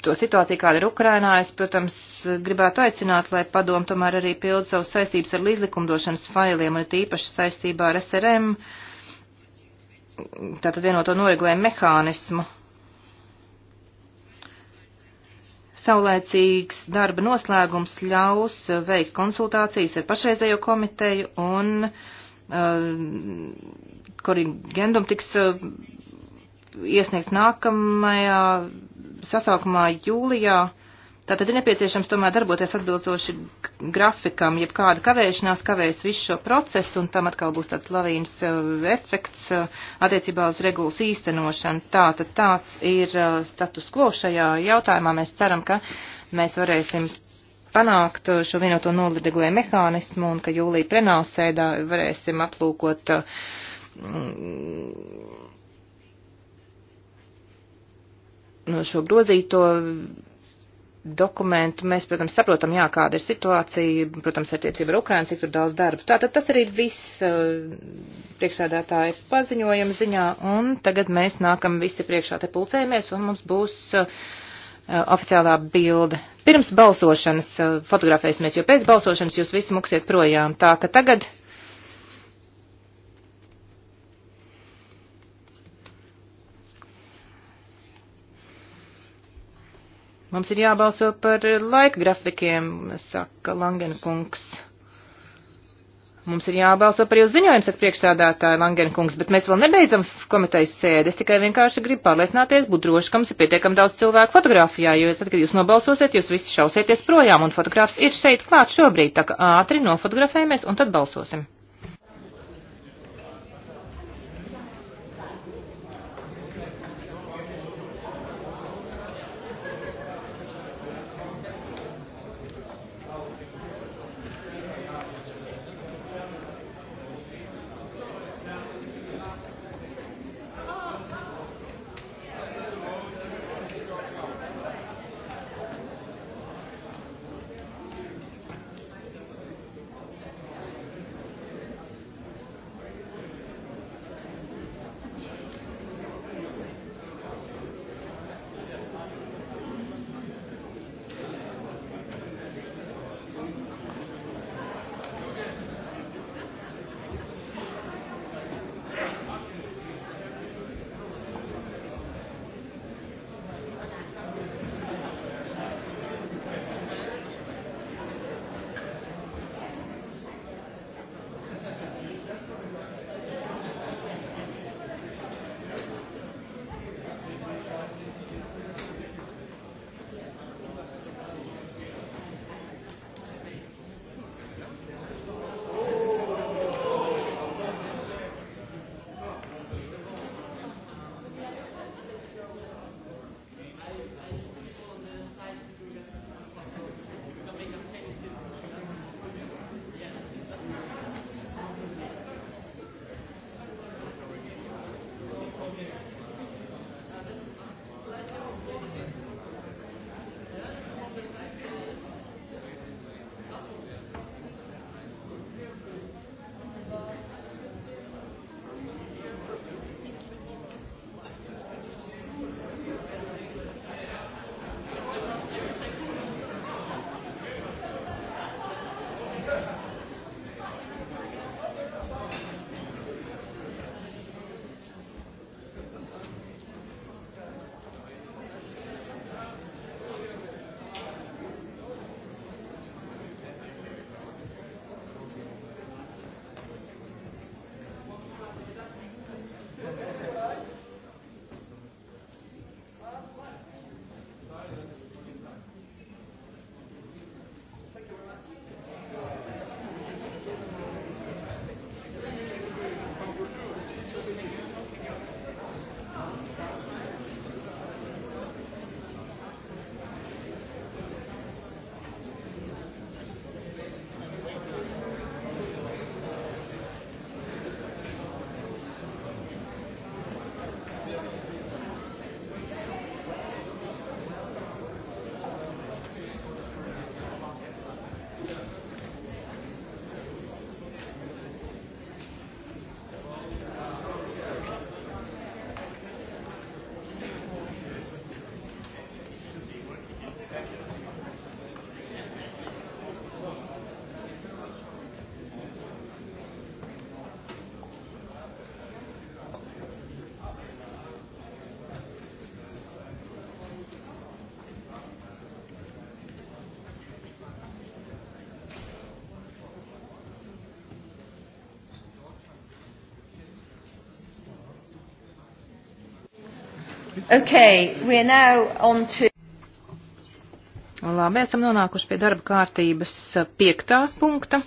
to situāciju, kāda ir Ukrainā, es, protams, gribētu aicināt, lai padomu tomēr arī pild savus saistības ar līdzlikumdošanas failiem un tīpaši saistībā ar SRM, tātad vienoto noregulējumu mehānismu Saulēcīgs darba noslēgums ļaus veikt konsultācijas ar pašreizējo komiteju un uh, korigendum tiks uh, iesniegts nākamajā sasaukumā jūlijā. Uh, Tātad ir nepieciešams tomēr darboties atbilstoši grafikam, jeb kāda kavēšanās kavēs visu šo procesu, un tam atkal būs tāds lavīnas eh, efekts eh, attiecībā uz regulas īstenošanu. Tātad tāds ir eh, status quo šajā jautājumā. Mēs ceram, ka mēs varēsim panākt šo vienoto nolideglēju mehānismu un ka jūlija plenāsēdā varēsim aplūkot mm, no šo grozīto dokumentu. Mēs, protams, saprotam, jā, kāda ir situācija, protams, attiecība ar Ukrainu, cik tur daudz darba. Tātad tas arī ir viss uh, priekšsēdētāja paziņojuma ziņā, un tagad mēs nākam visi priekšā te pulcējamies, un mums būs uh, uh, oficiālā bilde. Pirms balsošanas fotografēsimies, jo pēc balsošanas jūs visi muksiet projām. Tā ka tagad Mums ir jābalso par laika grafikiem, saka Langena kungs. Mums ir jābalso par jūsu ziņojumu, saka priekšsādātāja Langena kungs, bet mēs vēl nebeidzam komitejas sēdi. Es tikai vienkārši gribu pārliecināties, būt droši, ka mums ir pietiekami daudz cilvēku fotografijā, jo tad, kad jūs nobalsosiet, jūs visi šausieties projām, un fotogrāfs ir šeit klāt šobrīd, tā ka ātri nofotografējamies un tad balsosim. Okay, we are now on to. Labi, esam nonākuši pie darba kārtības piektā punkta.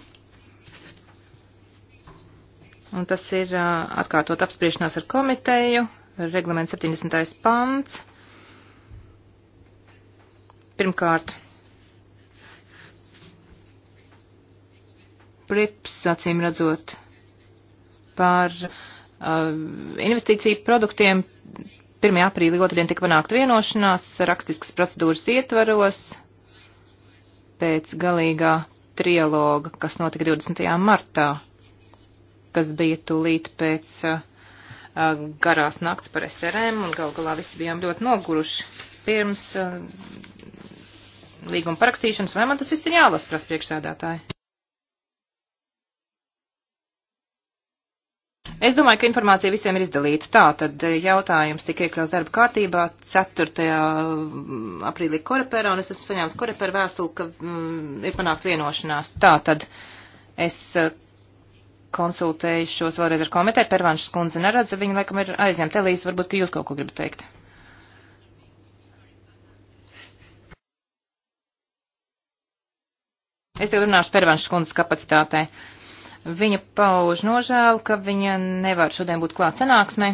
Un tas ir atkārtot apspriešanās ar komiteju, reglaments 70. pants. Pirmkārt, prips, acīm redzot, par uh, investīciju produktiem 1. aprīlī otrdien tika panākt vienošanās rakstiskas procedūras ietvaros pēc galīgā trialoga, kas notika 20. martā, kas bija tūlīt pēc uh, garās nakts par SRM un gal galā visi bijām ļoti noguruši. Pirms uh, līguma parakstīšanas vai man tas viss ir jālas, prasa priekšsēdētāji? Es domāju, ka informācija visiem ir izdalīta. Tā tad eh, jautājums tika iekļauts darba kārtībā 4. Mm, aprīlī korepērā, un es esmu saņēmis korepēru vēstuli, ka mm, ir panākt vienošanās. Tā tad es eh, konsultējušos vēlreiz ar komiteju, pervanšas kundze neredzu, viņa laikam ir aizņemta. Elīze, varbūt, ka jūs kaut ko gribat teikt. Es tagad runāšu pervanšas kundzes kapacitātei. Uh, Viņa pauž nožēlu, ka viņa nevar šodien būt klāt sanāksmē.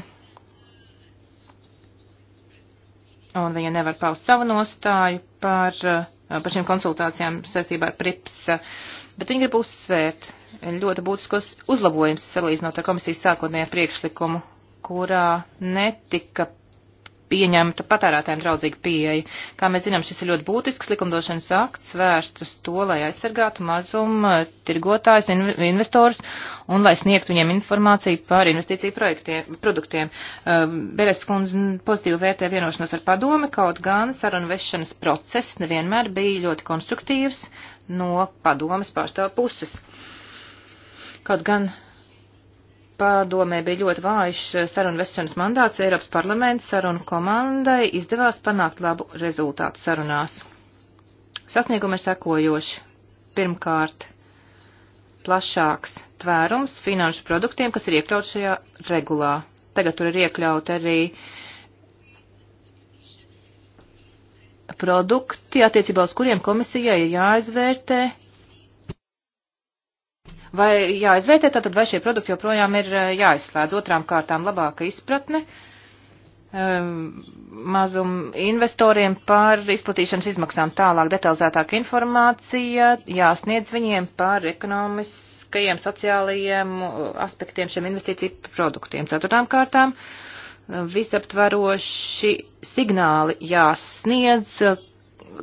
Un viņa nevar paust savu nostāju par, eh, par šīm konsultācijām saistībā ar PRIPS. Bet viņa grib uzsvērt ļoti būtiskos uzlabojums salīdzinot ar komisijas sākotnējo priekšlikumu, kurā netika pieņemta patērētājiem draudzīga pieeja. Kā mēs zinām, šis ir ļoti būtisks likumdošanas akts vērsts uz to, lai aizsargātu mazumu eh, tirgotājus, investors un lai sniegtu viņiem informāciju par investīciju produktiem. Eh, Beres kundze pozitīvi vērtē vienošanos ar padomi, kaut gan sarunu vešanas process nevienmēr bija ļoti konstruktīvs no padomas pārstāvu puses. Kaut gan padomē bija ļoti vājš sarunu vešanas mandāts, Eiropas parlamenta sarunu komandai izdevās panākt labu rezultātu sarunās. Sasniegumi ir sekojoši. Pirmkārt, plašāks tvērums finanšu produktiem, kas ir iekļauts šajā regulā. Tagad tur ir iekļaut arī produkti, attiecībā uz kuriem komisijai ir jāizvērtē vai jāizvērtē tātad, vai šie produkti joprojām ir eh, jāizslēdz. Otrām kārtām labāka izpratne ehm, mazum investoriem par izplatīšanas izmaksām tālāk detalizētāka informācija jāsniedz viņiem par ekonomiskajiem, sociālajiem aspektiem šiem investīciju produktiem. Ceturtām kārtām eh, visaptvaroši signāli jāsniedz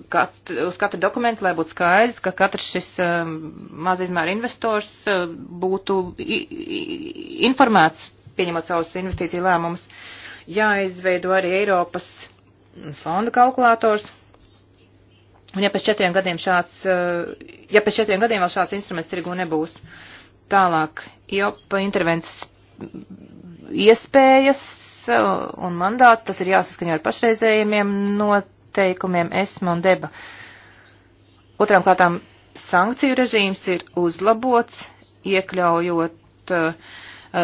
kat, uz katru dokumentu, lai būtu skaidrs, ka katrs šis um, mazizmēra investors uh, būtu i, i, informēts, pieņemot savus investīciju lēmumus. Jāizveido arī Eiropas fonda kalkulators. Un ja pēc četriem gadiem šāds, uh, ja pēc četriem gadiem vēl šāds instruments tirgu nebūs, tālāk jopa intervences iespējas uh, un mandāts, tas ir jāsaskaņo ar pašreizējiem not noteikumiem ESMA un DEBA. Otram kārtām sankciju režīms ir uzlabots, iekļaujot uh,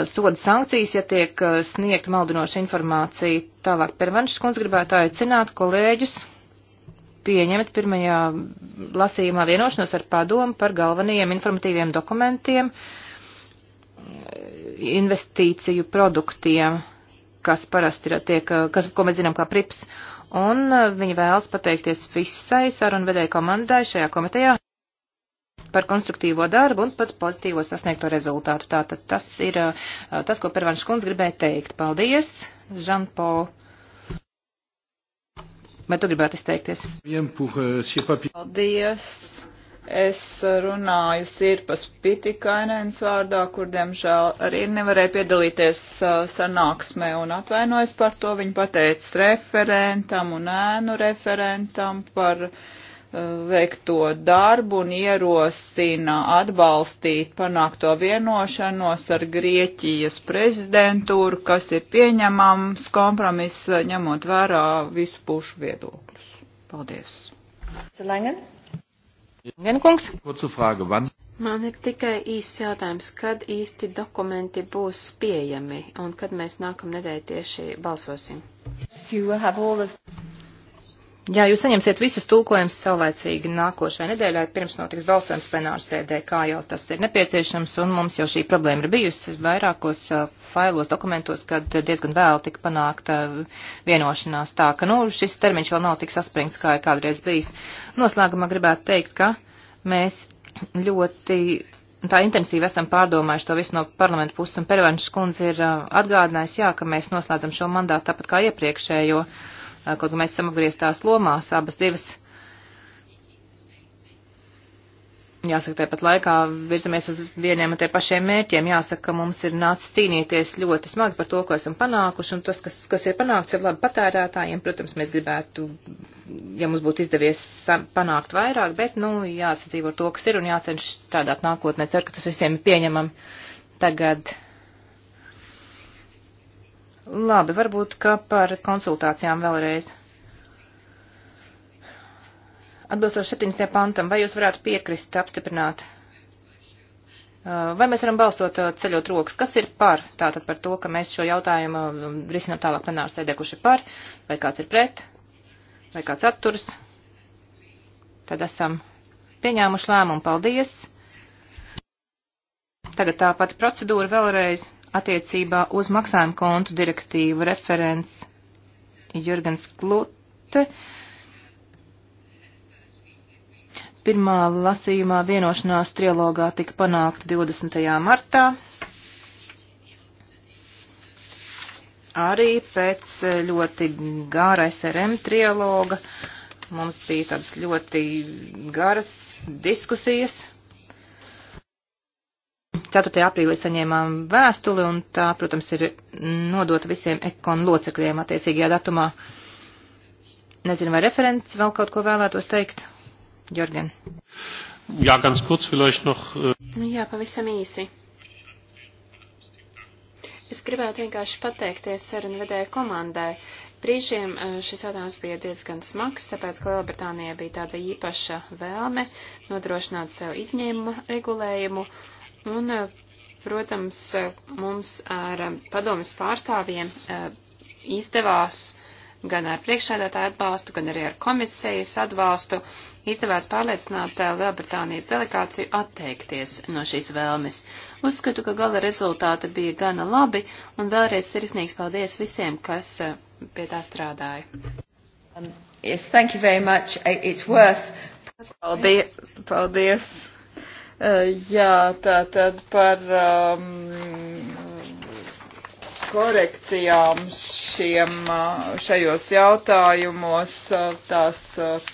soda sankcijas, ja tiek uh, sniegt maldinoša informācija. Tālāk pervenšas kundze gribētu aicināt kolēģus pieņemt pirmajā lasījumā vienošanos ar padomu par galvenajiem informatīviem dokumentiem, eh, investīciju produktiem, kas parasti ir tiek, kas, ko mēs zinām kā prips, un uh, viņa vēlas pateikties visai sarunvedēju komandai šajā komitejā par konstruktīvo darbu un pat pozitīvo sasniegto rezultātu. Tātad tas ir uh, uh, tas, ko Pervanš kundz gribēja teikt. Paldies, Žanpol. Vai tu gribētu izteikties? Paldies. Es runāju Sirpas Pitikainēns vārdā, kur diemžēl arī nevarēja piedalīties uh, sanāksmē un atvainojas par to. Viņa pateica referentam un ēnu referentam par uh, veikto darbu un ierosina atbalstīt panākto vienošanos ar Grieķijas prezidentūru, kas ir pieņemams kompromiss ņemot vērā visu pušu viedokļus. Paldies! Langen. Vienkungs. Man ir tikai īsts jautājums, kad īsti dokumenti būs pieejami un kad mēs nākamnedēļ tieši balsosim. Of... Jā, jūs saņemsiet visus tulkojumus saulēcīgi nākošajai nedēļai, pirms notiks balsojums plenārsēdē, kā jau tas ir nepieciešams, un mums jau šī problēma ir bijusi vairākos uh, failos, dokumentos, kad diezgan vēl tika panākta vienošanās tā, ka, nu, šis termiņš vēl nav tik saspringts, kā ir kādreiz bijis. Noslēgumā gribētu teikt, ka mēs ļoti tā intensīvi esam pārdomājuši to visu no parlamenta puses, un Pervenšs kundze ir uh, atgādinājis, jā, ka mēs noslēdzam šo mandātu tāpat kā iepriekšējo, Eh, kaut kā mēs esam apgrieztās lomās, abas divas. Jāsaka, tāpat laikā virzamies uz vieniem un tie pašiem mērķiem. Jāsaka, ka mums ir nācis cīnīties ļoti smagi par to, ko esam panākuši, un tas, kas, kas ir panākts, ir labi patērētājiem. Protams, mēs gribētu, ja mums būtu izdevies panākt vairāk, bet, nu, jāsadzīvo ar to, kas ir, un jācenšas strādāt nākotnē. Ceru, ka tas visiem ir pieņemami. Tagad Labi, varbūt, ka par konsultācijām vēlreiz. Atbilstoši 17. pantam, vai jūs varētu piekrist, apstiprināt? Uh, vai mēs varam balsot uh, ceļot rokas? Kas ir par? Tātad par to, ka mēs šo jautājumu um, risinām tālāk plenāru sēdē, kurš ir par, vai kāds ir pret, vai kāds atturs. Tad esam pieņēmuši lēmumu. Paldies! Tagad tā pati procedūra vēlreiz attiecībā uz maksājumu kontu direktīvu referents Jurgens Klute. Pirmā lasījumā vienošanās trilogā tika panākta 20. martā. Arī pēc ļoti gāra SRM triloga mums bija tādas ļoti garas diskusijas 4. aprīlī saņēmām vēstuli, un tā, protams, ir nodota visiem ekonu locekļiem attiecīgajā datumā. Nezinu, vai referents vēl kaut ko vēlētos teikt. Jorgen. Jā, ganz kurz, vielleicht noch. Äh, nu jā, pavisam īsi. Es gribētu vienkārši pateikties sarunvedēju komandai. Brīžiem äh, šis jautājums bija diezgan smags, tāpēc, ka Lielbritānija bija tāda īpaša vēlme nodrošināt sev izņēmuma regulējumu. Uh, Un, eh, protams, eh, mums ar eh, padomas pārstāvjiem izdevās gan ar priekšsēdētāju atbalstu, gan arī ar komisijas atbalstu izdevās pārliecināt Lielbritānijas delegāciju atteikties no šīs vēlmes. Uzskatu, ka gala rezultāti bija gana labi, un vēlreiz sirsnīgs paldies visiem, kas pie tā strādāja. Um, yes, thank you very much. It's worth. Paldies. paldies. Eh, jā, tā tad par um, korekcijām šiem, eh, šajos jautājumos eh, tās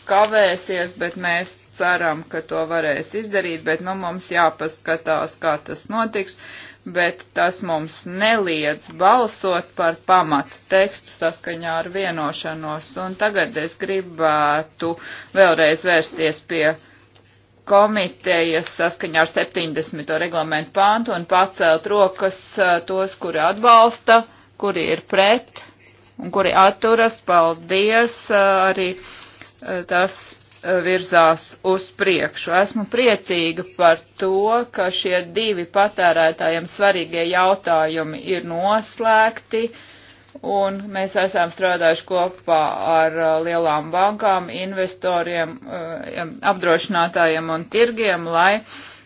kavēsies, bet mēs ceram, ka to varēs izdarīt, bet nu mums jāpaskatās, kā tas notiks, bet tas mums neliedz balsot par pamatu tekstu saskaņā ar vienošanos. Un tagad es gribētu vēlreiz vērsties pie komitejas saskaņā ar 70. reglamentu pāntu un pacelt rokas tos, kuri atbalsta, kuri ir pret un kuri atturas. Paldies! Arī tas virzās uz priekšu. Esmu priecīga par to, ka šie divi patērētājiem svarīgie jautājumi ir noslēgti un mēs esam strādājuši kopā ar uh, lielām bankām, investoriem, uh, apdrošinātājiem un tirgiem, lai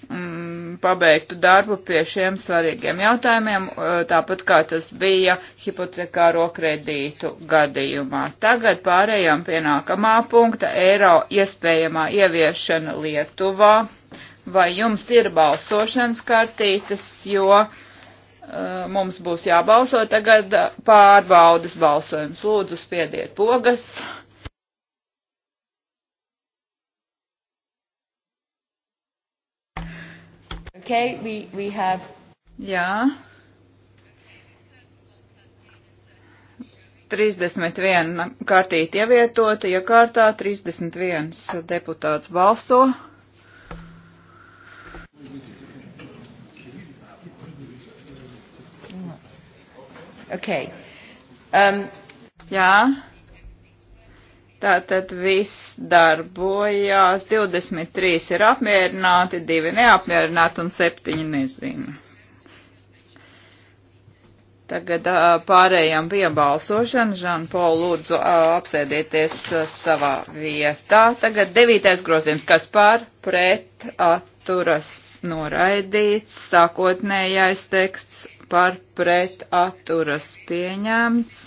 mm, pabeigtu darbu pie šiem svarīgiem jautājumiem, uh, tāpat kā tas bija hipotekāro kredītu gadījumā. Tagad pārējām pie nākamā punkta - eiro iespējamā ieviešana Lietuvā. Vai jums ir balsošanas kartītes, jo uh, Eh, mums būs jābalso tagad pārbaudas balsojums. Lūdzu, spiediet pogas. Okay, we, we have... Jā. 31 kārtīti ievietota, ja kārtā 31 deputāts balso. Mm -hmm. Okay. Um, Jā. Tātad viss darbojās, 23 ir apmierināti, 2 neapmierināti un 7 nezinu. Tagad pārējām pie balsošana. Žanpol, lūdzu, apsēdieties savā vietā. Tagad devītais grozījums, kas pār pret atturas noraidīts, sākotnējais teksts par pret atturas pieņemts.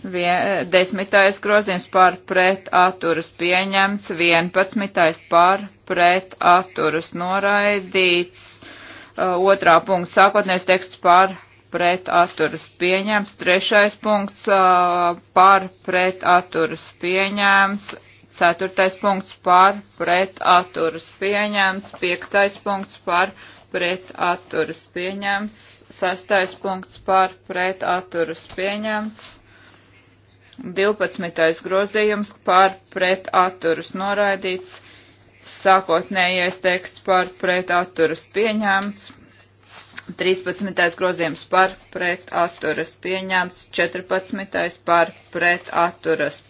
Vien, desmitais grozījums par pret atturas pieņemts, vienpadsmitais par pret atturas noraidīts, uh, otrā punkts sākotnēs teksts par pret atturas pieņemts, trešais punkts uh, par pret atturas pieņemts, ceturtais punkts par pret atturas pieņemts, piektais punkts par pret atturas pieņemts. Sastais punkts par pret atturas pieņemts. 12. grozījums par pret atturas noraidīts. Sākotnējais teksts par pret atturas pieņemts. 13. grozījums par pret atturas pieņemts. 14. par pret atturas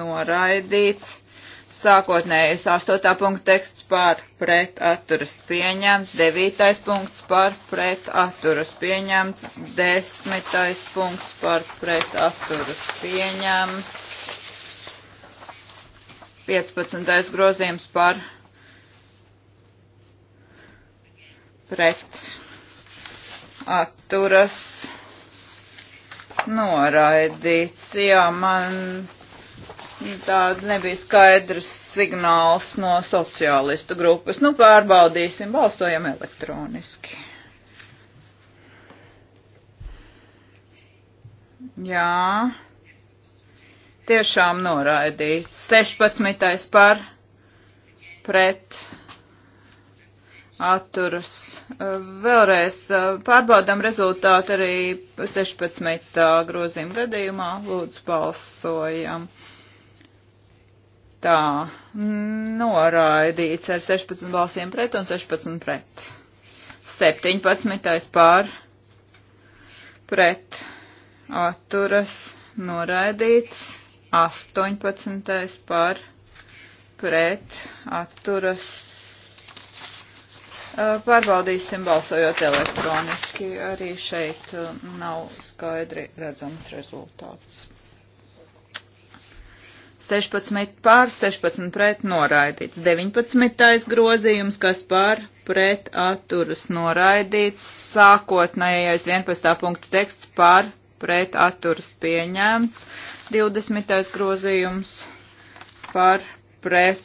noraidīts. Sākotnējais 8. punkta teksts par pret atturas pieņemts, 9. punkts par pret atturas pieņemts, 10. punkts par pret atturas pieņemts, 15. grozījums par pret atturas noraidīts. Jā, man Tāds nebija skaidrs signāls no sociālistu grupas. Nu, pārbaudīsim, balsojam elektroniski. Jā, tiešām noraidīts. 16. par pret atturas. Vēlreiz pārbaudām rezultātu arī 16. grozījuma gadījumā. Lūdzu, balsojam tā noraidīts ar 16 balsiem pret un 16 pret. 17. pār pret atturas noraidīts, 18. pār pret atturas. Pārbaudīsim balsojot elektroniski, arī šeit nav skaidri redzams rezultāts. 16 pār 16 pret noraidīts, 19. grozījums, kas pār pret atturas noraidīts, sākotnējais 11. punktu teksts pār pret atturas pieņemts, 20. grozījums pār pret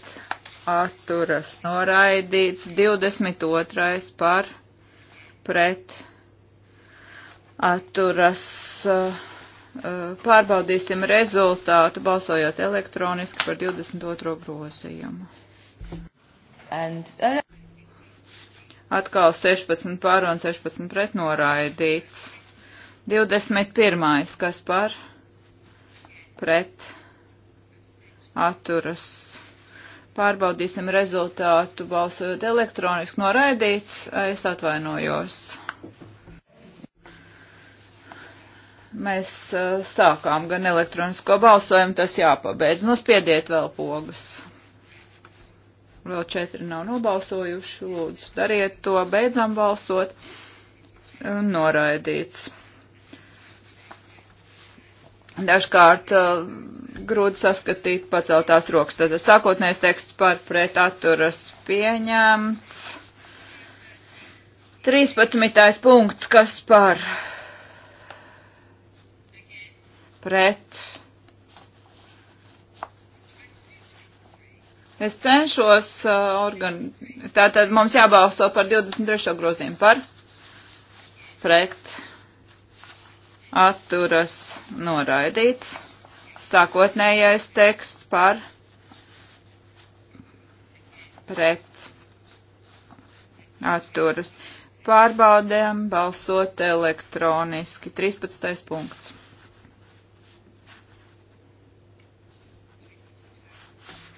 atturas noraidīts, 22. pār pret atturas noraidīts uh, pārbaudīsim rezultātu balsojot elektroniski par 22. grozījumu. Uh, Atkal 16 pār un 16 pret noraidīts. 21. kas par pret atturas. Pārbaudīsim rezultātu balsojot elektroniski noraidīts. Es atvainojos. Mēs uh, sākām gan elektronisko balsojumu, tas jāpabeidz. Nospiediet nu, vēl pogas. Vēl četri nav nobalsojuši, lūdzu, dariet to, beidzam balsot. Noraidīts. Dažkārt uh, grūti saskatīt paceltās rokas. Tad sākotnējais teksts par pretaturas pieņemts. 13. punkts, kas par pret. Es cenšos uh, organ... Tātad mums jābalso par 23. grozījumu par pret atturas noraidīts. Sākotnējais teksts par pret atturas. Pārbaudēm balsot elektroniski. 13. punkts.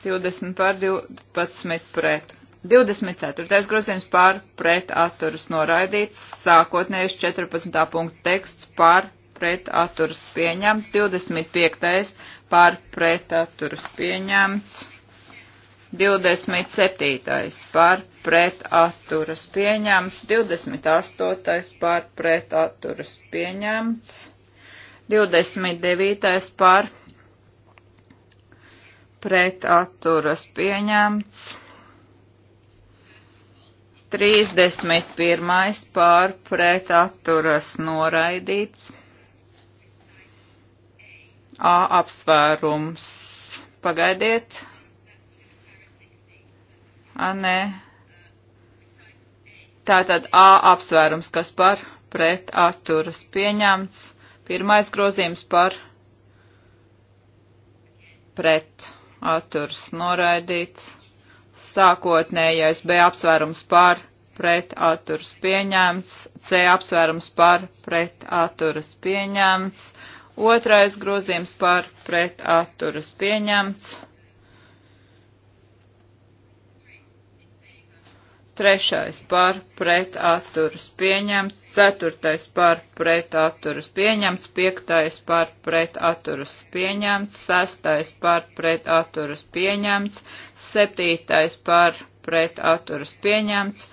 20 pār 12 pret. 24. grozījums pār pret atturus noraidīts, sākotnējais 14. punktu teksts pār pret atturus pieņemts, 25. pār pret atturus pieņemts, 27. pār pret atturus pieņemts, 28. pār pret atturus pieņemts, 29. pār pret pret atturas pieņemts. 31. pār pret atturas noraidīts. A apsvērums. Pagaidiet. A, nē. Tātad A apsvērums, kas par pret atturas pieņemts. Pirmais grozījums par pret atturas atturs noraidīts, sākotnējais B apsvērums par pret atturs pieņemts, C apsvērums par pret atturas pieņemts, otrais grozījums par pret atturas pieņemts. trešais par pret atturas pieņemts, ceturtais par pret atturas pieņemts, piektais par pret atturas pieņemts, sestais par pret atturas pieņemts, septītais par pret atturas pieņemts,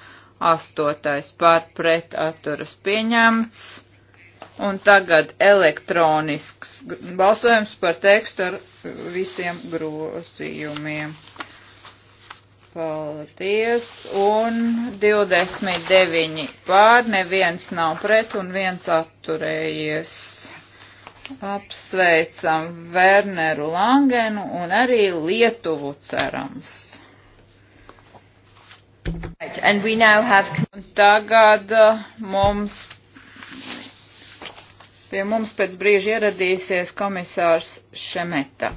astotais par pret atturas pieņemts. Un tagad elektronisks balsojums par tekstu ar visiem grozījumiem. Paldies. Un 29 pār, neviens nav pret un viens atturējies. Apsveicam Werneru Langenu un arī Lietuvu cerams. Have... Tagad uh, mums, pie mums pēc brīža ieradīsies komisārs Šemeta.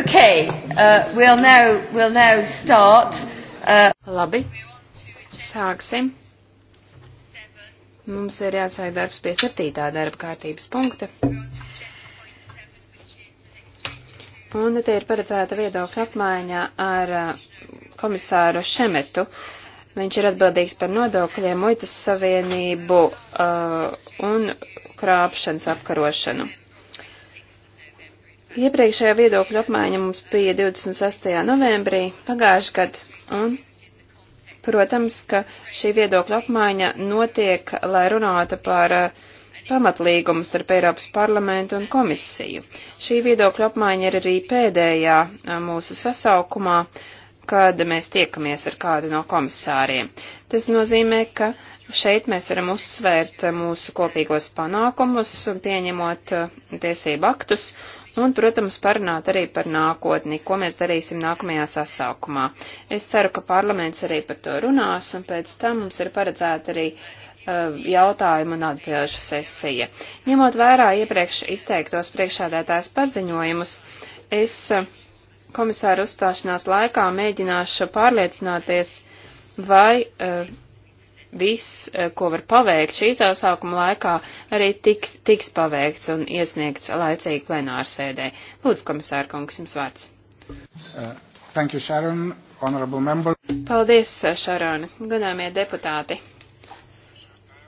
Okay, uh, we'll now, we'll now start. Uh, Labi, sāksim. Mums ir jāsāk darbs pie septītā darba kārtības punkta. Un te ir paredzēta viedokļa apmaiņa ar uh, komisāru Šemetu. Viņš ir atbildīgs par nodokļiem, muitas savienību uh, un krāpšanas apkarošanu. Iepriekšējā viedokļa apmaiņa mums bija 26. novembrī pagājuši gadu, un, protams, ka šī viedokļa apmaiņa notiek, lai runātu par eh, pamatlīgumu starp Eiropas parlamentu un komisiju. Šī viedokļa apmaiņa ir arī pēdējā eh, mūsu sasaukumā, kad mēs tiekamies ar kādu no komisāriem. Tas nozīmē, ka šeit mēs varam uzsvērt eh, mūsu kopīgos panākumus, pieņemot tiesību aktus, un, protams, parunāt arī par nākotni, ko mēs darīsim nākamajā sasaukumā. Es ceru, ka parlaments arī par to runās, un pēc tam mums ir paredzēta arī uh, jautājumu un atbilžu sesija. Ņemot vērā iepriekš izteiktos priekšādētājs paziņojumus, es uh, komisāru uzstāšanās laikā mēģināšu pārliecināties, vai uh, viss, eh, ko var paveikt šī sasaukuma laikā, arī tik, tiks paveikts un iesniegts laicīgi plenārsēdē. Lūdzu, komisāra kungs, jums vārds. Uh, thank you, Sharon, honorable member. Paldies, Šarona, eh, godāmie deputāti.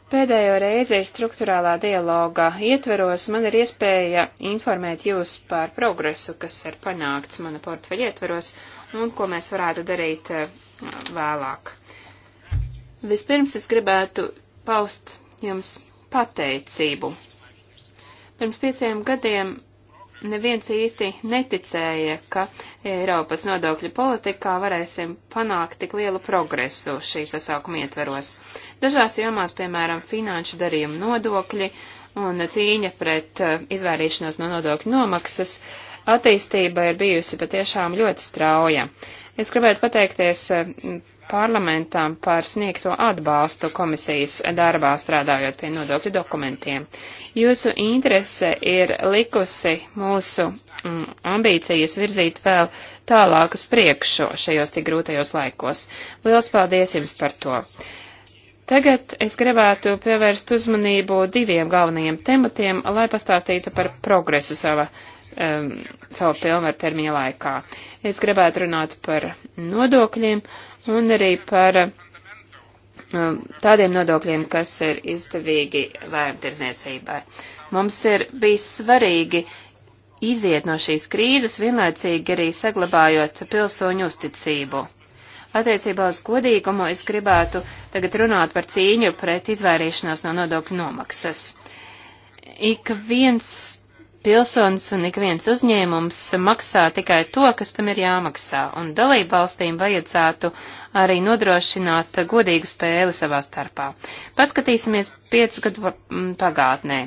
Pēdējo reizi struktūrālā dialoga ietveros man ir iespēja informēt jūs par progresu, kas ir panākts mana portfeļa ietveros un ko mēs varētu darīt eh, vēlāk. Vispirms es gribētu paust jums pateicību. Pirms pieciem gadiem neviens īsti neticēja, ka Eiropas nodokļu politikā varēsim panākt tik lielu progresu šī sasaukuma ietveros. Dažās jomās, piemēram, finanšu darījumu nodokļi un cīņa pret uh, izvairīšanos no nodokļu nomaksas, attīstība ir bijusi patiešām ļoti strauja. Es gribētu pateikties uh, parlamentam par sniegto atbalstu komisijas darbā strādājot pie nodokļu dokumentiem. Jūsu interese ir likusi mūsu mm, ambīcijas virzīt vēl tālāk uz priekšu šajos tik grūtajos laikos. Liels paldies jums par to! Tagad es gribētu pievērst uzmanību diviem galvenajiem tematiem, lai pastāstītu par progresu sava, um, savu pilnvaru termiņa laikā. Es gribētu runāt par nodokļiem un arī par um, tādiem nodokļiem, kas ir izdevīgi vērumtirdzniecībai. Mums ir bijis svarīgi iziet no šīs krīzes, vienlaicīgi arī saglabājot pilsoņu uzticību. Attiecībā uz godīgumu es gribētu tagad runāt par cīņu pret izvairīšanos no nodokļu nomaksas. Ik viens pilsonis un ik viens uzņēmums maksā tikai to, kas tam ir jāmaksā, un dalību valstīm vajadzētu arī nodrošināt godīgu spēli savā starpā. Paskatīsimies piecu gadu pagātnē.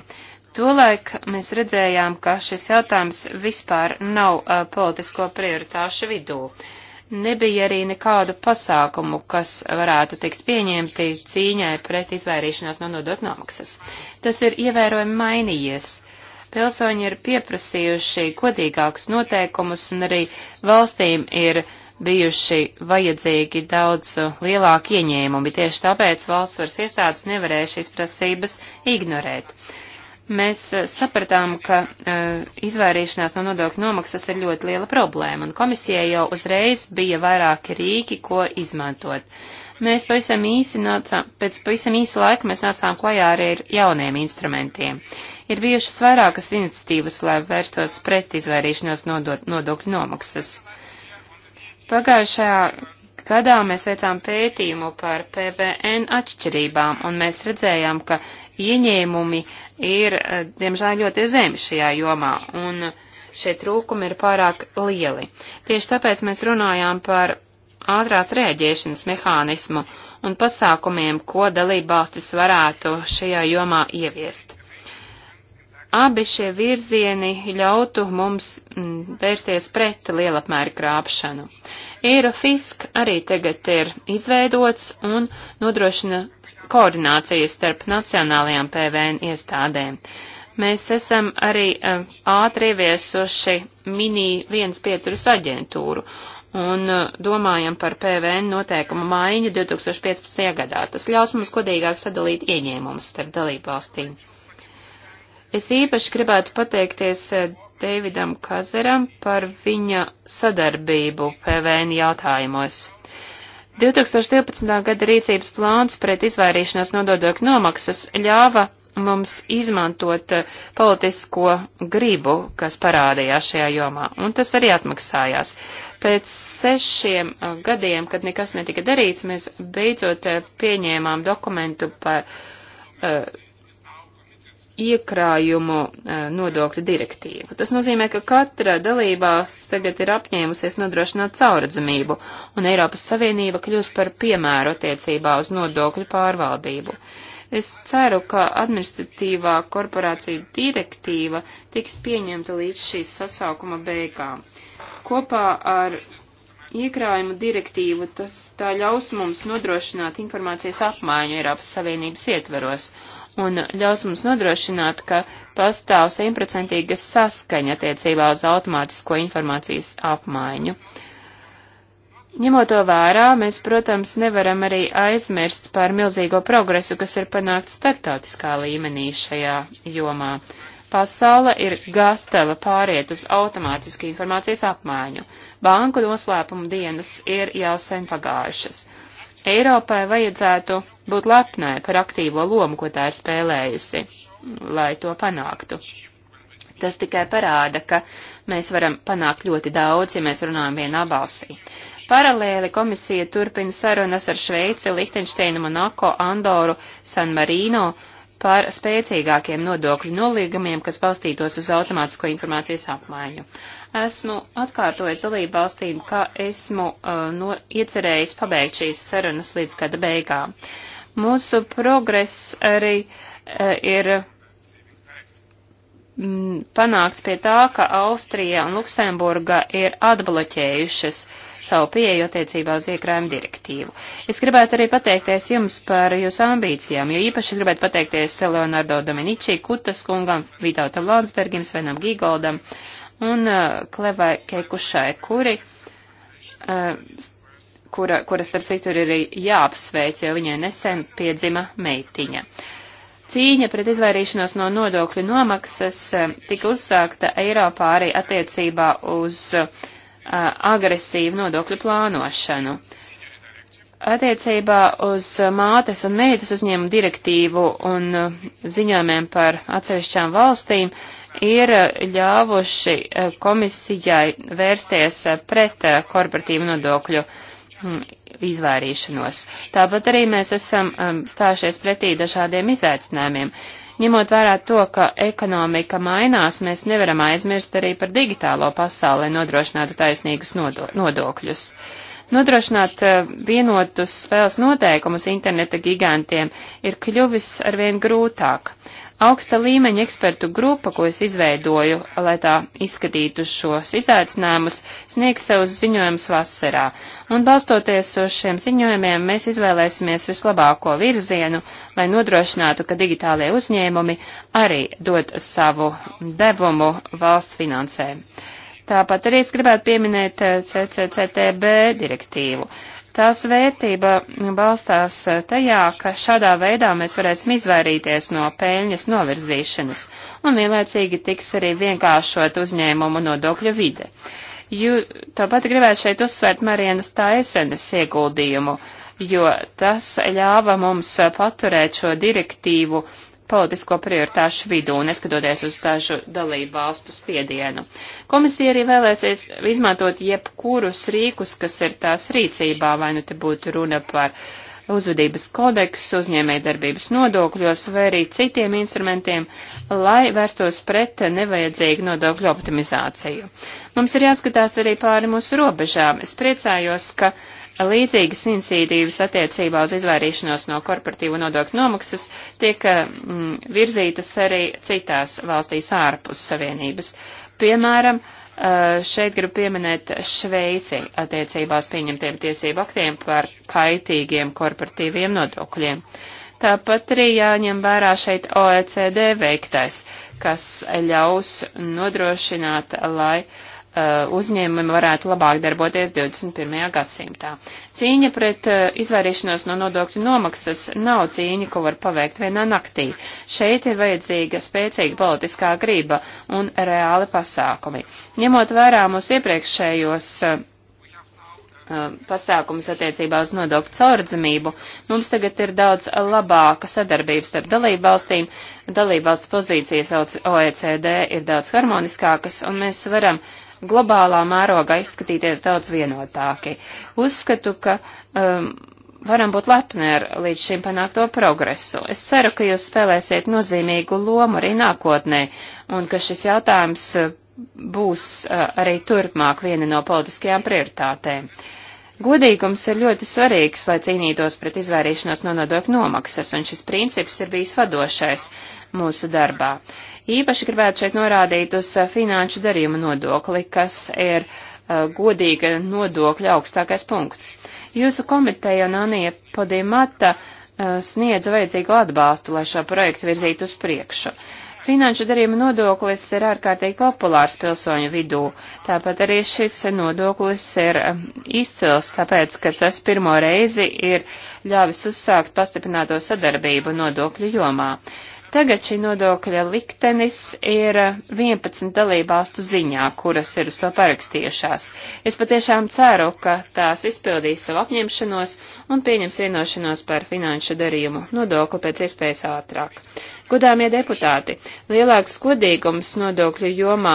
Tolaik mēs redzējām, ka šis jautājums vispār nav uh, politisko prioritāšu vidū. Nebija arī nekādu pasākumu, kas varētu tikt pieņemti cīņai pret izvairīšanās no nodokļu nomaksas. Tas ir ievērojami mainījies. Uh, Pilsoņi ir pieprasījuši godīgākus noteikumus un arī valstīm ir bijuši vajadzīgi daudz lielāki ieņēmumi. Tieši tāpēc valsts varas iestādes nevarēja šīs prasības ignorēt. Mēs eh, sapratām, ka uh, izvairīšanās no nodokļu nomaksas ir ļoti liela problēma, un komisijai jau uzreiz bija vairāki rīki, ko izmantot. Mēs pavisam īsi nācām, pēc pavisam īsa laika mēs nācām klajā arī ar jauniem instrumentiem. Uh, Ir bijušas vairākas iniciatīvas, lai vērstos pret izvairīšanos nodokļu nomaksas. Pagājušajā gadā mēs veicām pētījumu par PVN atšķirībām, un mēs redzējām, ka ieņēmumi ir, eh, diemžēl, ļoti zemi šajā jomā, un šie trūkumi ir pārāk lieli. Tieši tāpēc mēs runājām par ātrās rēģēšanas mehānismu un pasākumiem, ko dalībvalstis varētu šajā jomā ieviest. Abi šie virzieni ļautu mums mm, vērsties pret lielapmēra krāpšanu. Eirofisk arī tagad ir izveidots un nodrošina koordinācijas starp nacionālajām PVN iestādēm. Mēs esam arī uh, ātri ieviesuši mini viens pieturas aģentūru un uh, domājam par PVN noteikumu maiņu 2015. gadā. Tas ļaus mums kodīgāk sadalīt ieņēmumus starp dalībvalstīm. Es īpaši gribētu pateikties eh, Deividam Kazeram par viņa sadarbību PVN jautājumos. 2012. gada rīcības plāns pret izvairīšanās nododokļu nomaksas ļāva mums izmantot eh, politisko gribu, kas parādījās šajā jomā, un tas arī atmaksājās. Pēc sešiem eh, gadiem, kad nekas netika darīts, mēs beidzot pieņēmām dokumentu par uh, iekrājumu eh, nodokļu direktīvu. Tas nozīmē, ka katra dalībās tagad ir apņēmusies nodrošināt cauradzamību, un Eiropas Savienība kļūs par piemēru attiecībā uz nodokļu pārvaldību. Es ceru, ka administratīvā korporācija direktīva tiks pieņemta līdz šīs sasaukuma beigām. Kopā ar iekrājumu direktīvu tas tā ļaus mums nodrošināt informācijas apmaiņu Eiropas Savienības ietveros un ļaus mums nodrošināt, ka pastāv simtprocentīga saskaņa attiecībā uz automātisko informācijas apmaiņu. Ņemot to vērā, mēs, protams, nevaram arī aizmirst par milzīgo progresu, kas ir panākts starptautiskā līmenī šajā jomā. Pasaula ir gatava pāriet uz automātisku informācijas apmaiņu. Banku noslēpuma dienas ir jau sen pagājušas. Eiropai vajadzētu būt lepnai par aktīvo lomu, ko tā ir spēlējusi, lai to panāktu. Tas tikai parāda, ka mēs varam panākt ļoti daudz, ja mēs runājam vienā balsī. Paralēli komisija turpina sarunas ar Šveici, Lihtenšteinu, Monako, Andoru, San Marino par spēcīgākiem nodokļu nolīgumiem, kas balstītos uz automātisko informācijas apmaiņu. Esmu atkārtojis dalību valstīm, ka esmu uh, no, iecerējis pabeigt šīs sarunas līdz gada beigām. Mūsu progress arī uh, ir Mm, panāks pie tā, ka Austrija un Luksemburga ir atbloķējušas savu pieeju attiecībā uz iekrājumu direktīvu. Es gribētu arī pateikties jums par jūsu ambīcijām, jo īpaši es gribētu pateikties Leonardo Dominici, Kutas kungam, Vidautam Landsbergim, Svenam Gīgoldam un uh, Klevai Keikušai, kuri, uh, kura, kura starp citu ir jāapsveic, jo viņai nesen piedzima meitiņa. Uh, Cīņa pret izvairīšanos no nodokļu nomaksas eh, tika uzsākta Eiropā arī attiecībā uz eh, agresīvu nodokļu plānošanu. Attiecībā uz mātes un meitas uzņēmumu direktīvu un eh, ziņojumiem par atsevišķām valstīm ir ļāvuši komisijai vērsties pret korporatīvu nodokļu uh, Mm, izvairīšanos. Tāpat arī mēs esam um, stājušies pretī dažādiem izaicinājumiem. Ņemot vērā to, ka ekonomika mainās, mēs nevaram aizmirst arī par digitālo pasauli, lai nodrošinātu taisnīgus nodo nodokļus. Nodrošināt uh, vienotus spēles noteikumus interneta gigantiem ir kļuvis arvien grūtāk augsta līmeņa ekspertu grupa, ko es izveidoju, lai tā izskatītu šos izaicinājumus, sniegs savus ziņojumus vasarā. Un balstoties uz šiem ziņojumiem, mēs izvēlēsimies vislabāko virzienu, lai nodrošinātu, ka digitālie uzņēmumi arī dod savu devumu valsts finansēm. Tāpat arī es gribētu pieminēt eh, CCCTB direktīvu. Uh, Tās vērtība balstās tajā, ka šādā veidā mēs varēsim izvairīties no peļņas novirzīšanas, un vienlaicīgi tiks arī vienkāršot uzņēmumu nodokļu vide. Jū, tāpat gribētu šeit uzsvērt Marienas Taisenes ieguldījumu, jo tas ļāva mums paturēt šo direktīvu uh, politisko prioritāšu vidū, neskatoties uz dažu dalību valstu spiedienu. Komisija arī vēlēsies izmantot jebkurus rīkus, kas ir tās rīcībā, vai nu te būtu runa par uzvedības kodeksu, uzņēmējdarbības nodokļos vai arī citiem instrumentiem, lai vērstos pret nevajadzīgu nodokļu optimizāciju. Mums ir jāskatās arī pāri mūsu robežām. Es priecājos, ka uh, Līdzīgas iniciatīvas attiecībā uz izvairīšanos no korporatīvu nodokļu nomaksas tiek mm, virzītas arī citās valstīs ārpus savienības. Piemēram, šeit gribu pieminēt Šveici attiecībās pieņemtiem tiesību aktiem par kaitīgiem korporatīviem nodokļiem. Tāpat arī jāņem vērā šeit OECD veiktais, kas ļaus nodrošināt, lai uh, Uh, uzņēmumi varētu labāk darboties 21. gadsimtā. Cīņa pret uh, izvairīšanos no nodokļu nomaksas nav cīņa, ko var paveikt vienā naktī. Šeit ir vajadzīga spēcīga politiskā grība un reāli pasākumi. Ņemot vērā mūsu iepriekšējos uh, pasākumus attiecībā uz nodokļu caurdzamību, mums tagad ir daudz labāka sadarbība starp dalību valstīm, dalību valstu pozīcijas OECD ir daudz harmoniskākas, un mēs varam uh, globālā mērogā izskatīties daudz vienotāki. Uzskatu, ka um, varam būt lepni ar līdz šim panākto progresu. Es ceru, ka jūs spēlēsiet nozīmīgu lomu arī nākotnē un ka šis jautājums uh, būs uh, arī turpmāk viena no politiskajām prioritātēm. Godīgums ir ļoti svarīgs, lai cīnītos pret izvairīšanos no nodokļu nomaksas, un šis princips ir bijis vadošais mūsu darbā. Īpaši gribētu šeit norādīt uz eh, finanšu darījumu nodokli, kas ir uh, godīga nodokļa augstākais punkts. Jūsu komiteja un Anija Podimata uh, eh, sniedza vajadzīgu atbalstu, lai šo projektu virzītu uz priekšu. Finanšu darījuma nodoklis ir ārkārtīgi populārs pilsoņu vidū, tāpat arī šis nodoklis ir izcils, tāpēc, ka tas pirmo reizi ir ļāvis uzsākt pastiprināto sadarbību nodokļu jomā. Tagad šī nodokļa liktenis ir 11 dalībvalstu ziņā, kuras ir uz to parakstījušās. Es patiešām ceru, ka tās izpildīs savu apņemšanos un pieņems vienošanos par finanšu darījumu nodokli pēc iespējas ātrāk. Godāmie deputāti, lielāks godīgums nodokļu jomā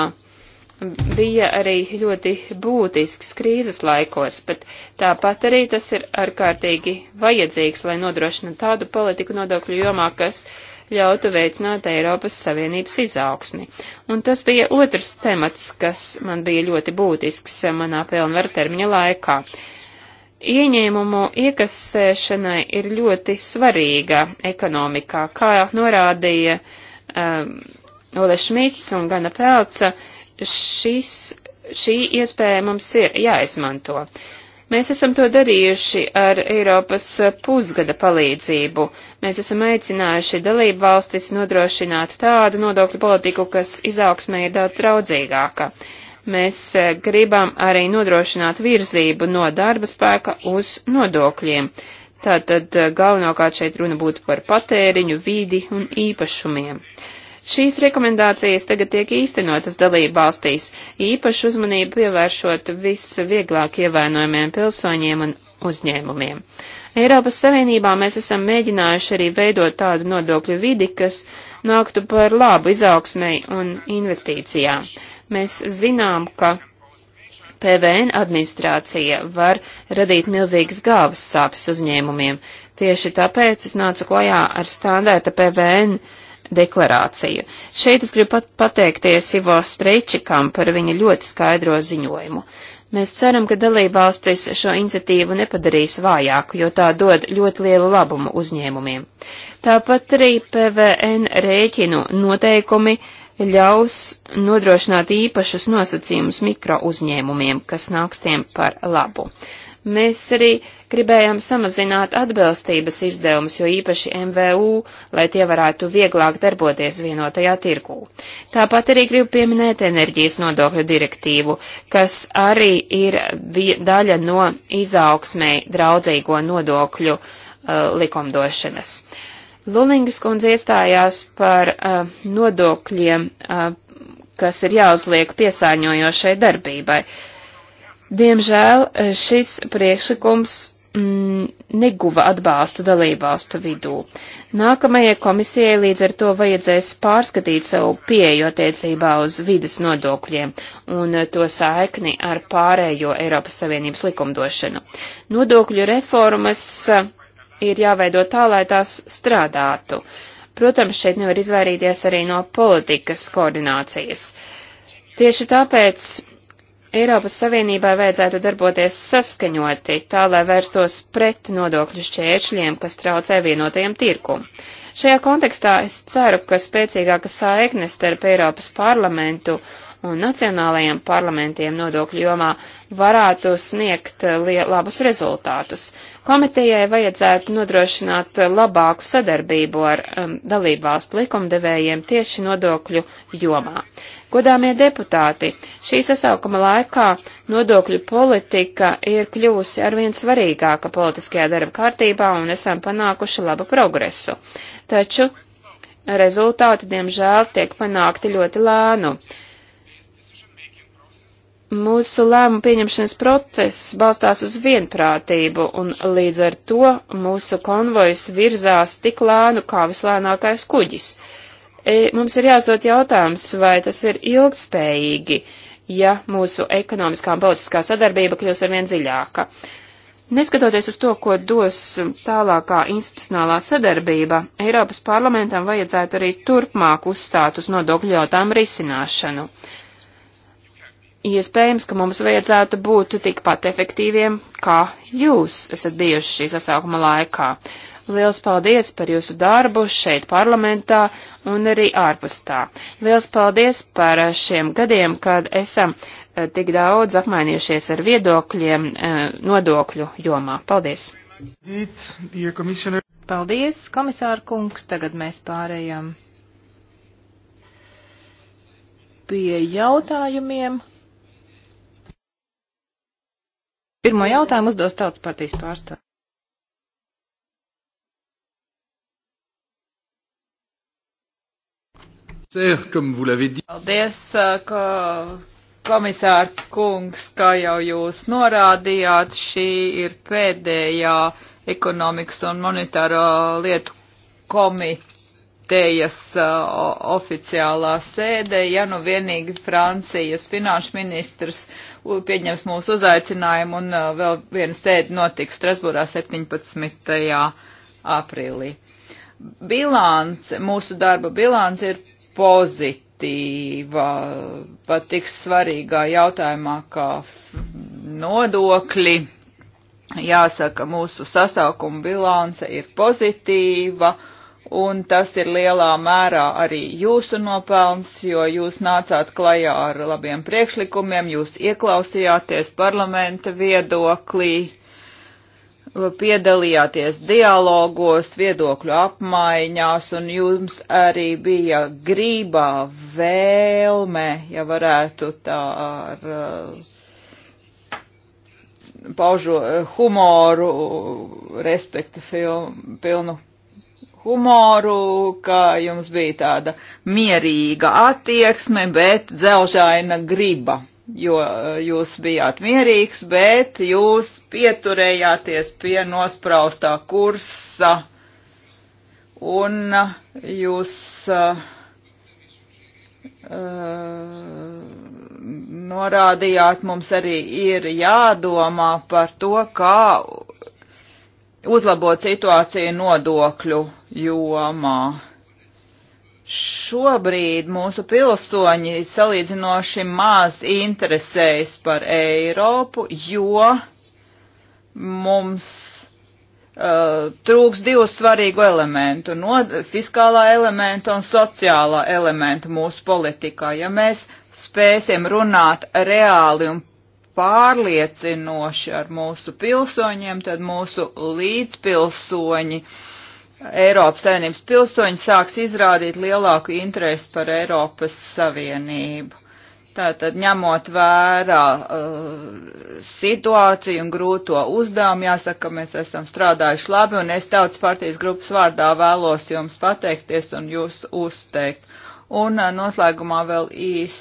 bija arī ļoti būtisks krīzes laikos, bet tāpat arī tas ir ārkārtīgi vajadzīgs, lai nodrošina tādu politiku nodokļu jomā, kas ļautu veicināt Eiropas Savienības izaugsmi. Un tas bija otrs temats, kas man bija ļoti būtisks manā pilnvaru termiņa laikā. Ieņēmumu iekasēšanai ir ļoti svarīga ekonomikā, kā norādīja um, Ole Šmits un Gana Pelca, šis, šī iespēja mums ir jāizmanto. Mēs esam to darījuši ar Eiropas pusgada palīdzību. Mēs esam aicinājuši dalību valstis nodrošināt tādu nodokļu politiku, kas izaugsmē ir daudz draudzīgāka. Mēs eh, gribam arī nodrošināt virzību no darba spēka uz nodokļiem. Tātad eh, galvenokārt šeit runa būtu par patēriņu, vidi un īpašumiem. Uh, Šīs rekomendācijas tagad tiek īstenotas dalību valstīs, īpaši uzmanību pievēršot visvieglāk ievainojumiem pilsoņiem un uzņēmumiem. Eiropas Savienībā mēs esam mēģinājuši arī veidot tādu nodokļu vidi, kas nāktu par labu izaugsmei un investīcijām. Mēs zinām, ka PVN administrācija var radīt milzīgas galvas sāpes uzņēmumiem. Tieši tāpēc es nācu klajā ar standārta PVN uh, deklarāciju. Šeit es gribu pat pateikties Ivo Streičikam par viņa ļoti skaidro ziņojumu. Mēs ceram, ka dalībvalstis šo iniciatīvu nepadarīs vājāku, jo tā dod ļoti lielu labumu uzņēmumiem. Tāpat arī PVN rēķinu noteikumi ļaus nodrošināt īpašus nosacījumus mikro uzņēmumiem, kas nāks tiem par labu. Uh, Mēs arī gribējām samazināt atbilstības izdevumus, jo īpaši MVU, lai tie varētu vieglāk darboties vienotajā tirgū. Tāpat arī gribu pieminēt enerģijas nodokļu direktīvu, kas arī ir daļa no izaugsmē draudzīgo nodokļu uh, likumdošanas. Lulingas kundze iestājās par uh, nodokļiem, uh, kas ir jāuzliek piesārņojošai darbībai. Uh, Diemžēl eh, šis priekšlikums mm, neguva atbalstu dalībvalstu vidū. Nākamajai komisijai līdz ar to vajadzēs pārskatīt savu pieeju attiecībā uz vidas nodokļiem un eh, to saikni ar pārējo Eiropas Savienības likumdošanu. Nodokļu reformas eh, ir jāveido tā, lai tās strādātu. Protams, šeit nevar izvairīties arī no politikas koordinācijas. Tieši tāpēc Eiropas Savienībai vajadzētu darboties saskaņoti, tā lai vērstos pret nodokļu šķēršļiem, kas traucē vienotajam tirkumu. Šajā kontekstā es ceru, ka spēcīgāka saikne starp Eiropas parlamentu un nacionālajiem parlamentiem nodokļu jomā varētu sniegt labus rezultātus. Komitejai vajadzētu nodrošināt labāku sadarbību ar um, dalībvalstu likumdevējiem tieši nodokļu jomā. Godāmie deputāti, šī sasaukuma laikā nodokļu politika ir kļuvusi arvien svarīgāka politiskajā darba kārtībā un esam panākuši labu progresu. Taču rezultāti, diemžēl, tiek panākti ļoti lēnu. Mūsu lēmumu pieņemšanas process balstās uz vienprātību, un līdz ar to mūsu konvojs virzās tik lēnu kā vislēnākais kuģis. E, mums ir jāuzdod jautājums, vai tas ir ilgspējīgi, ja mūsu ekonomiskā un politiskā sadarbība kļūs arvien dziļāka. Neskatoties uz to, ko dos tālākā institucionālā sadarbība, Eiropas parlamentam vajadzētu arī turpmāk uzstāt uz nodokļu jautājumu risināšanu. Iespējams, ka mums vajadzētu būt tikpat efektīviem, kā jūs esat bijuši šī sasaukuma laikā. Liels paldies par jūsu darbu šeit parlamentā un arī ārpus tā. Liels paldies par šiem gadiem, kad esam eh, tik daudz apmainījušies ar viedokļiem eh, nodokļu jomā. Paldies! Paldies, komisāra kungs. Tagad mēs pārējām pie jautājumiem. Pirmo jautājumu uzdos tautas partijas pārstāvju. Paldies, uh, ka komisāra kungs, kā jau jūs norādījāt, šī ir pēdējā ekonomikas un monetāro lietu komitejas uh, oficiālā sēde, ja nu vienīgi Francijas finanšu ministrs pieņems mūsu uzaicinājumu un uh, vēl viena sēde notiks Strasbūrā 17. aprīlī bilance, mūsu darba bilance ir pozitīva pat tik svarīgā jautājumā kā nodokļi. Jāsaka, mūsu sasaukuma bilance ir pozitīva, un tas ir lielā mērā arī jūsu nopelns, jo jūs nācāt klajā ar labiem priekšlikumiem, jūs ieklausījāties parlamenta viedoklī piedalījāties dialogos, viedokļu apmaiņās, un jums arī bija grībā vēlme, ja varētu tā ar uh, paužo uh, humoru, respektu filmu, pilnu humoru, ka jums bija tāda mierīga attieksme, bet dzelžaina griba jo eh, jūs bijāt mierīgs, bet jūs pieturējāties pie nospraustā kursa un eh, jūs uh, norādījāt, mums arī ir jādomā par to, kā uzlabot situāciju nodokļu jomā. Šobrīd mūsu pilsoņi salīdzinoši maz interesējas par Eiropu, jo mums uh, trūks divu svarīgu elementu no - fiskālā elementa un sociālā elementa mūsu politikā. Ja mēs spēsim runāt reāli un pārliecinoši ar mūsu pilsoņiem, tad mūsu līdzpilsoņi uh, Eiropas Savienības pilsoņi sāks izrādīt lielāku interesi par Eiropas Savienību. Tātad ņemot vērā uh, situāciju un grūto uzdevumu, jāsaka, mēs esam strādājuši labi, un es tautas partijas grupas vārdā vēlos jums pateikties un jūs uzteikt. Un uh, noslēgumā vēl īs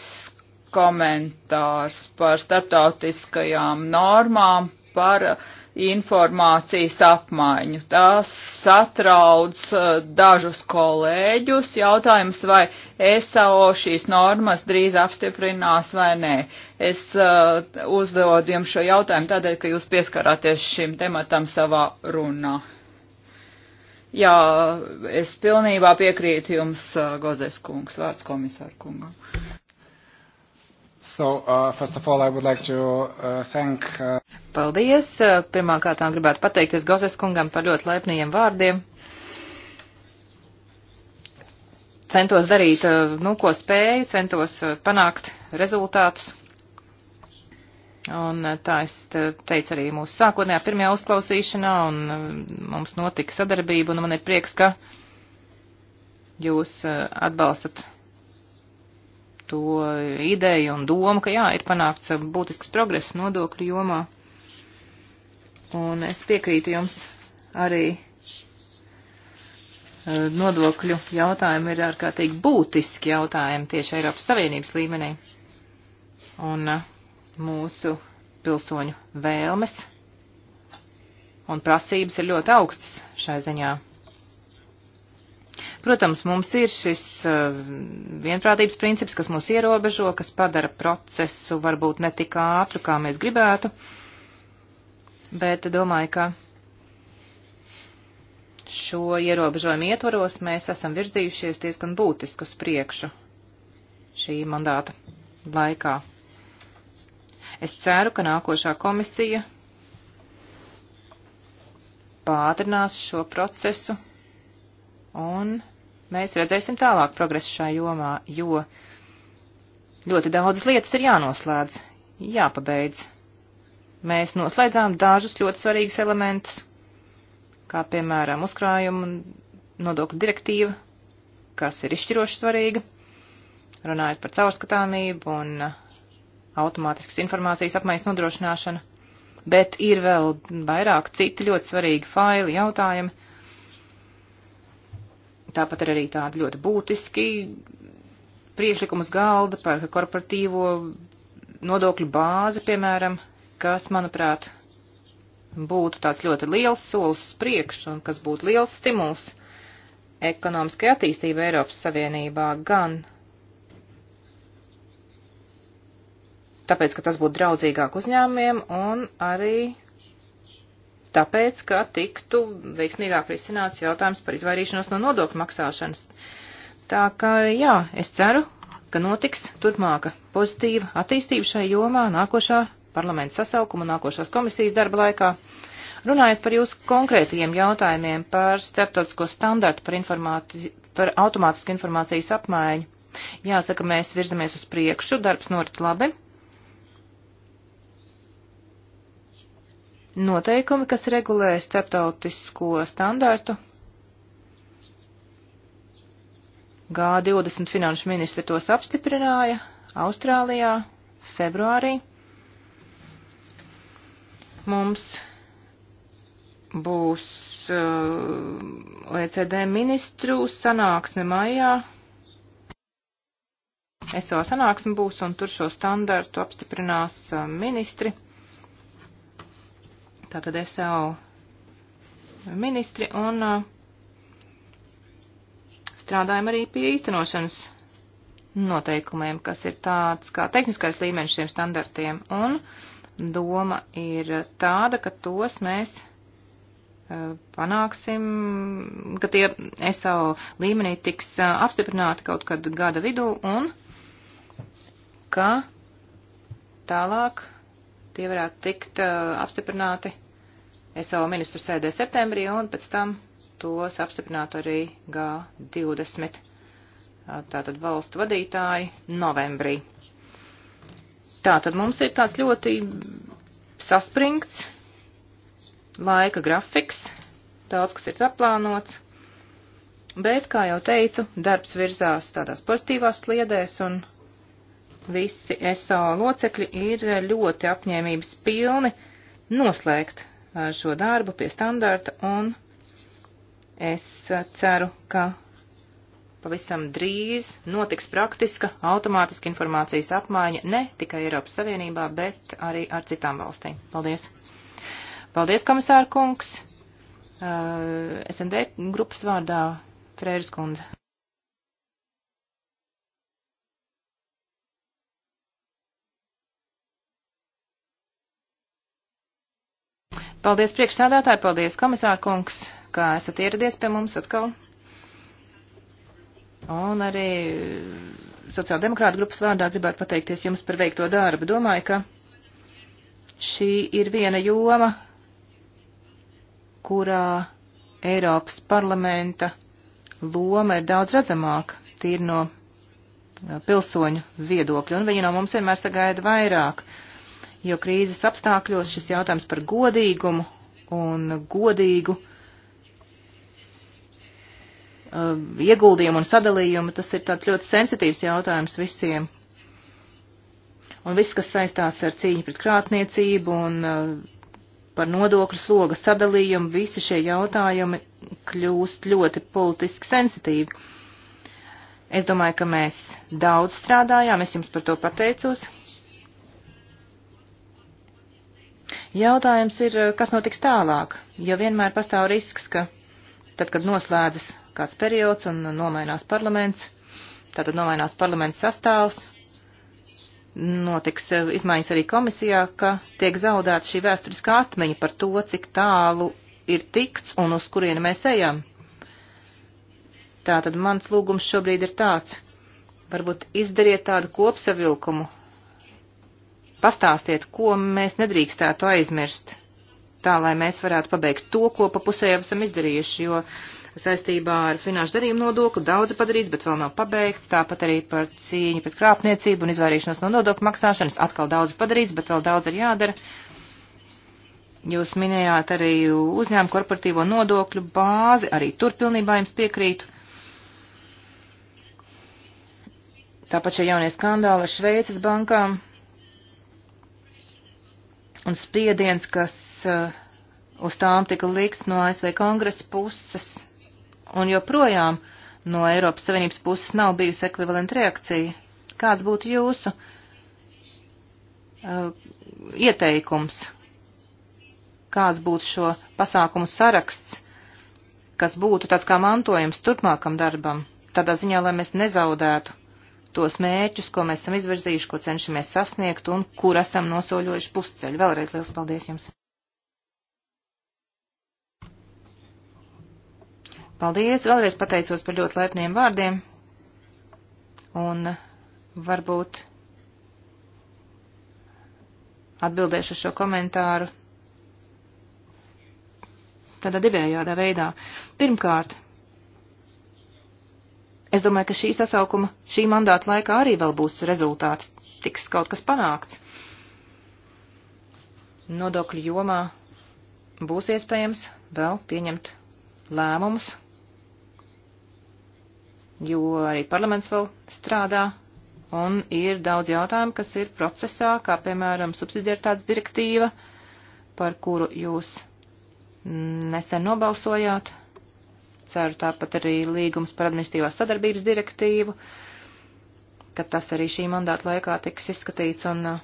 komentārs par starptautiskajām normām, par uh, informācijas apmaiņu. Tas satrauc uh, dažus kolēģus. Jautājums, vai SAO šīs normas drīz apstiprinās vai nē. Es uh, uzdodu jums šo jautājumu tādēļ, ka jūs pieskarāties šim tematam savā runā. Jā, es pilnībā piekrītu jums, uh, Gozes kungs, vārds komisāru kungam. So, uh, first of all, I would like to uh, thank. Uh... Paldies! Uh, Pirmkārt, gribētu pateikties Gozes kungam par ļoti laipniem vārdiem. Centos darīt, uh, nu, ko spēju, centos uh, panākt rezultātus. Un tā es teicu arī mūsu sākotnējā pirmajā uzklausīšanā, un mums notika sadarbība, un man ir prieks, ka jūs atbalstat to ideju un domu, ka jā, ir panākts būtisks progress nodokļu jomā. Un es piekrītu jums arī e, nodokļu jautājumi ir ārkārtīgi būtiski jautājumi tieši Eiropas Savienības līmenī. Un e, mūsu pilsoņu vēlmes un prasības ir ļoti augstas šai ziņā. Protams, mums ir šis eh, vienprātības princips, kas mūs ierobežo, kas padara procesu varbūt netik ātru, kā mēs gribētu, bet domāju, ka šo ierobežojumu ietvaros mēs esam virzījušies diezgan būtiski uz priekšu šī mandāta laikā. Es ceru, ka nākošā komisija pātrinās šo procesu un mēs redzēsim tālāk progresu šajā jomā, jo ļoti daudzas lietas ir jānoslēdz, jāpabeidz. Mēs noslēdzām dažus ļoti svarīgus elementus, kā piemēram uzkrājuma nodokļu direktīva, kas ir izšķiroši svarīga, runājot par caurskatāmību un automātiskas informācijas apmaiņas nodrošināšanu, bet ir vēl vairāk citi ļoti svarīgi faili jautājumi, Tāpat ir arī tādi ļoti būtiski priekšlikumus galda par korporatīvo nodokļu bāzi, piemēram, kas, manuprāt, būtu tāds ļoti liels solis uz priekšu un kas būtu liels stimuls ekonomiskai attīstībai Eiropas Savienībā gan tāpēc, ka tas būtu draudzīgāk uzņēmumiem un arī tāpēc, ka tiktu veiksmīgāk risināts jautājums par izvairīšanos no nodokļu maksāšanas. Tā kā jā, es ceru, ka notiks turpmāka pozitīva attīstība šai jomā nākošā parlamenta sasaukuma nākošās komisijas darba laikā. Runājot par jūsu konkrētajiem jautājumiem par starptautisko standartu par, par automātisku informācijas apmaiņu, jāsaka, mēs virzamies uz priekšu, darbs norit labi. noteikumi, kas regulē starptautisko standārtu. G20 finanšu ministri tos apstiprināja Austrālijā februārī. Mums būs uh, OECD ministru sanāksme maijā. SO sanāksme būs un tur šo standartu apstiprinās uh, ministri tātad SAO ministri, un uh, strādājam arī pie īstenošanas noteikumiem, kas ir tāds kā tehniskais līmenis šiem standartiem. Un doma ir tāda, ka tos mēs uh, panāksim, ka tie SAO līmenī tiks uh, apstiprināti kaut kad gada vidū un ka tālāk tie varētu tikt apstiprināti SAO ministru sēdē septembrī un pēc tam tos apstiprinātu arī G20 tātad valstu vadītāji novembrī. Tātad mums ir tāds ļoti saspringts laika grafiks, daudz kas ir saplānots, bet, kā jau teicu, darbs virzās tādās pozitīvās sliedēs un visi SO locekļi ir ļoti apņēmības pilni noslēgt Uh, šo darbu pie standarta, un es ceru, ka pavisam drīz notiks praktiska automātiska informācijas apmaiņa ne tikai Eiropas Savienībā, bet arī ar citām valstīm. Paldies! Paldies, komisāra kungs! Uh, SND grupas vārdā Frēras kundze. Paldies priekšsādātāji, paldies komisārkungs, kā esat ieradies pie mums atkal. Un arī sociāldemokrāta grupas vārdā gribētu pateikties jums par veikto darbu. Domāju, ka šī ir viena joma, kurā Eiropas parlamenta loma ir daudz redzamāka, tīri no pilsoņu viedokļa, un viņi no mums vienmēr sagaida vairāk jo krīzes apstākļos šis jautājums par godīgumu un godīgu uh, ieguldījumu un sadalījumu, tas ir tāds ļoti sensitīvs jautājums visiem. Un viss, kas saistās ar cīņu pret krātniecību un uh, par nodokļu slogas sadalījumu, visi šie jautājumi kļūst ļoti politiski sensitīvi. Es domāju, ka mēs daudz strādājām, es jums par to pateicos. Jautājums ir, eh, kas notiks tālāk, jo vienmēr pastāv risks, ka tad, kad noslēdzas kāds periods un nomainās parlaments, tātad nomainās parlaments sastāvs, notiks eh, izmaiņas arī komisijā, ka tiek zaudēta šī vēsturiskā atmiņa par to, cik tālu ir tikts un uz kurieni mēs ejam. Tātad mans lūgums šobrīd ir tāds. Varbūt izdariet tādu kopsavilkumu Pastāstiet, ko mēs nedrīkstētu aizmirst, tā lai mēs varētu pabeigt to, ko pa pusē jau esam izdarījuši, jo saistībā ar finanšu darījumu nodokli daudz ir padarīts, bet vēl nav pabeigts, tāpat arī par cīņu pret krāpniecību un izvairīšanos no nodokļu maksāšanas atkal daudz ir padarīts, bet vēl daudz ir jādara. Jūs minējāt arī uzņēmumu korporatīvo nodokļu bāzi, arī tur pilnībā jums piekrītu. Tāpat šie jaunie skandāli ar Šveices bankām un spiediens, kas uh, uz tām tika likts no ASV kongresa puses, un joprojām no Eiropas Savienības puses nav bijusi ekvivalenta reakcija. Kāds būtu jūsu uh, ieteikums? Kāds būtu šo pasākumu saraksts, kas būtu tāds kā mantojums turpmākam darbam, tādā ziņā, lai mēs nezaudētu tos mērķus, ko mēs esam izvirzījuši, ko cenšamies sasniegt un kur esam nosoļojuši pusceļu. Vēlreiz liels paldies jums! Paldies! Vēlreiz pateicos par ļoti laipniem vārdiem un varbūt atbildēšu šo komentāru tādā divējādā veidā. Pirmkārt, Es domāju, ka šī sasaukuma, šī mandāta laikā arī vēl būs rezultāti, tiks kaut kas panākts. Nodokļu jomā būs iespējams vēl pieņemt lēmumus, jo arī parlaments vēl strādā un ir daudz jautājumu, kas ir procesā, kā piemēram subsidiaritātes direktīva, par kuru jūs nesen nobalsojāt ceru tāpat arī līgums par administīvās sadarbības direktīvu, ka tas arī šī mandāta laikā tiks izskatīts un. Uh,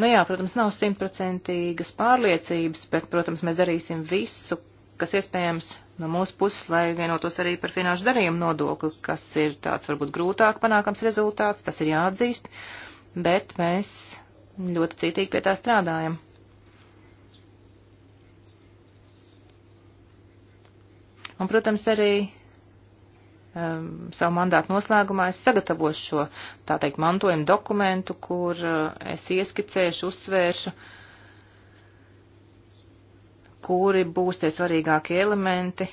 nu jā, protams, nav simtprocentīgas pārliecības, bet, protams, mēs darīsim visu, kas iespējams no mūsu puses, lai vienotos arī par finanšu darījumu nodokli, kas ir tāds varbūt grūtāk panākams rezultāts, tas ir jāatzīst, bet mēs ļoti cītīgi pie tā strādājam. Un, protams, arī um, savu mandātu noslēgumā es sagatavošu šo, tā teikt, mantojumu dokumentu, kur uh, es ieskicēšu, uzsvēršu, kuri būs tie svarīgākie elementi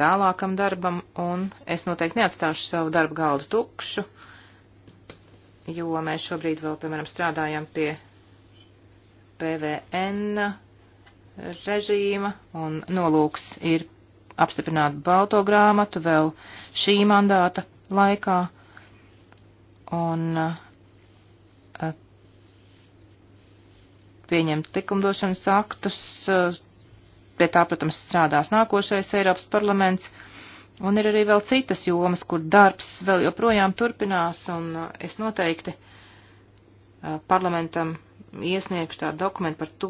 tālākam darbam, un es noteikti neatstāšu savu darbu galdu tukšu, jo mēs šobrīd vēl, piemēram, strādājam pie PVN režīma, un nolūks ir apstiprināt balto grāmatu vēl šī mandāta laikā. Un eh, pieņemt likumdošanas aktus, eh, pie tā, protams, strādās nākošais Eiropas parlaments. Un ir arī vēl citas jomas, kur darbs vēl joprojām turpinās, un eh, es noteikti parlamentam iesniegšu tādu dokumentu par to,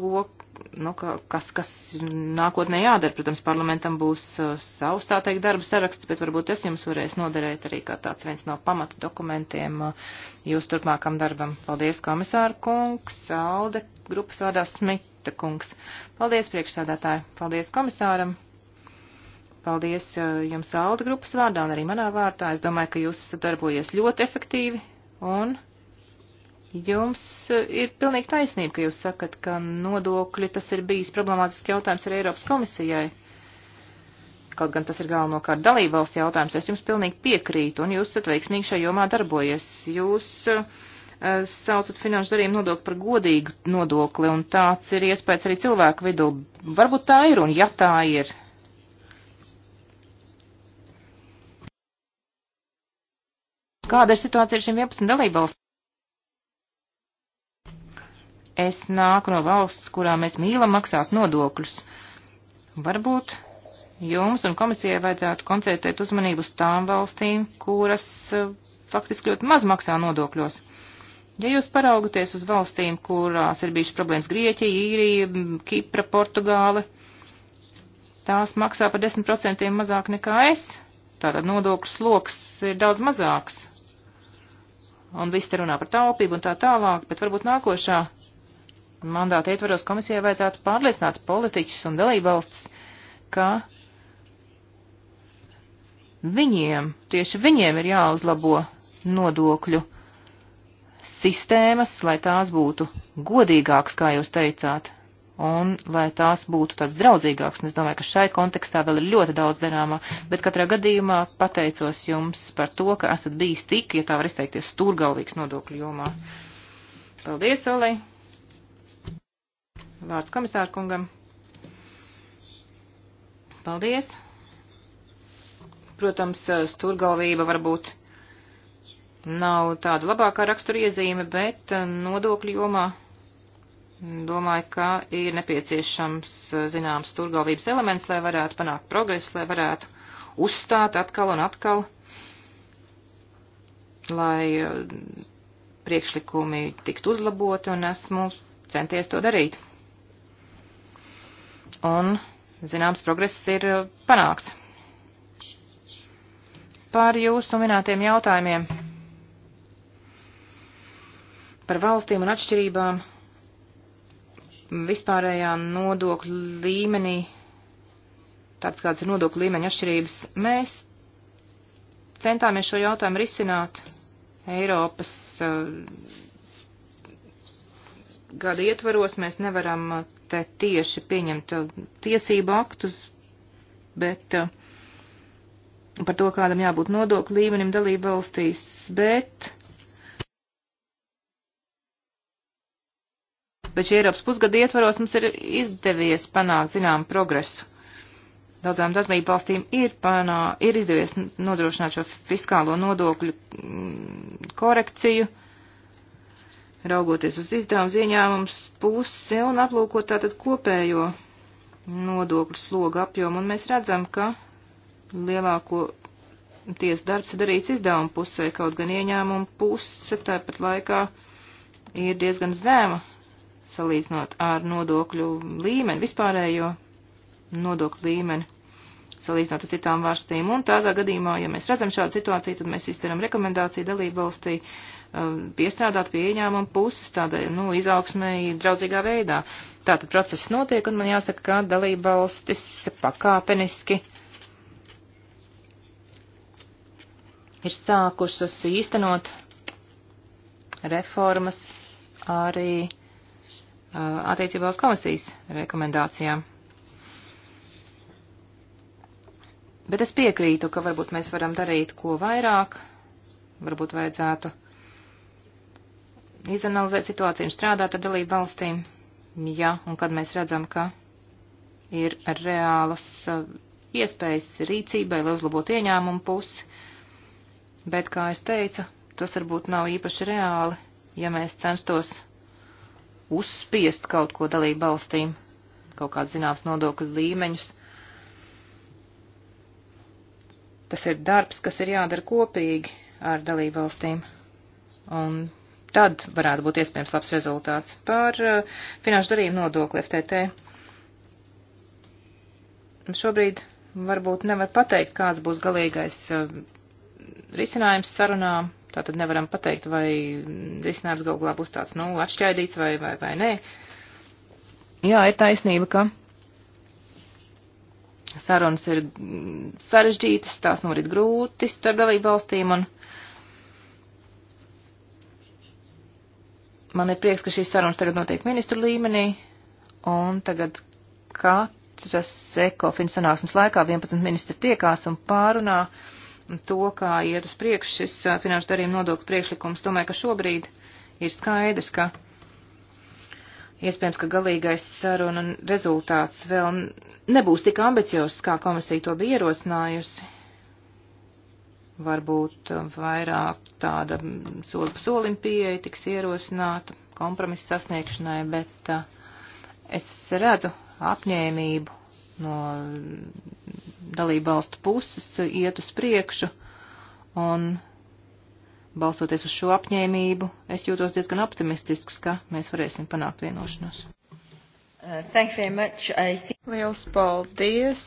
nu, ka, kas, kas nākotnē jādara. Protams, parlamentam būs uh, savs, tā teikt, darba saraksts, bet varbūt tas jums varēs noderēt arī kā tāds viens no pamatu dokumentiem uh, jūsu turpmākam darbam. Paldies, komisāra kungs, Alde, grupas vārdā Smita kungs. Paldies, priekšsādātāji. Paldies komisāram. Paldies uh, jums Alda grupas vārdā un arī manā vārdā. Es domāju, ka jūs esat darbojies ļoti efektīvi un Jums eh, ir pilnīgi taisnība, ka jūs sakat, ka nodokļi tas ir bijis problemātisks jautājums ar Eiropas komisijai. Kaut gan tas ir galvenokārt dalībvalsts jautājums, es jums pilnīgi piekrītu, un jūs esat veiksmīgi šajā jomā darbojies. Jūs uh, saucat finanšu darījumu nodokli par godīgu nodokli, un tāds ir iespējas arī cilvēku vidū. Varbūt tā ir, un ja tā ir, Kāda ir situācija ar šiem 11 dalībvalstīm? Es nāku no valsts, kurā mēs mīlam maksāt nodokļus. Varbūt jums un komisijai vajadzētu koncentrēt uzmanību uz tām valstīm, kuras eh, faktiski ļoti maz maksā nodokļos. Ja jūs paraugaties uz valstīm, kurās ir bijušas problēmas Grieķija, Īrija, Kipra, Portugāle, tās maksā par 10% mazāk nekā es. Tātad nodokļu sloks ir daudz mazāks. Un viss te runā par taupību un tā tālāk, bet varbūt nākošā mandāta ietvaros komisijai vajadzētu pārliecināt politiķus un dalībvalstis, ka viņiem, tieši viņiem ir jāuzlabo nodokļu sistēmas, lai tās būtu godīgākas, kā jūs teicāt, un lai tās būtu tāds draudzīgāks. Un es domāju, ka šai kontekstā vēl ir ļoti daudz darāmā, bet katrā gadījumā pateicos jums par to, ka esat bijis tik, ja tā var izteikties, stūrgalvīgs nodokļu jomā. Paldies, Olei! Vārds komisāru kungam. Paldies. Protams, eh, stūrgalvība varbūt nav tāda labākā rakstura iezīme, bet eh, nodokļu jomā domāju, ka ir nepieciešams eh, zināms stūrgalvības elements, lai varētu panākt progresu, lai varētu uzstāt atkal un atkal, lai priekšlikumi tiktu uzlaboti un esmu centies to darīt un zināms progress ir uh, panākts. Pār jūsu minētiem jautājumiem par valstīm un atšķirībām vispārējā nodokļu līmenī, tāds kāds ir nodokļu līmeņa atšķirības, mēs centāmies šo jautājumu risināt Eiropas uh, gada ietvaros. Mēs nevaram uh, te tieši pieņemt uh, tiesību aktus, bet uh, par to, kādam jābūt nodokļu līmenim dalību valstīs, bet. Bet šī Eiropas pusgada ietvaros mums ir izdevies panākt zinām progresu. Daudzām dalību valstīm ir, panā, ir izdevies nodrošināt šo fiskālo nodokļu mm, korekciju. Uh, raugoties uz izdevumu ieņēmums pusi un aplūkot tātad kopējo nodokļu slogu apjomu, un mēs redzam, ka lielāko ties darbs darīts izdevumu pusē, kaut gan ieņēmumu puse tāpat laikā ir diezgan zema salīdzinot ar nodokļu līmeni, vispārējo nodokļu līmeni, salīdzinot ar citām valstīm. Un tādā gadījumā, ja mēs redzam šādu situāciju, tad mēs izdarām rekomendāciju dalību valstī Um, piestrādāt pie ieņēmuma puses tādā, nu, izaugsmē draudzīgā veidā. Tātad process notiek, un man jāsaka, ka dalība valstis pakāpeniski ir sākušas īstenot reformas arī uh, attiecībā uz komisijas rekomendācijām. Bet es piekrītu, ka varbūt mēs varam darīt ko vairāk, varbūt vajadzētu uh, izanalizēt situāciju un strādāt ar dalību valstīm, ja un kad mēs redzam, ka ir reālas uh, iespējas rīcībai, lai uzlabotu ieņēmumu pusi, bet, kā es teicu, tas varbūt nav īpaši reāli, ja mēs censtos uzspiest kaut ko dalību valstīm, kaut kāds zināms nodokļu līmeņus. Tas ir darbs, kas ir jādara kopīgi ar dalību valstīm. Un Tad varētu būt iespējams labs rezultāts par uh, finanšu darījumu nodokli FTT. Šobrīd varbūt nevar pateikt, kāds būs galīgais uh, risinājums sarunām. Tātad nevaram pateikt, vai risinājums galu galā būs tāds, nu, atšķaidīts vai, vai, vai nē. Jā, ir taisnība, ka sarunas ir mm, sarežģītas, tās norit grūti starp dalību valstīm un Man ir prieks, ka šīs sarunas tagad notiek ministru līmenī, un tagad katras ekofin sanāksmes laikā 11 ministri tiekās un pārunā to, kā iet uz priekšu šis finanšu darījuma nodokļu priekšlikums. Domāju, ka šobrīd ir skaidrs, ka iespējams, ka galīgais saruna rezultāts vēl nebūs tik ambiciozs, kā komisija to bija ierosinājusi varbūt um, vairāk tāda soli pa solim pieeja tiks ierosināta kompromisa sasniegšanai, bet uh, es redzu apņēmību no dalību valstu puses iet uz priekšu un balstoties uz šo apņēmību, es jūtos diezgan optimistisks, ka mēs varēsim panākt vienošanos. Uh, think... Liels paldies!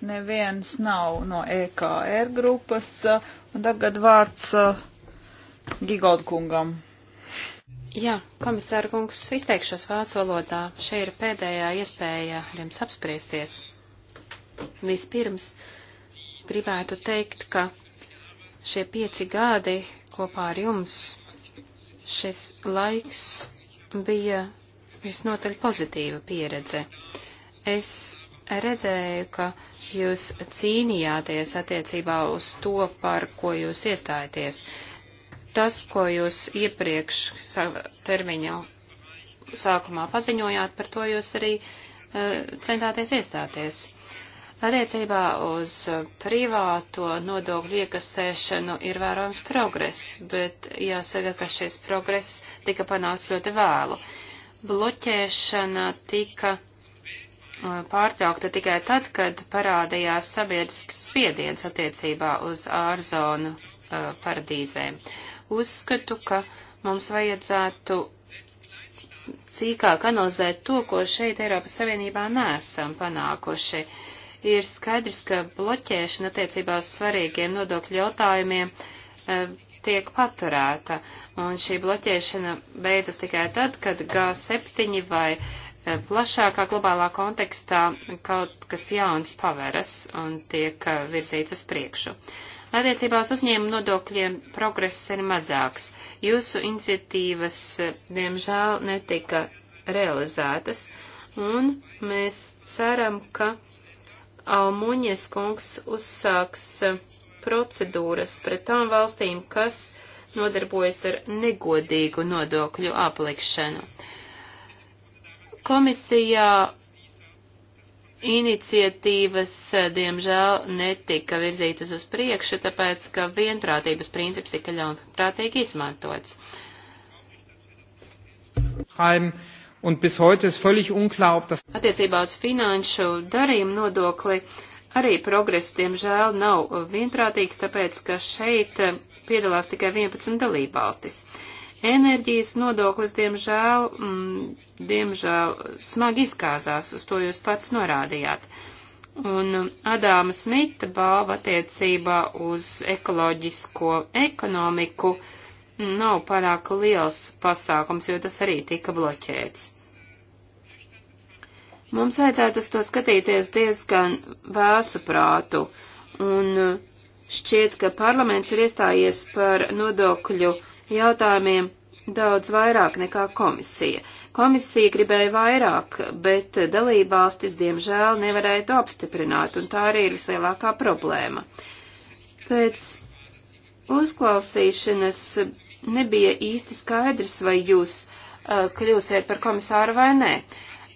Neviens nav no EKR grupas. Un tagad vārds uh, Gigoldkungam. Jā, komisāra kungs, izteikšos vācu valodā. Šī ir pēdējā iespēja ar jums apspriesties. Vispirms gribētu teikt, ka šie pieci gadi kopā ar jums, šis laiks bija visnotaļ pozitīva pieredze. Es redzēju, ka jūs cīnījāties attiecībā uz to, par ko jūs iestājaties. Tas, ko jūs iepriekš termiņa sākumā paziņojāt, par to jūs arī uh, centāties iestāties. Attiecībā uz privāto nodokļu iekasēšanu ir vērojams progress, bet jāsaka, ka šis progress tika panāks ļoti vēlu. Bloķēšana tika Uh, pārtraukta tikai tad, kad parādījās sabiedrisks spiediens attiecībā uz ārzonu uh, paradīzēm. Uzskatu, ka mums vajadzētu cīkāk analizēt to, ko šeit Eiropas Savienībā nesam panākuši. Ir skaidrs, ka bloķēšana attiecībā uz svarīgiem nodokļu jautājumiem uh, tiek paturēta, un šī bloķēšana beidzas tikai tad, kad G7 vai uh, plašākā globālā kontekstā kaut kas jauns paveras un tiek uh, virzīts uz priekšu. Attiecībā uz uzņēmumu nodokļiem progress ir mazāks. Jūsu iniciatīvas, uh, diemžēl, netika realizētas, un mēs ceram, ka Almuņies kungs uzsāks uh, procedūras pret tām valstīm, kas nodarbojas ar negodīgu nodokļu aplikšanu. Komisijā iniciatīvas, eh, diemžēl, netika virzītas uz priekšu, tāpēc, ka vienprātības princips tika ļaunprātīgi izmantots. Heim. Un bis heute ist völlig unklar, ob das. Attiecībā uz finanšu darījumu nodokli arī progress, diemžēl, nav eh, vienprātīgs, tāpēc, ka šeit eh, piedalās tikai 11 dalībvalstis. Uh, Enerģijas nodoklis, diemžēl, mm, diemžēl smagi izkāzās, uz to jūs pats norādījāt. Un mm, Adāma Smita balva attiecībā uz ekoloģisko ekonomiku mm, nav pārāk liels pasākums, jo tas arī tika bloķēts. Mums vajadzētu uz to skatīties diezgan vēsu prātu, un mm, šķiet, ka parlaments ir iestājies par nodokļu jautājumiem daudz vairāk nekā komisija. Komisija gribēja vairāk, bet dalībvalstis, diemžēl, nevarēja to apstiprināt, un tā arī ir vislielākā problēma. Pēc uzklausīšanas nebija īsti skaidrs, vai jūs uh, kļūsiet par komisāru vai nē.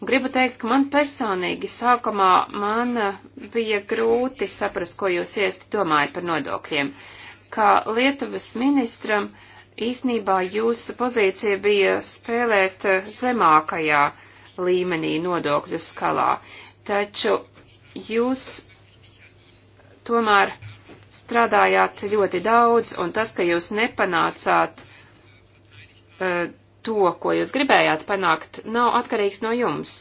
Gribu teikt, ka man personīgi sākumā man uh, bija grūti saprast, ko jūs iesti domājat par nodokļiem. Kā Lietuvas ministram uh, īsnībā jūsu pozīcija bija spēlēt eh, zemākajā līmenī nodokļu skalā, taču jūs tomēr strādājāt ļoti daudz, un tas, ka jūs nepanācāt uh, to, ko jūs gribējāt panākt, nav atkarīgs no jums.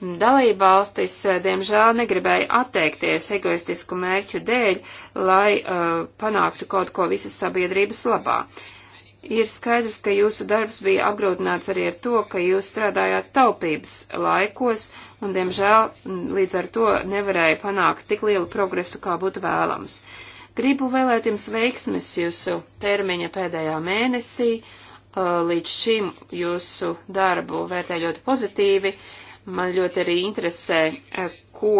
Dalībvalstis, eh, diemžēl, negribēja atteikties egoistisku mērķu dēļ, lai uh, panāktu kaut ko visas sabiedrības labā. Uh, Ir skaidrs, ka jūsu darbs bija apgrūtināts arī ar to, ka jūs strādājāt taupības laikos un, diemžēl, līdz ar to nevarēja panākt tik lielu progresu, kā būtu vēlams. Gribu vēlēt jums veiksmes jūsu termiņa pēdējā mēnesī. Līdz šim jūsu darbu vērtē ļoti pozitīvi. Man ļoti arī interesē, ko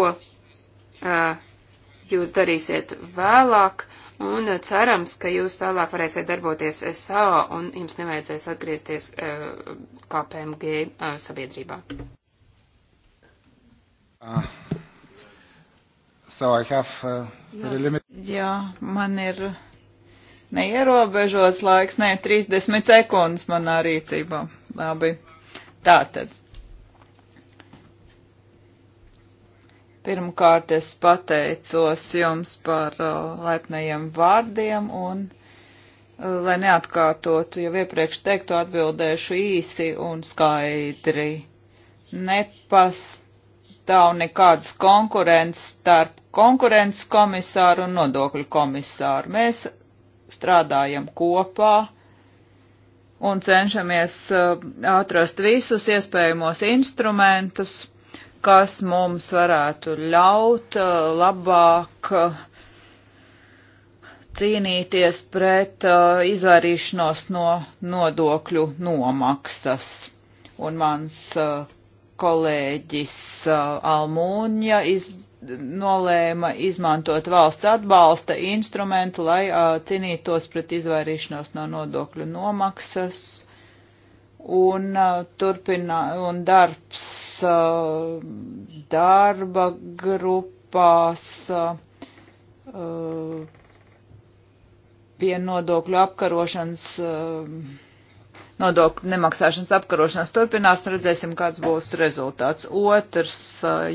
jūs darīsiet vēlāk un eh, cerams, ka jūs tālāk varēsiet darboties SAO un jums nevajadzēs atgriezties uh, eh, KPMG uh, eh, sabiedrībā. Uh, so I have, uh, no. Jā, man ir neierobežots laiks, nē, 30 sekundes manā rīcībā. Labi. Tātad. Pirmkārt, es pateicos jums par uh, laipnajiem vārdiem un, uh, lai neatkārtotu jau iepriekš teiktu, atbildēšu īsi un skaidri. Nepastāv nekādas konkurences starp konkurences komisāru un nodokļu komisāru. Mēs strādājam kopā un cenšamies uh, atrast visus iespējamos instrumentus kas mums varētu ļaut uh, labāk uh, cīnīties pret uh, izvairīšanos no nodokļu nomaksas. Un mans kolēģis Almūņa iz, nolēma izmantot valsts atbalsta instrumentu, lai cīnītos pret izvairīšanos no nodokļu nomaksas. Un, turpina, un darbs Uh, darba grupās uh, pie nodokļu apkarošanas, uh, nodokļu nemaksāšanas apkarošanas turpinās un redzēsim, kāds būs rezultāts. Otrs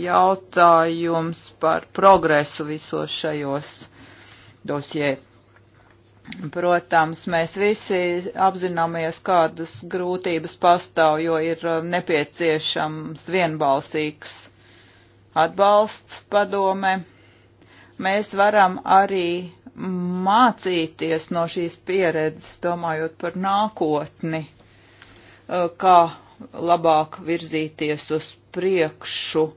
jautājums par progresu visos šajos dosjē. Protams, mēs visi apzināmies, kādas grūtības pastāv, jo ir uh, nepieciešams vienbalsīgs atbalsts padome. Mēs varam arī mācīties no šīs pieredzes, domājot par nākotni, uh, kā labāk virzīties uz priekšu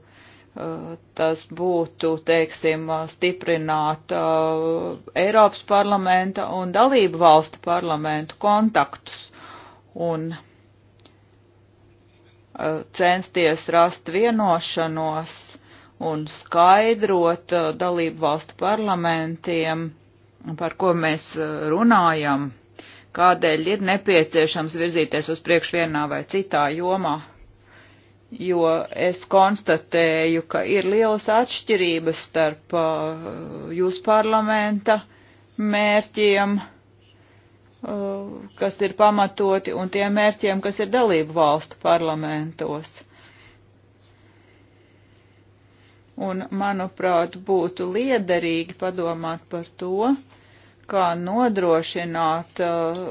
tas būtu, teiksim, stiprināt uh, Eiropas parlamenta un dalību valstu parlamentu kontaktus un uh, censties rast vienošanos un skaidrot uh, dalību valstu parlamentiem, par ko mēs uh, runājam, kādēļ ir nepieciešams virzīties uz priekšu vienā vai citā jomā jo es konstatēju, ka ir lielas atšķirības starp uh, jūsu parlamenta mērķiem, uh, kas ir pamatoti, un tiem mērķiem, kas ir dalību valstu parlamentos. Un, manuprāt, būtu liederīgi padomāt par to, kā nodrošināt uh,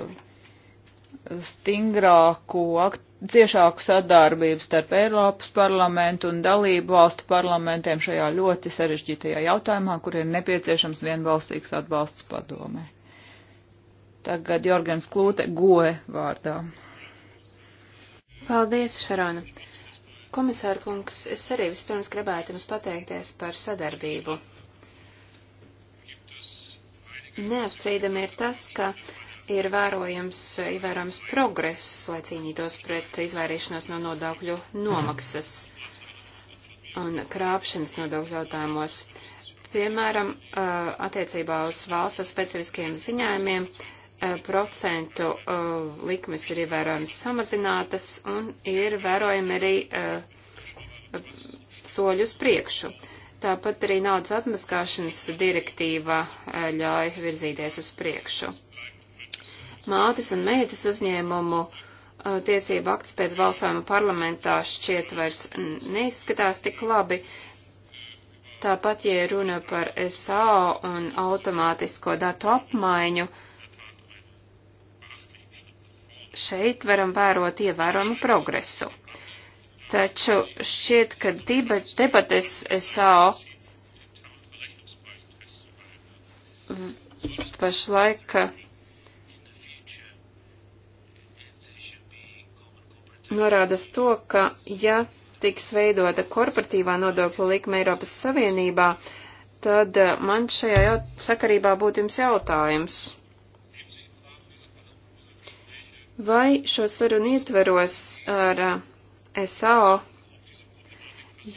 stingrāku, akt, ciešāku sadarbību starp Eiropas parlamentu un dalību valstu parlamentiem šajā ļoti sarežģītajā jautājumā, kur ir nepieciešams vienbalsīgs atbalsts padomē. Tagad Jorgens Klūte goe vārdā. Paldies, Šarona. Komisāra kungs, es arī vispirms gribētu jums pateikties par sadarbību. Neapstrīdami ir tas, ka ir vērojams, ievērojams progress, lai cīnītos pret izvairīšanos no nodokļu nomaksas un krāpšanas nodokļu jautājumos. Piemēram, attiecībā uz valsts specifiskiem ziņājumiem procentu likmes ir ievērojami samazinātas un ir vērojami arī soļus priekšu. Tāpat arī naudas atmaskāšanas direktīva ļauj virzīties uz priekšu mātes un meitas uzņēmumu uh, tiesību akts pēc balsojuma parlamentā šķiet vairs neizskatās tik labi. Tāpat, ja runa par SAO un automātisko datu apmaiņu, šeit varam vērot ievērojumu progresu. Taču šķiet, ka debates SAO pašlaik norādas to, ka ja tiks veidota korporatīvā nodokļa likme Eiropas Savienībā, tad eh, man šajā jau sakarībā būtu jums jautājums. Vai šo sarunu ietveros ar eh, SAO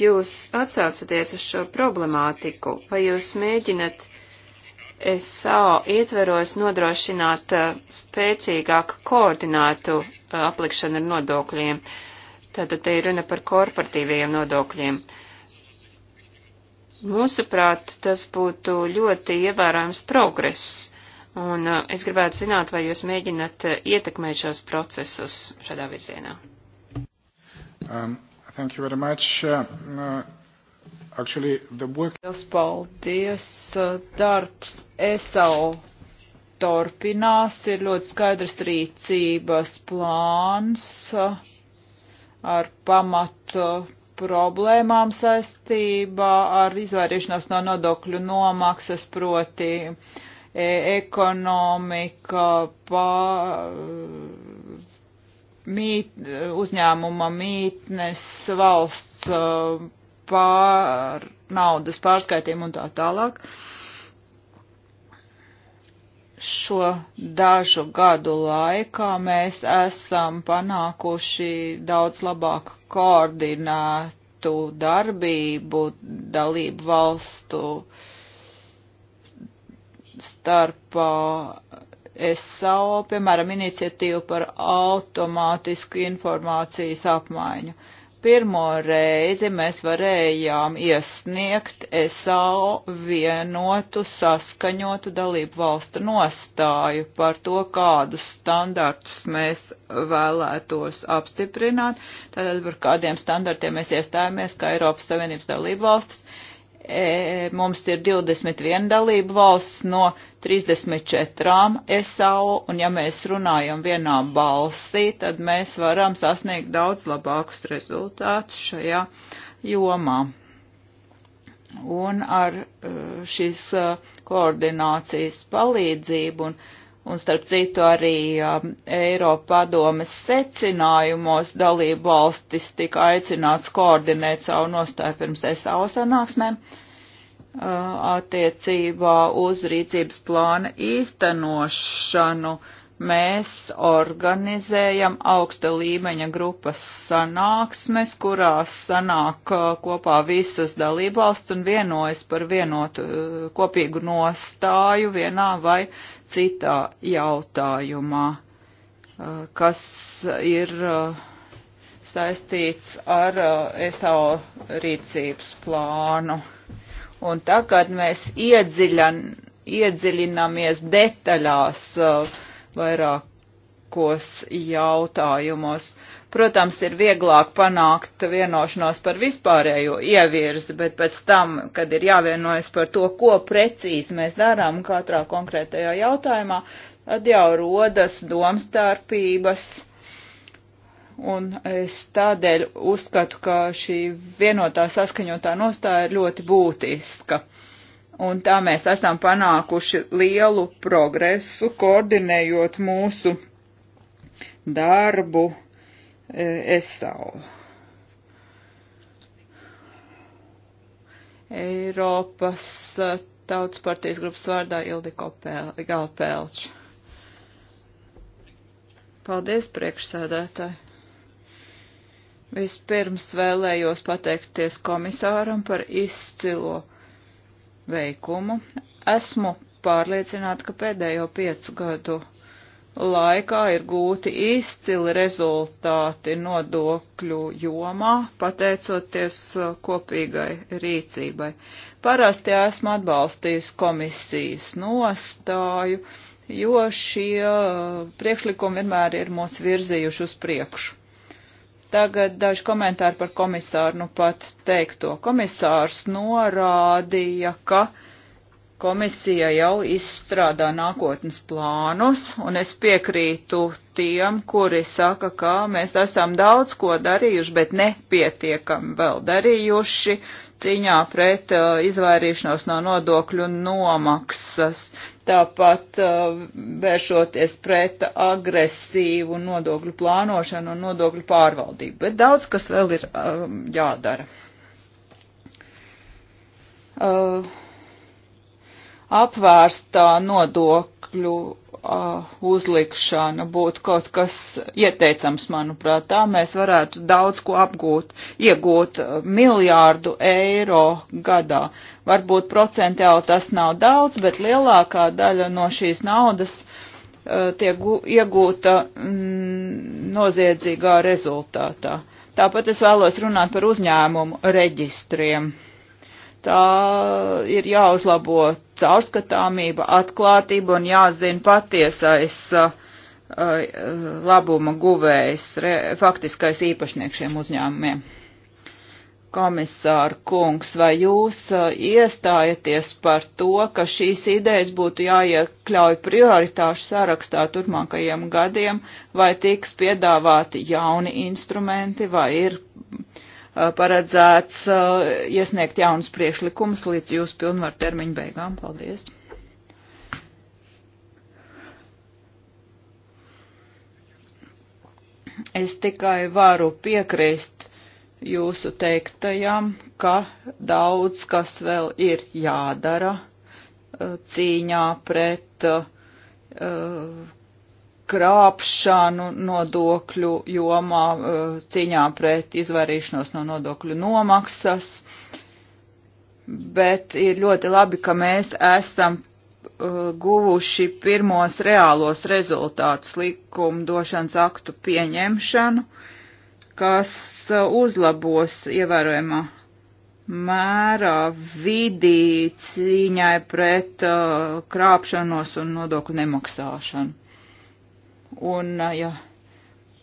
jūs atsaucaties uz šo problemātiku, vai jūs mēģinat uh, SAO ietveros nodrošināt eh, spēcīgāku koordinātu eh, aplikšanu ar nodokļiem. Tātad te ir runa par korporatīvajiem nodokļiem. Mūsuprāt, tas būtu ļoti ievērojams progress, un eh, es gribētu zināt, vai jūs mēģināt ietekmēt šos procesus šādā virzienā. Um, thank you very much. Uh, uh Actually, the work... Jūs paldies. Uh, darbs ESAO turpinās, ir ļoti skaidrs rīcības plāns uh, ar pamatu uh, problēmām saistībā ar izvairīšanos no nodokļu nomaksas, proti e, ekonomika, pā, mīt, uzņēmuma mītnes, valsts pār naudas pārskaitījumu un tā tālāk. Šo dažu gadu laikā mēs esam panākuši daudz labāk koordinētu darbību dalību valstu starpā SAO, piemēram, iniciatīvu par automātisku informācijas apmaiņu. Uh, pirmo reizi mēs varējām iesniegt SAO vienotu saskaņotu dalību valstu nostāju par to, kādus standartus mēs vēlētos apstiprināt, tātad par kādiem standartiem mēs iestājāmies kā Eiropas Savienības dalību valstis E, mums ir 21 dalību valsts no 34 SAO, un ja mēs runājam vienā balsī, tad mēs varam sasniegt daudz labākus rezultātus šajā jomā. Un ar e, šīs e, koordinācijas palīdzību un uh, Un starp citu arī um, Eiropa padomes secinājumos dalību valstis tika aicināts koordinēt savu nostāju pirms SAO sanāksmēm uh, attiecībā uz rīcības plāna īstenošanu. Mēs organizējam augsta līmeņa grupas sanāksmes, kurās sanāk uh, kopā visas dalībvalsts un vienojas par vienotu uh, kopīgu nostāju vienā vai citā jautājumā, uh, kas ir uh, saistīts ar uh, SAO rīcības plānu. Un tagad mēs iedziļan, iedziļināmies detaļās vairākos jautājumos. Uh, Protams, ir vieglāk panākt vienošanos par vispārējo ievirzi, bet pēc tam, kad ir jāvienojas par to, ko precīzi mēs darām katrā konkrētajā jautājumā, tad jau rodas domstarpības. Un es tādēļ uzskatu, ka šī vienotā saskaņotā nostāja ir ļoti būtiska un tā mēs esam panākuši lielu progresu, koordinējot mūsu darbu E, Esau. Eiropas e, Tautas partijas grupas vārdā Ildiko Galpēlč. Paldies, priekšsēdētāji! Vispirms vēlējos pateikties komisāram par izcilo veikumu. Esmu pārliecināta, ka pēdējo piecu gadu laikā ir gūti izcili rezultāti nodokļu jomā, pateicoties uh, kopīgai rīcībai. Parasti esmu atbalstījis komisijas nostāju, jo šie uh, priekšlikumi vienmēr ir mūs virzījuši uz priekšu. Tagad daži komentāri par komisāru nu pat teikto. Komisārs norādīja, ka uh, Komisija jau izstrādā nākotnes plānus, un es piekrītu tiem, kuri saka, ka mēs esam daudz ko darījuši, bet nepietiekam vēl darījuši cīņā pret uh, izvairīšanos no nodokļu nomaksas, tāpat uh, vēršoties pret agresīvu nodokļu plānošanu un nodokļu pārvaldību. Bet daudz kas vēl ir uh, jādara. Uh, apvērstā nodokļu uh, uzlikšana būtu kaut kas ieteicams, manuprāt. Tā mēs varētu daudz ko apgūt, iegūt miljārdu eiro gadā. Varbūt procentuāli tas nav daudz, bet lielākā daļa no šīs naudas uh, tiek iegūta mm, noziedzīgā rezultātā. Tāpat es vēlos runāt par uzņēmumu reģistriem. Uh, tā ir jāuzlabo caurskatāmība, atklātība un jāzina patiesais uh, uh labuma guvējs, re, faktiskais īpašnieks šiem uzņēmumiem. Komisāra kungs, vai jūs uh, iestājaties par to, ka šīs idejas būtu jāiekļauj prioritāšu sarakstā turpmākajiem gadiem, vai tiks piedāvāti jauni instrumenti, vai ir uh, Uh, paredzēts uh, iesniegt jaunus priekšlikumus līdz jūsu pilnvaru termiņu beigām. Paldies! Es tikai varu piekrist jūsu teiktajam, ka daudz kas vēl ir jādara uh, cīņā pret uh, krāpšanu nodokļu jomā, e, cīņā pret izvairīšanos no nodokļu nomaksas, bet ir ļoti labi, ka mēs esam e, guvuši pirmos reālos rezultātus likumdošanas aktu pieņemšanu, kas e, uzlabos ievērojamā mērā vidī cīņai pret uh, krāpšanos un nodokļu nemaksāšanu. Un, ja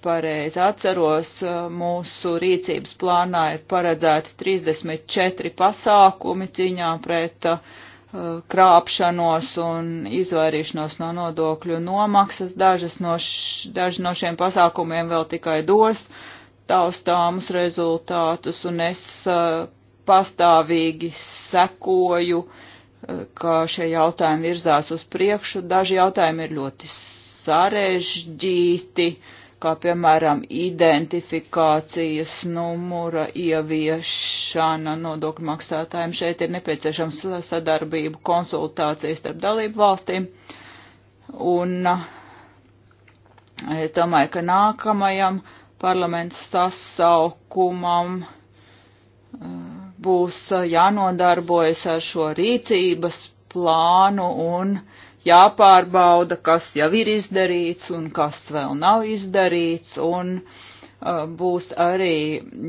pareizi atceros, mūsu rīcības plānā ir paredzēti 34 pasākumi ciņā pret krāpšanos un izvairīšanos no nodokļu nomaksas. Dažas no, š, daži no šiem pasākumiem vēl tikai dos taustāmus rezultātus, un es pastāvīgi sekoju, ka šie jautājumi virzās uz priekšu. Daži jautājumi ir ļoti sarežģīti, kā piemēram identifikācijas numura ieviešana nodokļu maksātājiem. Šeit ir nepieciešams sadarbību, konsultācijas starp dalību valstīm. Un es domāju, ka nākamajam parlaments sasaukumam uh, būs jānodarbojas ar šo rīcības plānu un uh, jāpārbauda, kas jau ir izdarīts un kas vēl nav izdarīts, un uh, būs arī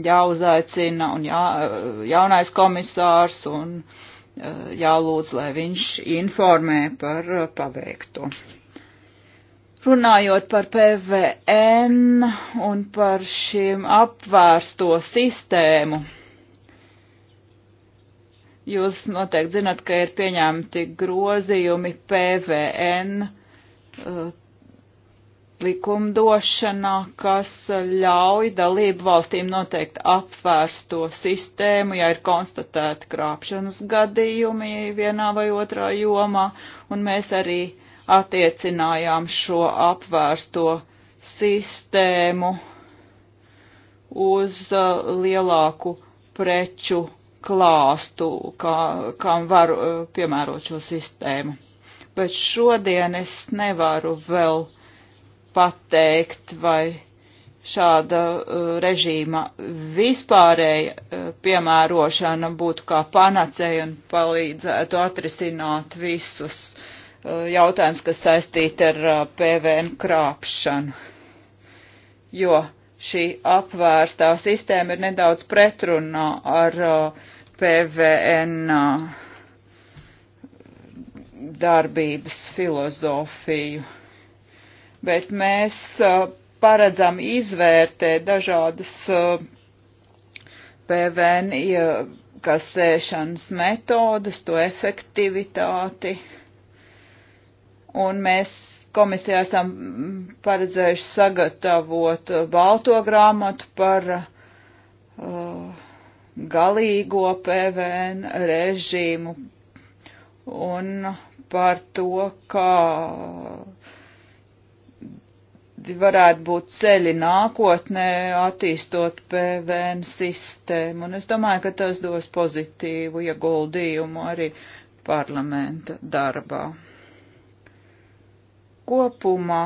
jāuzaicina un jā, uh, jaunais komisārs un uh, jālūdz, lai viņš informē par uh, paveikto. Runājot par PVN un par šīm apvērsto sistēmu, Jūs noteikti zinat, ka ir pieņemti grozījumi PVN uh, likumdošanā, kas ļauj dalību valstīm noteikt apvērsto sistēmu, ja ir konstatēti krāpšanas gadījumi vienā vai otrā jomā, un mēs arī attiecinājām šo apvērsto sistēmu uz uh, lielāku preču klāstu, kā, kam var eh, piemērot šo sistēmu. Bet šodien es nevaru vēl pateikt, vai šāda eh, režīma vispārēja eh, piemērošana būtu kā panacēja un palīdzētu atrisināt visus jautājumus, kas saistīti ar PVN krāpšanu. Jo šī apvērstā sistēma ir nedaudz pretrunā ar uh, PVN uh, darbības filozofiju, bet mēs uh, paredzam izvērtēt dažādas uh, PVN kasēšanas metodas, to efektivitāti, un mēs komisijā esam mm, paredzējuši sagatavot balto grāmatu par uh, galīgo PVN režīmu un par to, kā varētu būt ceļi nākotnē attīstot PVN sistēmu. Un es domāju, ka tas dos pozitīvu ieguldījumu arī parlamenta darbā. Kopumā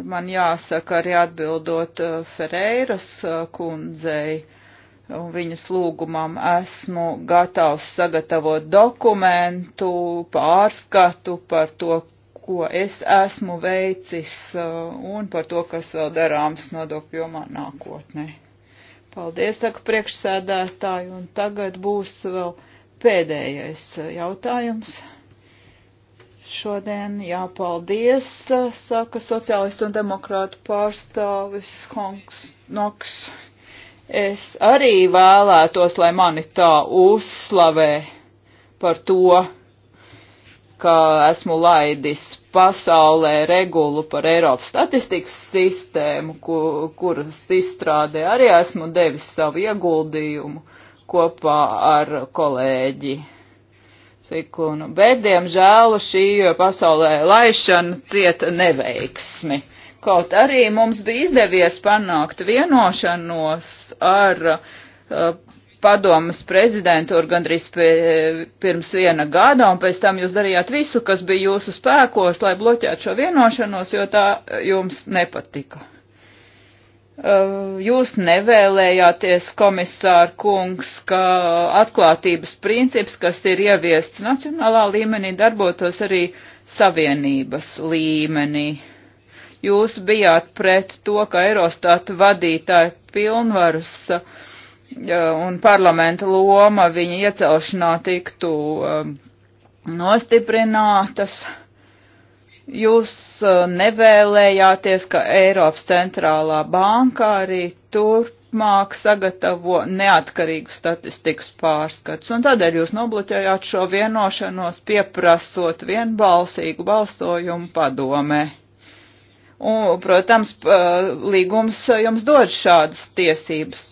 man jāsaka arī atbildot uh, Ferreiras uh, kundzei un viņas lūgumam esmu gatavs sagatavot dokumentu, pārskatu par to, ko es esmu veicis uh, un par to, kas vēl darāms nodokļu jomā nākotnē. Paldies, saka priekšsēdētāji, un tagad būs vēl pēdējais jautājums šodien. Jā, paldies, saka sociālistu un demokrātu pārstāvis Honks Noks. Es arī vēlētos, lai mani tā uzslavē par to, ka esmu laidis pasaulē regulu par Eiropas statistikas sistēmu, kur, kuras izstrādē arī esmu devis savu ieguldījumu kopā ar kolēģi ciklonu, bet, diemžēl, šī pasaulē laišana cieta neveiksmi. Kaut arī mums bija izdevies panākt vienošanos ar uh, padomas prezidentūru gandrīz pie, pirms viena gada, un pēc tam jūs darījāt visu, kas bija jūsu spēkos, lai bloķētu šo vienošanos, jo tā jums nepatika. Uh, jūs nevēlējāties, komisāra kungs, ka atklātības princips, kas ir ieviests nacionālā līmenī, darbotos arī savienības līmenī. Jūs bijāt pret to, ka Eurostata vadītāja pilnvaras uh, un parlamenta loma viņa iecelšanā tiktu uh, nostiprinātas. Uh, Jūs uh, nevēlējāties, ka Eiropas centrālā banka arī turpmāk sagatavo neatkarīgu statistikas pārskats, un tādēļ jūs nobloķējāt šo vienošanos pieprasot vienbalsīgu balsojumu padomē. Un, protams, līgums jums dod šādas tiesības.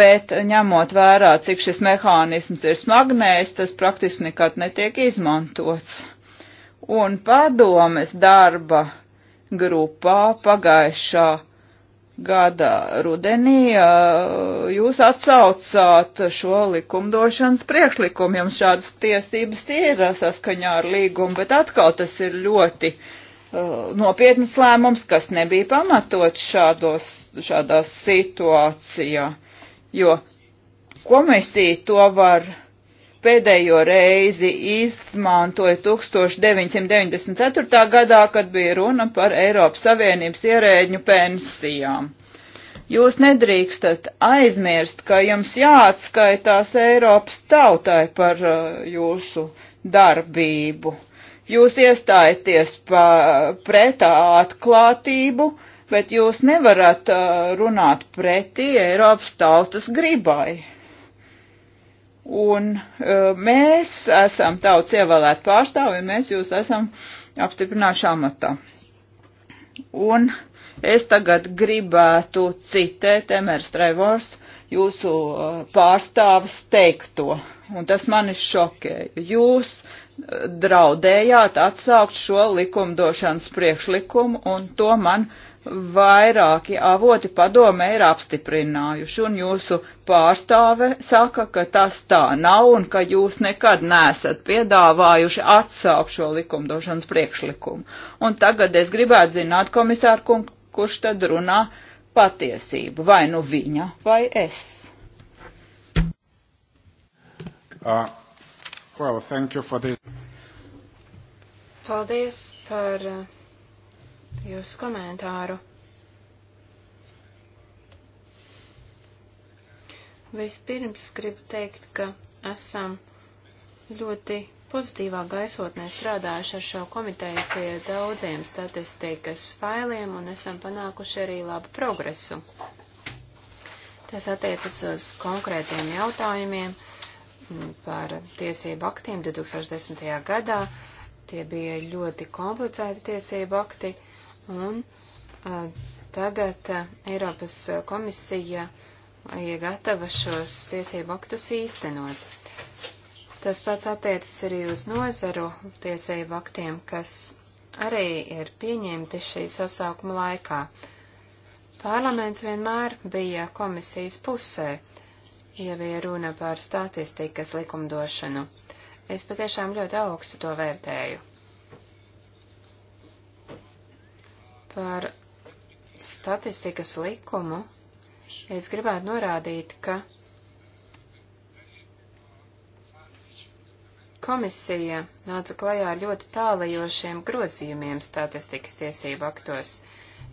Bet ņemot vērā, cik šis mehānisms ir smagnējs, tas praktiski nekad netiek izmantots un padomes darba grupā pagājušā gada rudenī jūs atsaucāt šo likumdošanas priekšlikumu. Jums šādas tiesības ir saskaņā ar līgumu, bet atkal tas ir ļoti uh, nopietnas lēmums, kas nebija pamatots šādos, šādā situācijā, jo komisija to var pēdējo reizi izmantoja 1994. gadā, kad bija runa par Eiropas Savienības ierēģu pensijām. Jūs nedrīkstat aizmirst, ka jums jāatskaitās Eiropas tautai par uh, jūsu darbību. Jūs iestājaties pa, pretā atklātību, bet jūs nevarat uh, runāt pretī Eiropas tautas gribai Un uh, mēs esam tauts ievēlēt pārstāvi, mēs jūs esam apstiprinājuši amatā. Un es tagad gribētu citēt Emers Trevors, jūsu uh, pārstāvis teikto, un tas mani šokēja. Jūs uh, draudējāt atsaukt šo likumdošanas priekšlikumu, un to man vairāki avoti padome ir apstiprinājuši, un jūsu pārstāve saka, ka tas tā nav un ka jūs nekad nesat piedāvājuši atsaukt šo likumdošanas priekšlikumu. Un tagad es gribētu zināt, komisāru kungu, kurš tad runā patiesību, vai nu viņa, vai es. Uh, well, thank you for this. Paldies par uh, jūsu komentāru. Vispirms gribu teikt, ka esam ļoti pozitīvā gaisotnē strādājuši ar šo komiteju pie daudziem statistikas failiem un esam panākuši arī labu progresu. Tas attiecas uz konkrētiem jautājumiem par tiesību aktiem 2010. gadā. Tie bija ļoti komplicēti tiesību akti, Un a, tagad a, Eiropas komisija ir gatava šos tiesību aktus īstenot. Tas pats attiecas arī uz nozaru tiesību aktiem, kas arī ir pieņemti šī sasaukuma laikā. Parlaments vienmēr bija komisijas pusē, ja bija runa par statistikas likumdošanu. Es patiešām ļoti augstu to vērtēju. Par statistikas likumu es gribētu norādīt, ka komisija nāca klajā ar ļoti tālajošiem grozījumiem statistikas tiesību aktos.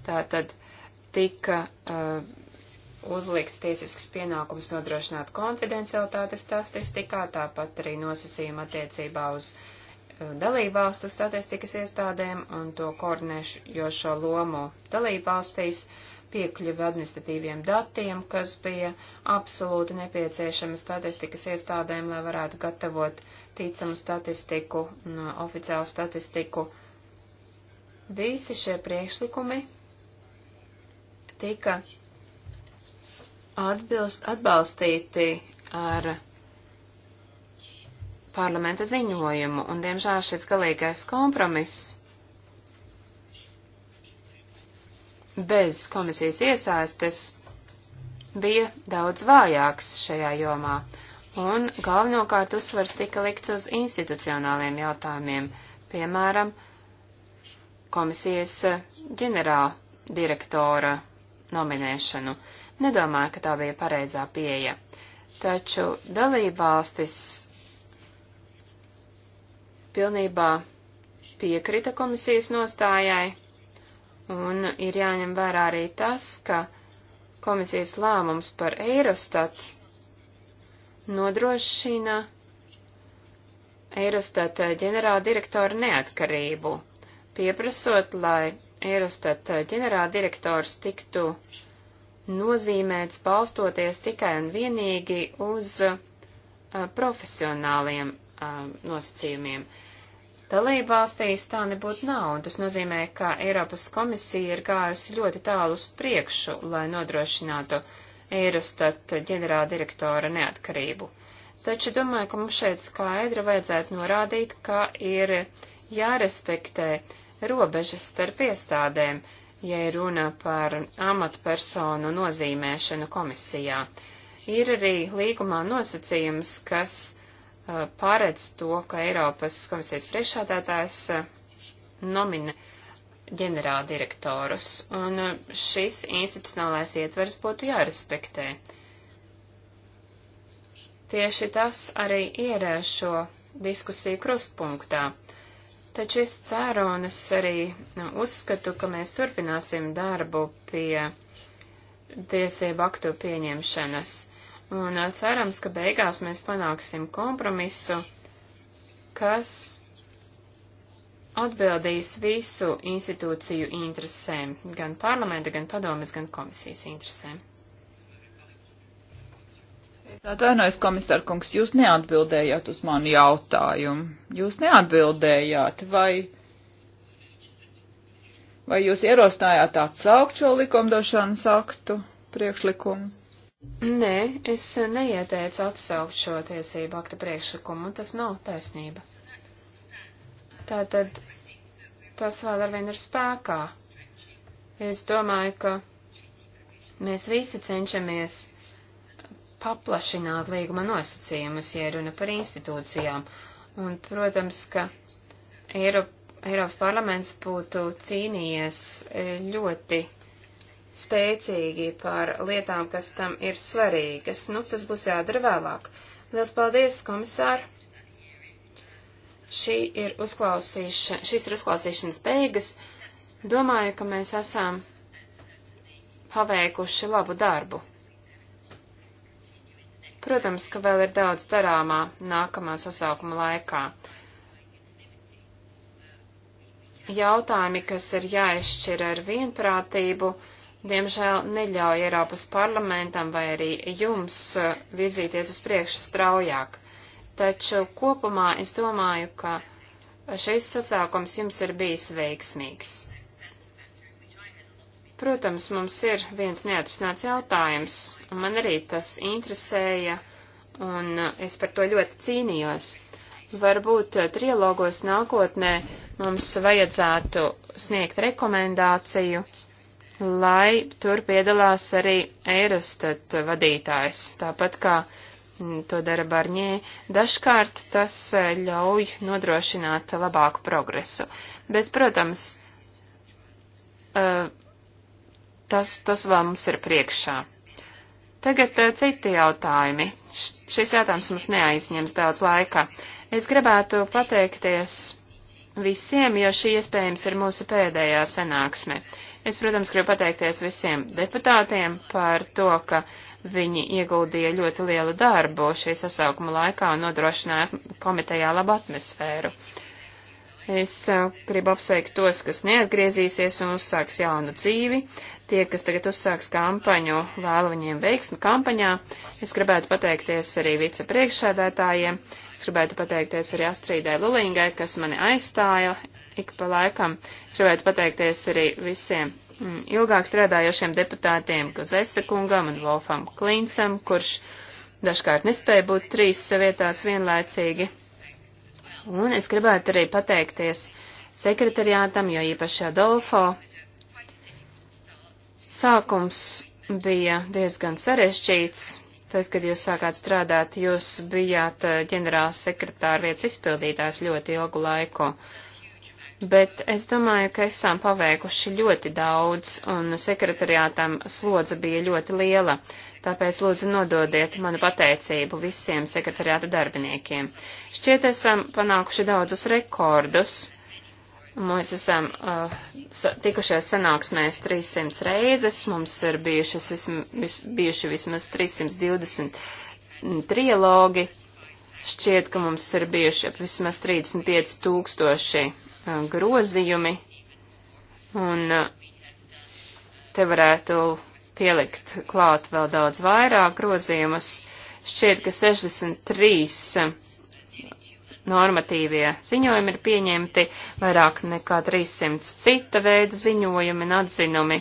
Tātad tika uh, uzlikts tiesisks pienākums nodrošināt konfidencialitātes statistikā, tāpat arī nosacījuma attiecībā uz uh, dalībvalstu statistikas iestādēm un to koordinējošo lomu dalībvalstīs piekļuvi administratīviem datiem, kas bija absolūti nepieciešama statistikas iestādēm, lai varētu gatavot ticamu statistiku un uh, oficiālu statistiku. Visi šie priekšlikumi tika atbilst, atbalstīti ar parlamenta ziņojumu, un diemžēl šis galīgais kompromiss bez komisijas iesaistes bija daudz vājāks šajā jomā, un galvenokārt uzsvars tika likts uz institucionāliem jautājumiem, piemēram, komisijas eh, ģenerāla direktora nominēšanu. Nedomāju, ka tā bija pareizā pieeja. Taču dalībvalstis pilnībā piekrita komisijas nostājai, un ir jāņem vērā arī tas, ka komisijas lēmums par Eirostat nodrošina Eirostat ģenerāldirektora neatkarību, pieprasot, lai Eirostat ģenerāldirektors tiktu nozīmēts balstoties tikai un vienīgi uz profesionāliem um, nosacījumiem. Dalībvalstīs tā nebūtu nav, un tas nozīmē, ka Eiropas komisija ir gājusi ļoti tālu uz priekšu, lai nodrošinātu Eirostat ģenerāldirektora neatkarību. Taču domāju, ka mums šeit skaidri vajadzētu norādīt, ka ir jārespektē robežas starp iestādēm, ja ir runa par amatpersonu nozīmēšanu komisijā. Ir arī līgumā nosacījums, kas pārēdz to, ka Eiropas komisijas priekšsādātājs eh, nomina ģenerāldirektorus, un eh, šis institucionālais ietvers būtu jārespektē. Tieši tas arī ir šo diskusiju krustpunktā. Taču es ceru un es arī nu, uzskatu, ka mēs turpināsim darbu pie tiesību aktu pieņemšanas. Un uh, cerams, ka beigās mēs panāksim kompromisu, kas atbildīs visu institūciju interesēm, gan parlamenta, gan padomes, gan komisijas interesēm. Atvainojos, komisār kungs, jūs neatbildējāt uz manu jautājumu. Jūs neatbildējāt, vai, vai jūs ierosinājāt atsaukt šo likumdošanas aktu priekšlikumu? Nē, es neieteicu atsaukt šo tiesību akta priekšlikumu, tas nav taisnība. Tātad tas vēl arvien ir spēkā. Es domāju, ka mēs visi cenšamies paplašināt līguma nosacījumus, ja runa par institūcijām. Un, protams, ka Eiropa, Eiropas parlaments būtu cīnījies eh, ļoti spēcīgi par lietām, kas tam ir svarīgas. Nu, tas būs jādara vēlāk. Liels paldies, komisār! Šī ir uzklausīšana, šīs ir uzklausīšanas beigas. Domāju, ka mēs esam paveikuši labu darbu. Protams, ka vēl ir daudz darāmā nākamā sasaukuma laikā. Jautājumi, kas ir jāizšķir ar vienprātību, diemžēl neļauj Eiropas parlamentam vai arī jums uh, virzīties uz priekšu straujāk. Taču kopumā es domāju, ka šis sasākums jums ir bijis veiksmīgs. Protams, mums ir viens neatrisināts jautājums, un man arī tas interesēja, un es par to ļoti cīnījos. Varbūt trilogos nākotnē mums vajadzētu sniegt rekomendāciju lai tur piedalās arī Eirostat vadītājs, tāpat kā mm, to dara Barņē. Dažkārt tas eh, ļauj nodrošināt labāku progresu. Bet, protams, eh, tas, tas vēl mums ir priekšā. Tagad eh, citi jautājumi. Šis jautājums mums neaizņems daudz laika. Es gribētu pateikties visiem, jo šī iespējams ir mūsu pēdējā sanāksme. Uh, Es, protams, gribu pateikties visiem deputātiem par to, ka viņi ieguldīja ļoti lielu darbu šī sasaukuma laikā un nodrošināja komitejā labu atmosfēru. Es uh, gribu apsveikt tos, kas neatgriezīsies un uzsāks jaunu dzīvi. Tie, kas tagad uzsāks kampaņu, vēlu viņiem veiksmi kampaņā. Es gribētu pateikties arī vicepriekšsēdētājiem. Es gribētu pateikties arī Astrīdai Lulīngai, kas mani aizstāja ik pa laikam. Es gribētu pateikties arī visiem mm, ilgāk strādājošiem deputātiem, Kazesa kungam un Wolfam Klīnsam, kurš dažkārt nespēja būt trīs vietās vienlaicīgi. Un es gribētu arī pateikties sekretariātam, jo īpaši Adolfo. Sākums bija diezgan sarežģīts. Tad, kad jūs sākāt strādāt, jūs bijāt eh, ģenerāls sekretāra vietas izpildītājs ļoti ilgu laiku. Uh, bet es domāju, ka esam paveikuši ļoti daudz, un sekretariātam slodze bija ļoti liela, tāpēc lūdzu nododiet manu pateicību visiem sekretariāta darbiniekiem. Šķiet esam panākuši daudzus rekordus. Mēs esam uh, tikušies sanāksmēs 300 reizes, mums ir bijušas vism, vis, bijuši vismaz 320 trilogi, šķiet, ka mums ir bijuši ap vismaz 35 tūkstoši grozījumi, un te varētu pielikt klāt vēl daudz vairāk grozījumus. Šķiet, ka 63 normatīvie ziņojumi ir pieņemti, vairāk nekā 300 cita veida ziņojumi un atzinumi.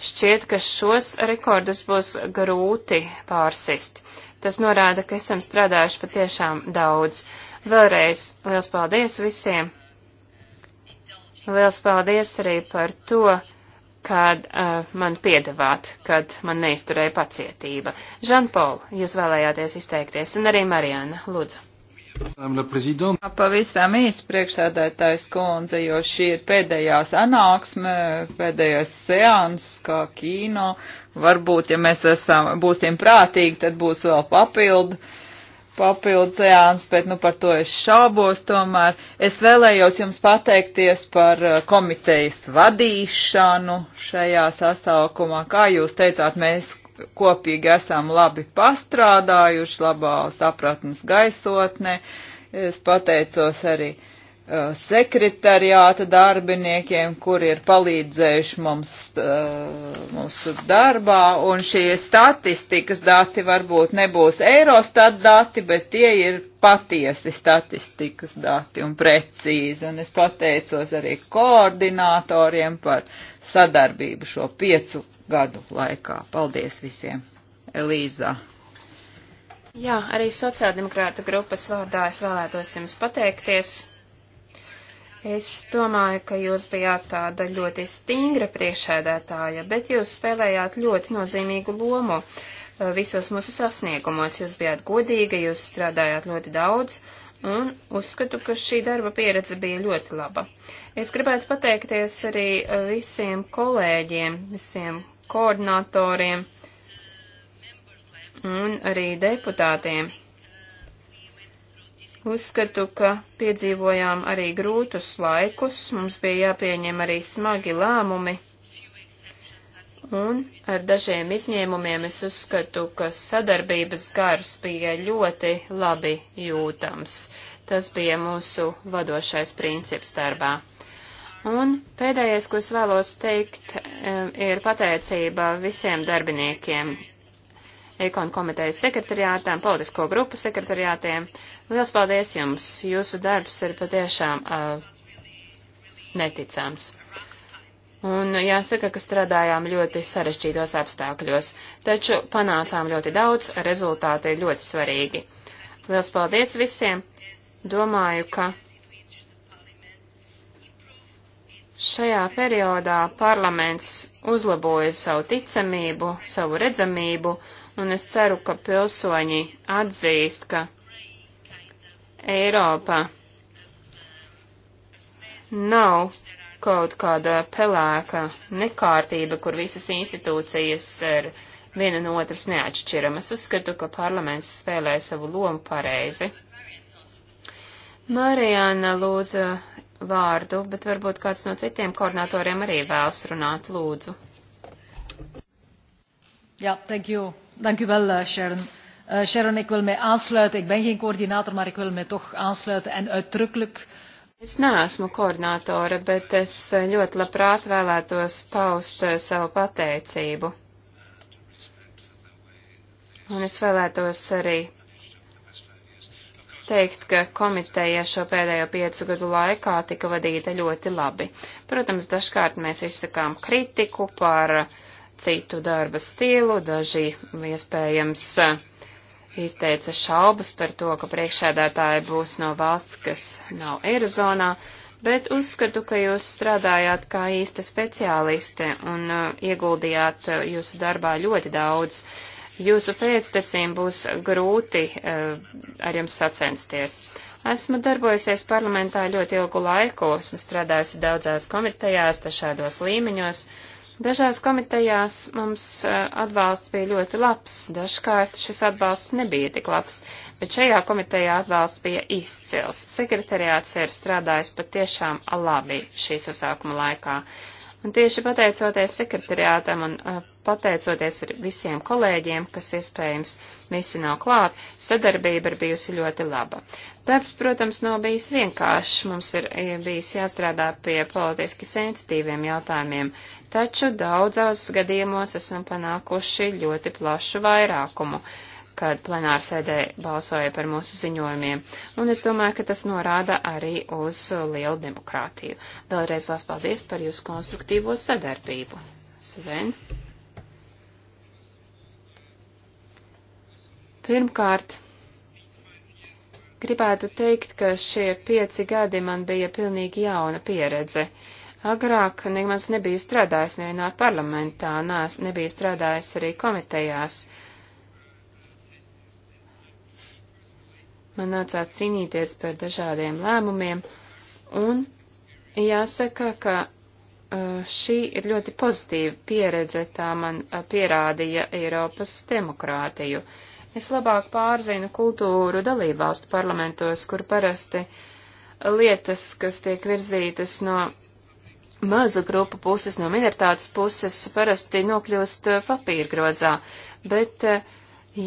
Šķiet, ka šos rekordus būs grūti pārsist. Tas norāda, ka esam strādājuši patiešām daudz. Vēlreiz liels paldies visiem! Liels paldies arī par to, kad uh, man piedavāt, kad man neizturēja pacietība. Žanpol, jūs vēlējāties izteikties, un arī Marijana, lūdzu. Pavisam īsti priekšsēdētājs kundze, jo šī ir pēdējā sanāksme, pēdējais seans, kā kino. Varbūt, ja mēs esam, būsim prātīgi, tad būs vēl papildu. Uh, papildus ēns, bet nu par to es šaubos tomēr. Es vēlējos jums pateikties par eh, komitejas vadīšanu šajā sasaukumā. Kā jūs teicāt, mēs kopīgi esam labi pastrādājuši, labā sapratnes gaisotnē. Es pateicos arī uh, Uh, sekretariāta darbiniekiem, kuri ir palīdzējuši mums uh, mūsu darbā, un šie statistikas dati varbūt nebūs Eurostat dati, bet tie ir patiesi statistikas dati un precīzi, un es pateicos arī koordinatoriem par sadarbību šo piecu gadu laikā. Paldies visiem! Elīza. Jā, arī sociāldemokrāta grupas vārdā es vēlētos jums pateikties. Es domāju, ka jūs bijāt tāda ļoti stingra priekšēdētāja, bet jūs spēlējāt ļoti nozīmīgu lomu uh, visos mūsu sasniegumos. Jūs bijāt godīga, jūs strādājāt ļoti daudz, un uzskatu, ka šī darba pieredze bija ļoti laba. Es gribētu pateikties arī uh, visiem kolēģiem, visiem koordinatoriem un arī deputātiem Uzskatu, ka piedzīvojām arī grūtus laikus, mums bija jāpieņem arī smagi lēmumi, un ar dažiem izņēmumiem es uzskatu, ka sadarbības gars bija ļoti labi jūtams. Tas bija mūsu vadošais princips darbā. Un pēdējais, ko es vēlos teikt, eh, ir pateicība visiem darbiniekiem, ekonu komitejas sekretariātām, politisko grupu sekretariātiem. Liels paldies jums! Jūsu darbs ir patiešām uh, neticams. Un jāsaka, ka strādājām ļoti sarežģītos apstākļos, taču panācām ļoti daudz, rezultāti ir ļoti svarīgi. Liels paldies visiem! Domāju, ka šajā periodā parlaments uzlaboja savu ticamību, savu redzamību un es ceru, ka pilsoņi atzīst, ka Eiropa nav kaut kāda pelēka nekārtība, kur visas institūcijas ir viena no otras neatšķiramas. Uzskatu, ka parlaments spēlē savu lomu pareizi. Marijāna lūdza vārdu, bet varbūt kāds no citiem koordinatoriem arī vēlas runāt, lūdzu. Jā, yeah, thank you. Dank u wel, eh, Sharon. Uh, Sharon, ik wil mij aansluiten. Ik ben geen coördinator, maar ik wil mij toch aansluiten en uitdrukkelijk. Es neesmu koordinātore, bet es eh, ļoti labprāt vēlētos paust savu pateicību. Un es vēlētos arī teikt, ka komiteja šo pēdējo piecu gadu laikā tika vadīta ļoti labi. Protams, dažkārt mēs izsakām kritiku par uh, citu darba stilu, daži iespējams eh, izteica šaubas par to, ka priekšēdētāji būs no valsts, kas nav Eirozonā, bet uzskatu, ka jūs strādājāt kā īsta speciāliste un eh, ieguldījāt eh, jūsu darbā ļoti daudz. Jūsu pēctecīm būs grūti ar jums sacensties. Esmu darbojusies parlamentā ļoti ilgu laiku, esmu strādājusi daudzās komitejās, dažādos līmeņos, Dažās komitejās mums eh, atbalsts bija ļoti labs, dažkārt šis atbalsts nebija tik labs, bet šajā komitejā atbalsts bija izcils. Sekretariāts ir strādājis patiešām labi šī sasākuma laikā. Un tieši pateicoties sekretariātam un eh, pateicoties visiem kolēģiem, kas iespējams visi nav klāt, sadarbība ir bijusi ļoti laba. Darbs, protams, nav bijis vienkāršs, mums ir e, bijis jāstrādā pie politiski sensitīviem jautājumiem, taču daudzās gadījumos esam panākuši ļoti plašu vairākumu kad plenārsēdē balsoja par mūsu ziņojumiem, un es domāju, ka tas norāda arī uz lielu demokrātiju. Vēlreiz lās paldies par jūsu konstruktīvo sadarbību. Sven. Pirmkārt, gribētu teikt, ka šie pieci gadi man bija pilnīgi jauna pieredze. Agrāk nemaz nebija strādājis nevienā parlamentā, nās nebija strādājis arī komitejās. Man nācās cīnīties par dažādiem lēmumiem, un jāsaka, ka uh, šī ir ļoti pozitīva pieredze, tā man uh, pierādīja Eiropas demokrātiju. Uh, Es labāk pārzinu kultūru dalībvalstu parlamentos, kur parasti lietas, kas tiek virzītas no mazu grupu puses, no minoritātes puses, parasti nokļūst papīra grozā, bet eh,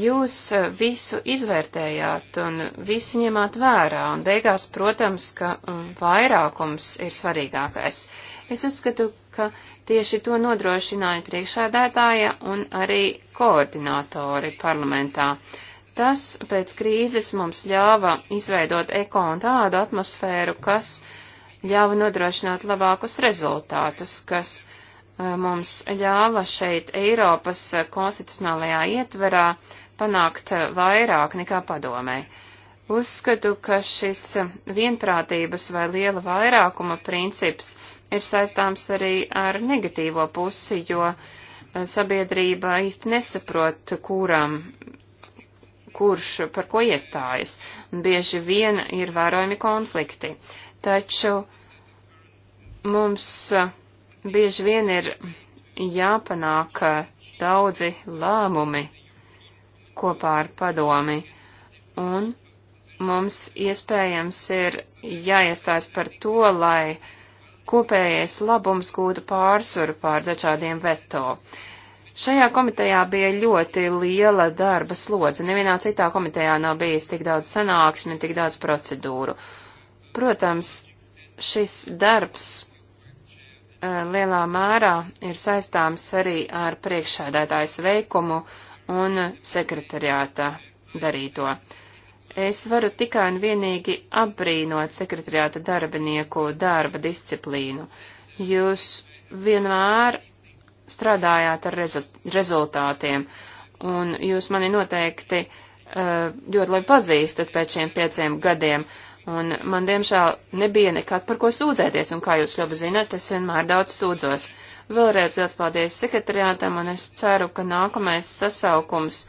jūs eh, visu izvērtējāt un visu ņemāt vērā, un beigās, protams, ka mm, vairākums ir svarīgākais. Es uzskatu, ka tieši to nodrošināja priekšādētāja un arī koordinātori parlamentā. Tas pēc krīzes mums ļāva izveidot ekonu tādu atmosfēru, kas ļāva nodrošināt labākus rezultātus, kas eh, mums ļāva šeit Eiropas konstitucionālajā ietverā panākt vairāk nekā padomē. Uzskatu, ka šis vienprātības vai liela vairākuma princips ir saistāms arī ar negatīvo pusi, jo eh, sabiedrība īsti nesaprot, kuram, kurš par ko iestājas. Bieži vien ir vērojami konflikti. Taču mums eh, bieži vien ir jāpanāk eh, daudzi lēmumi kopā ar padomi, un mums iespējams ir jāiestājas par to, lai uh, kopējais labums gūtu pārsvaru pār dažādiem veto. Šajā komitejā bija ļoti liela darba slodze. Nevienā citā komitejā nav bijis tik daudz sanāksmi, tik daudz procedūru. Protams, šis darbs e, lielā mērā ir saistāms arī ar priekšsēdētājs veikumu un sekretariāta darīto. Es varu tikai un vienīgi apbrīnot sekretariāta darbinieku darba disciplīnu. Jūs vienmēr strādājāt ar rezultātiem, un jūs mani noteikti uh, ļoti labi pazīstat pēc šiem pieciem gadiem, un man diemžēl nebija nekad par ko sūdzēties, un kā jūs labi zinat, es vienmēr daudz sūdzos. Vēlreiz liels paldies sekretariātam, un es ceru, ka nākamais sasaukums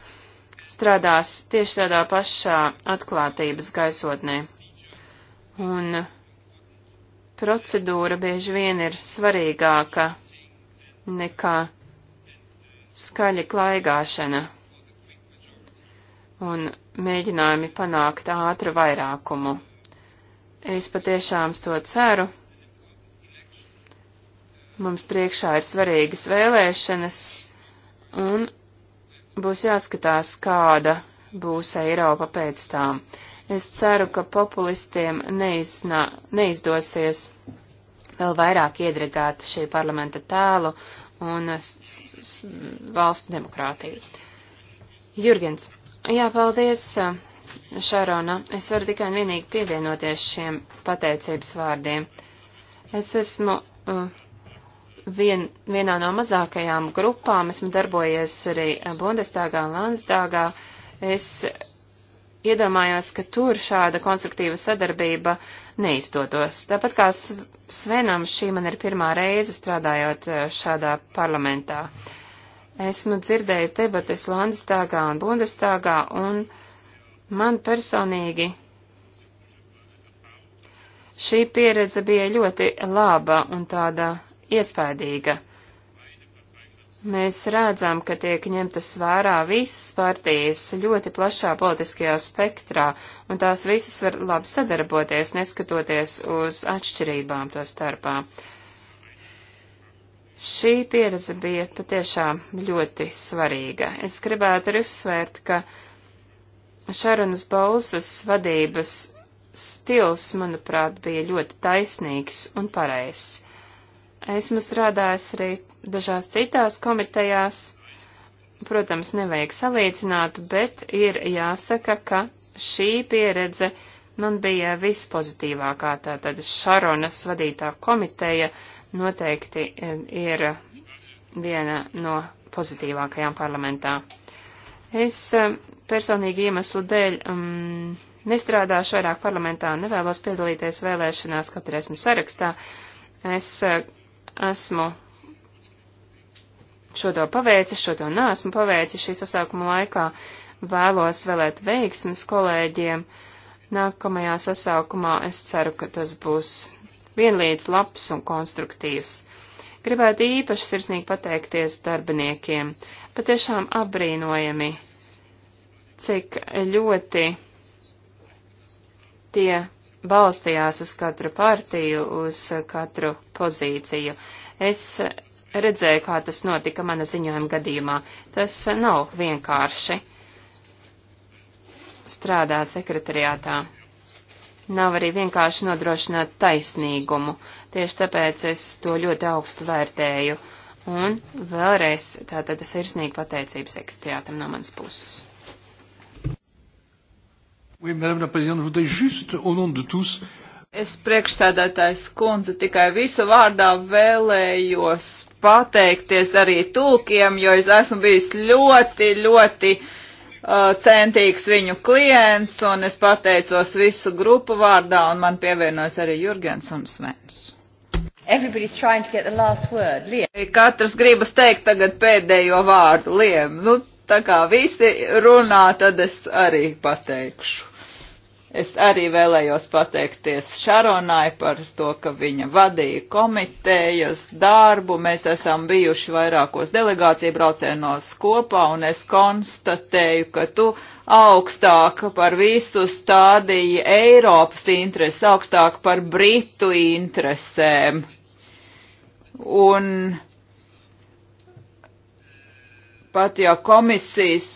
strādās tieši tādā pašā atklātības gaisotnē. Un procedūra bieži vien ir svarīgāka nekā skaļa klaigāšana un mēģinājumi panākt ātru vairākumu. Es patiešām to ceru. Mums priekšā ir svarīgas vēlēšanas, un būs jāskatās, kāda būs Eiropa pēc tām. Es ceru, ka populistiem neiznā, neizdosies vēl vairāk iedragāt šī parlamenta tēlu un valsts demokrātiju. Jurgens, jā, paldies, Šarona. Es varu tikai un vienīgi pievienoties šiem pateicības vārdiem. Es esmu uh, vien, vienā no mazākajām grupām, esmu darbojies arī Bundestagā un Landstāgā. Es iedomājos, ka tur šāda konstruktīva sadarbība neizdotos. Tāpat kā Svenam, šī man ir pirmā reize strādājot eh, šādā parlamentā. Esmu dzirdējis debates Landestāgā un Bundestāgā, un man personīgi šī pieredze bija ļoti laba un tāda iespaidīga. Mēs redzam, ka tiek ņemtas vērā visas partijas ļoti plašā politiskajā spektrā, un tās visas var labi sadarboties, neskatoties uz atšķirībām to starpā. Šī pieredze bija patiešām ļoti svarīga. Es gribētu arī uzsvērt, ka Šarunas Bausas vadības stils, manuprāt, bija ļoti taisnīgs un pareizs. Esmu strādājis arī dažās citās komitejās. Protams, nevajag salīdzināt, bet ir jāsaka, ka šī pieredze man bija vispozitīvākā. Tātad Šaronas vadītā komiteja noteikti e, ir viena no pozitīvākajām parlamentā. Es e, personīgi iemeslu dēļ um, nestrādāšu vairāk parlamentā, nevēlos piedalīties vēlēšanās, kaut arī esmu sarakstā. Es e, esmu šo to paveicis, šo to nesmu paveicis šī sasaukuma laikā. Vēlos vēlēt veiksmus kolēģiem. Nākamajā sasaukumā es ceru, ka tas būs vienlīdz labs un konstruktīvs. Gribētu īpaši sirsnīgi pateikties darbiniekiem. Patiešām apbrīnojami, cik ļoti tie balstījās uz katru partiju, uz katru pozīciju. Es redzēju, kā tas notika mana ziņojuma gadījumā. Tas nav vienkārši strādāt sekretariātā. Nav arī vienkārši nodrošināt taisnīgumu, tieši tāpēc es to ļoti augstu vērtēju. Un vēlreiz tātad sirsnīgi pateicību sekretariātam no manas puses. Oui, Madame la Présidente, je voudrais juste au nom de tous. Es priekšsēdētājs kundze tikai visu vārdā vēlējos pateikties arī tulkiem, jo es esmu bijis ļoti, ļoti uh, centīgs viņu klients, un es pateicos visu grupu vārdā, un man pievienojas arī Jurgens un Svens. Word, Katrs gribas teikt tagad pēdējo vārdu, Liem. Nu, tā kā visi runā, tad es arī pateikšu. Es arī vēlējos pateikties Šaronai par to, ka viņa vadīja komitejas darbu. Mēs esam bijuši vairākos delegāciju braucienos kopā, un es konstatēju, ka tu augstāk par visu stādīji Eiropas intereses, augstāk par Britu interesēm. Un pat ja komisijas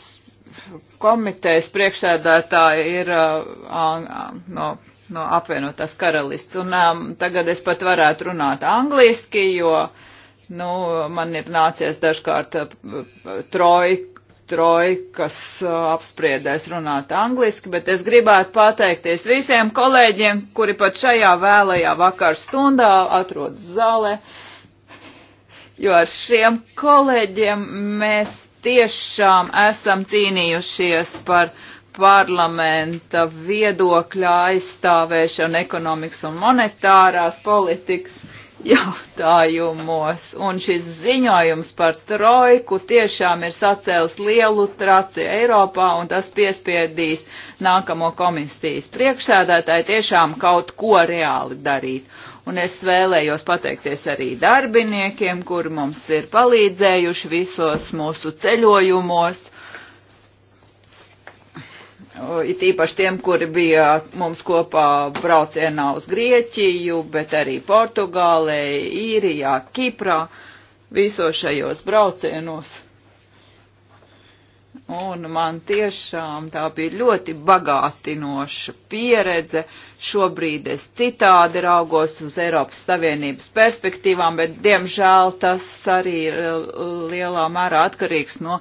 komitejas priekšsēdētāja ir uh, no, no apvienotās karalists. Un um, tagad es pat varētu runāt angliski, jo, nu, man ir nācies dažkārt uh, troj, trojkas uh, apspriedēs runāt angliski, bet es gribētu pateikties visiem kolēģiem, kuri pat šajā vēlajā vakar stundā atrodas zālē, jo ar šiem kolēģiem mēs tiešām esam cīnījušies par parlamenta viedokļa aizstāvēšanu ekonomikas un monetārās politikas jautājumos. Un šis ziņojums par trojku tiešām ir sacēlis lielu traci Eiropā, un tas piespiedīs nākamo komisijas priekšsēdētāji tiešām kaut ko reāli darīt. Un es vēlējos pateikties arī darbiniekiem, kuri mums ir palīdzējuši visos mūsu ceļojumos. It īpaši tiem, kuri bija mums kopā braucienā uz Grieķiju, bet arī Portugālē, Īrijā, Kiprā, visos šajos braucienos un man tiešām tā bija ļoti bagātinoša pieredze. Šobrīd es citādi raugos uz Eiropas Savienības perspektīvām, bet diemžēl tas arī ir uh, lielā mērā atkarīgs no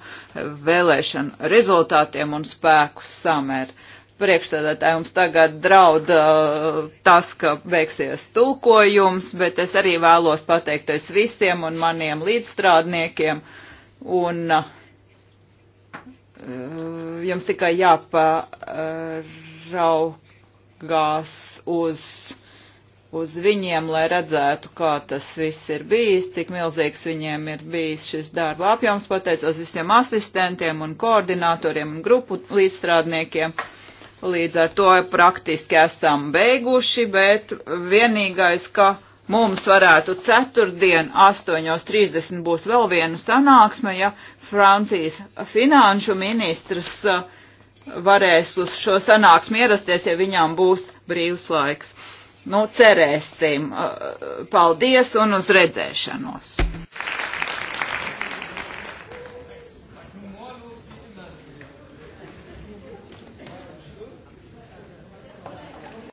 vēlēšana rezultātiem un spēku samēra. Priekšstādātāji mums tagad draud uh, tas, ka beigsies tulkojums, bet es arī vēlos pateikties visiem un maniem līdzstrādniekiem. Un uh, Eh, jums tikai jāparaugās uz, uz viņiem, lai redzētu, kā tas viss ir bijis, cik milzīgs viņiem ir bijis šis darba apjoms, pateicos visiem asistentiem un koordinatoriem un grupu līdzstrādniekiem. Līdz ar to praktiski esam beiguši, bet vienīgais, ka mums varētu ceturtdien 8.30 būs vēl viena sanāksme, ja Francijas finanšu ministrs uh, varēs uz šo sanāksmi ierasties, ja viņām būs brīvs laiks. Nu, cerēsim. Uh, paldies un uz redzēšanos!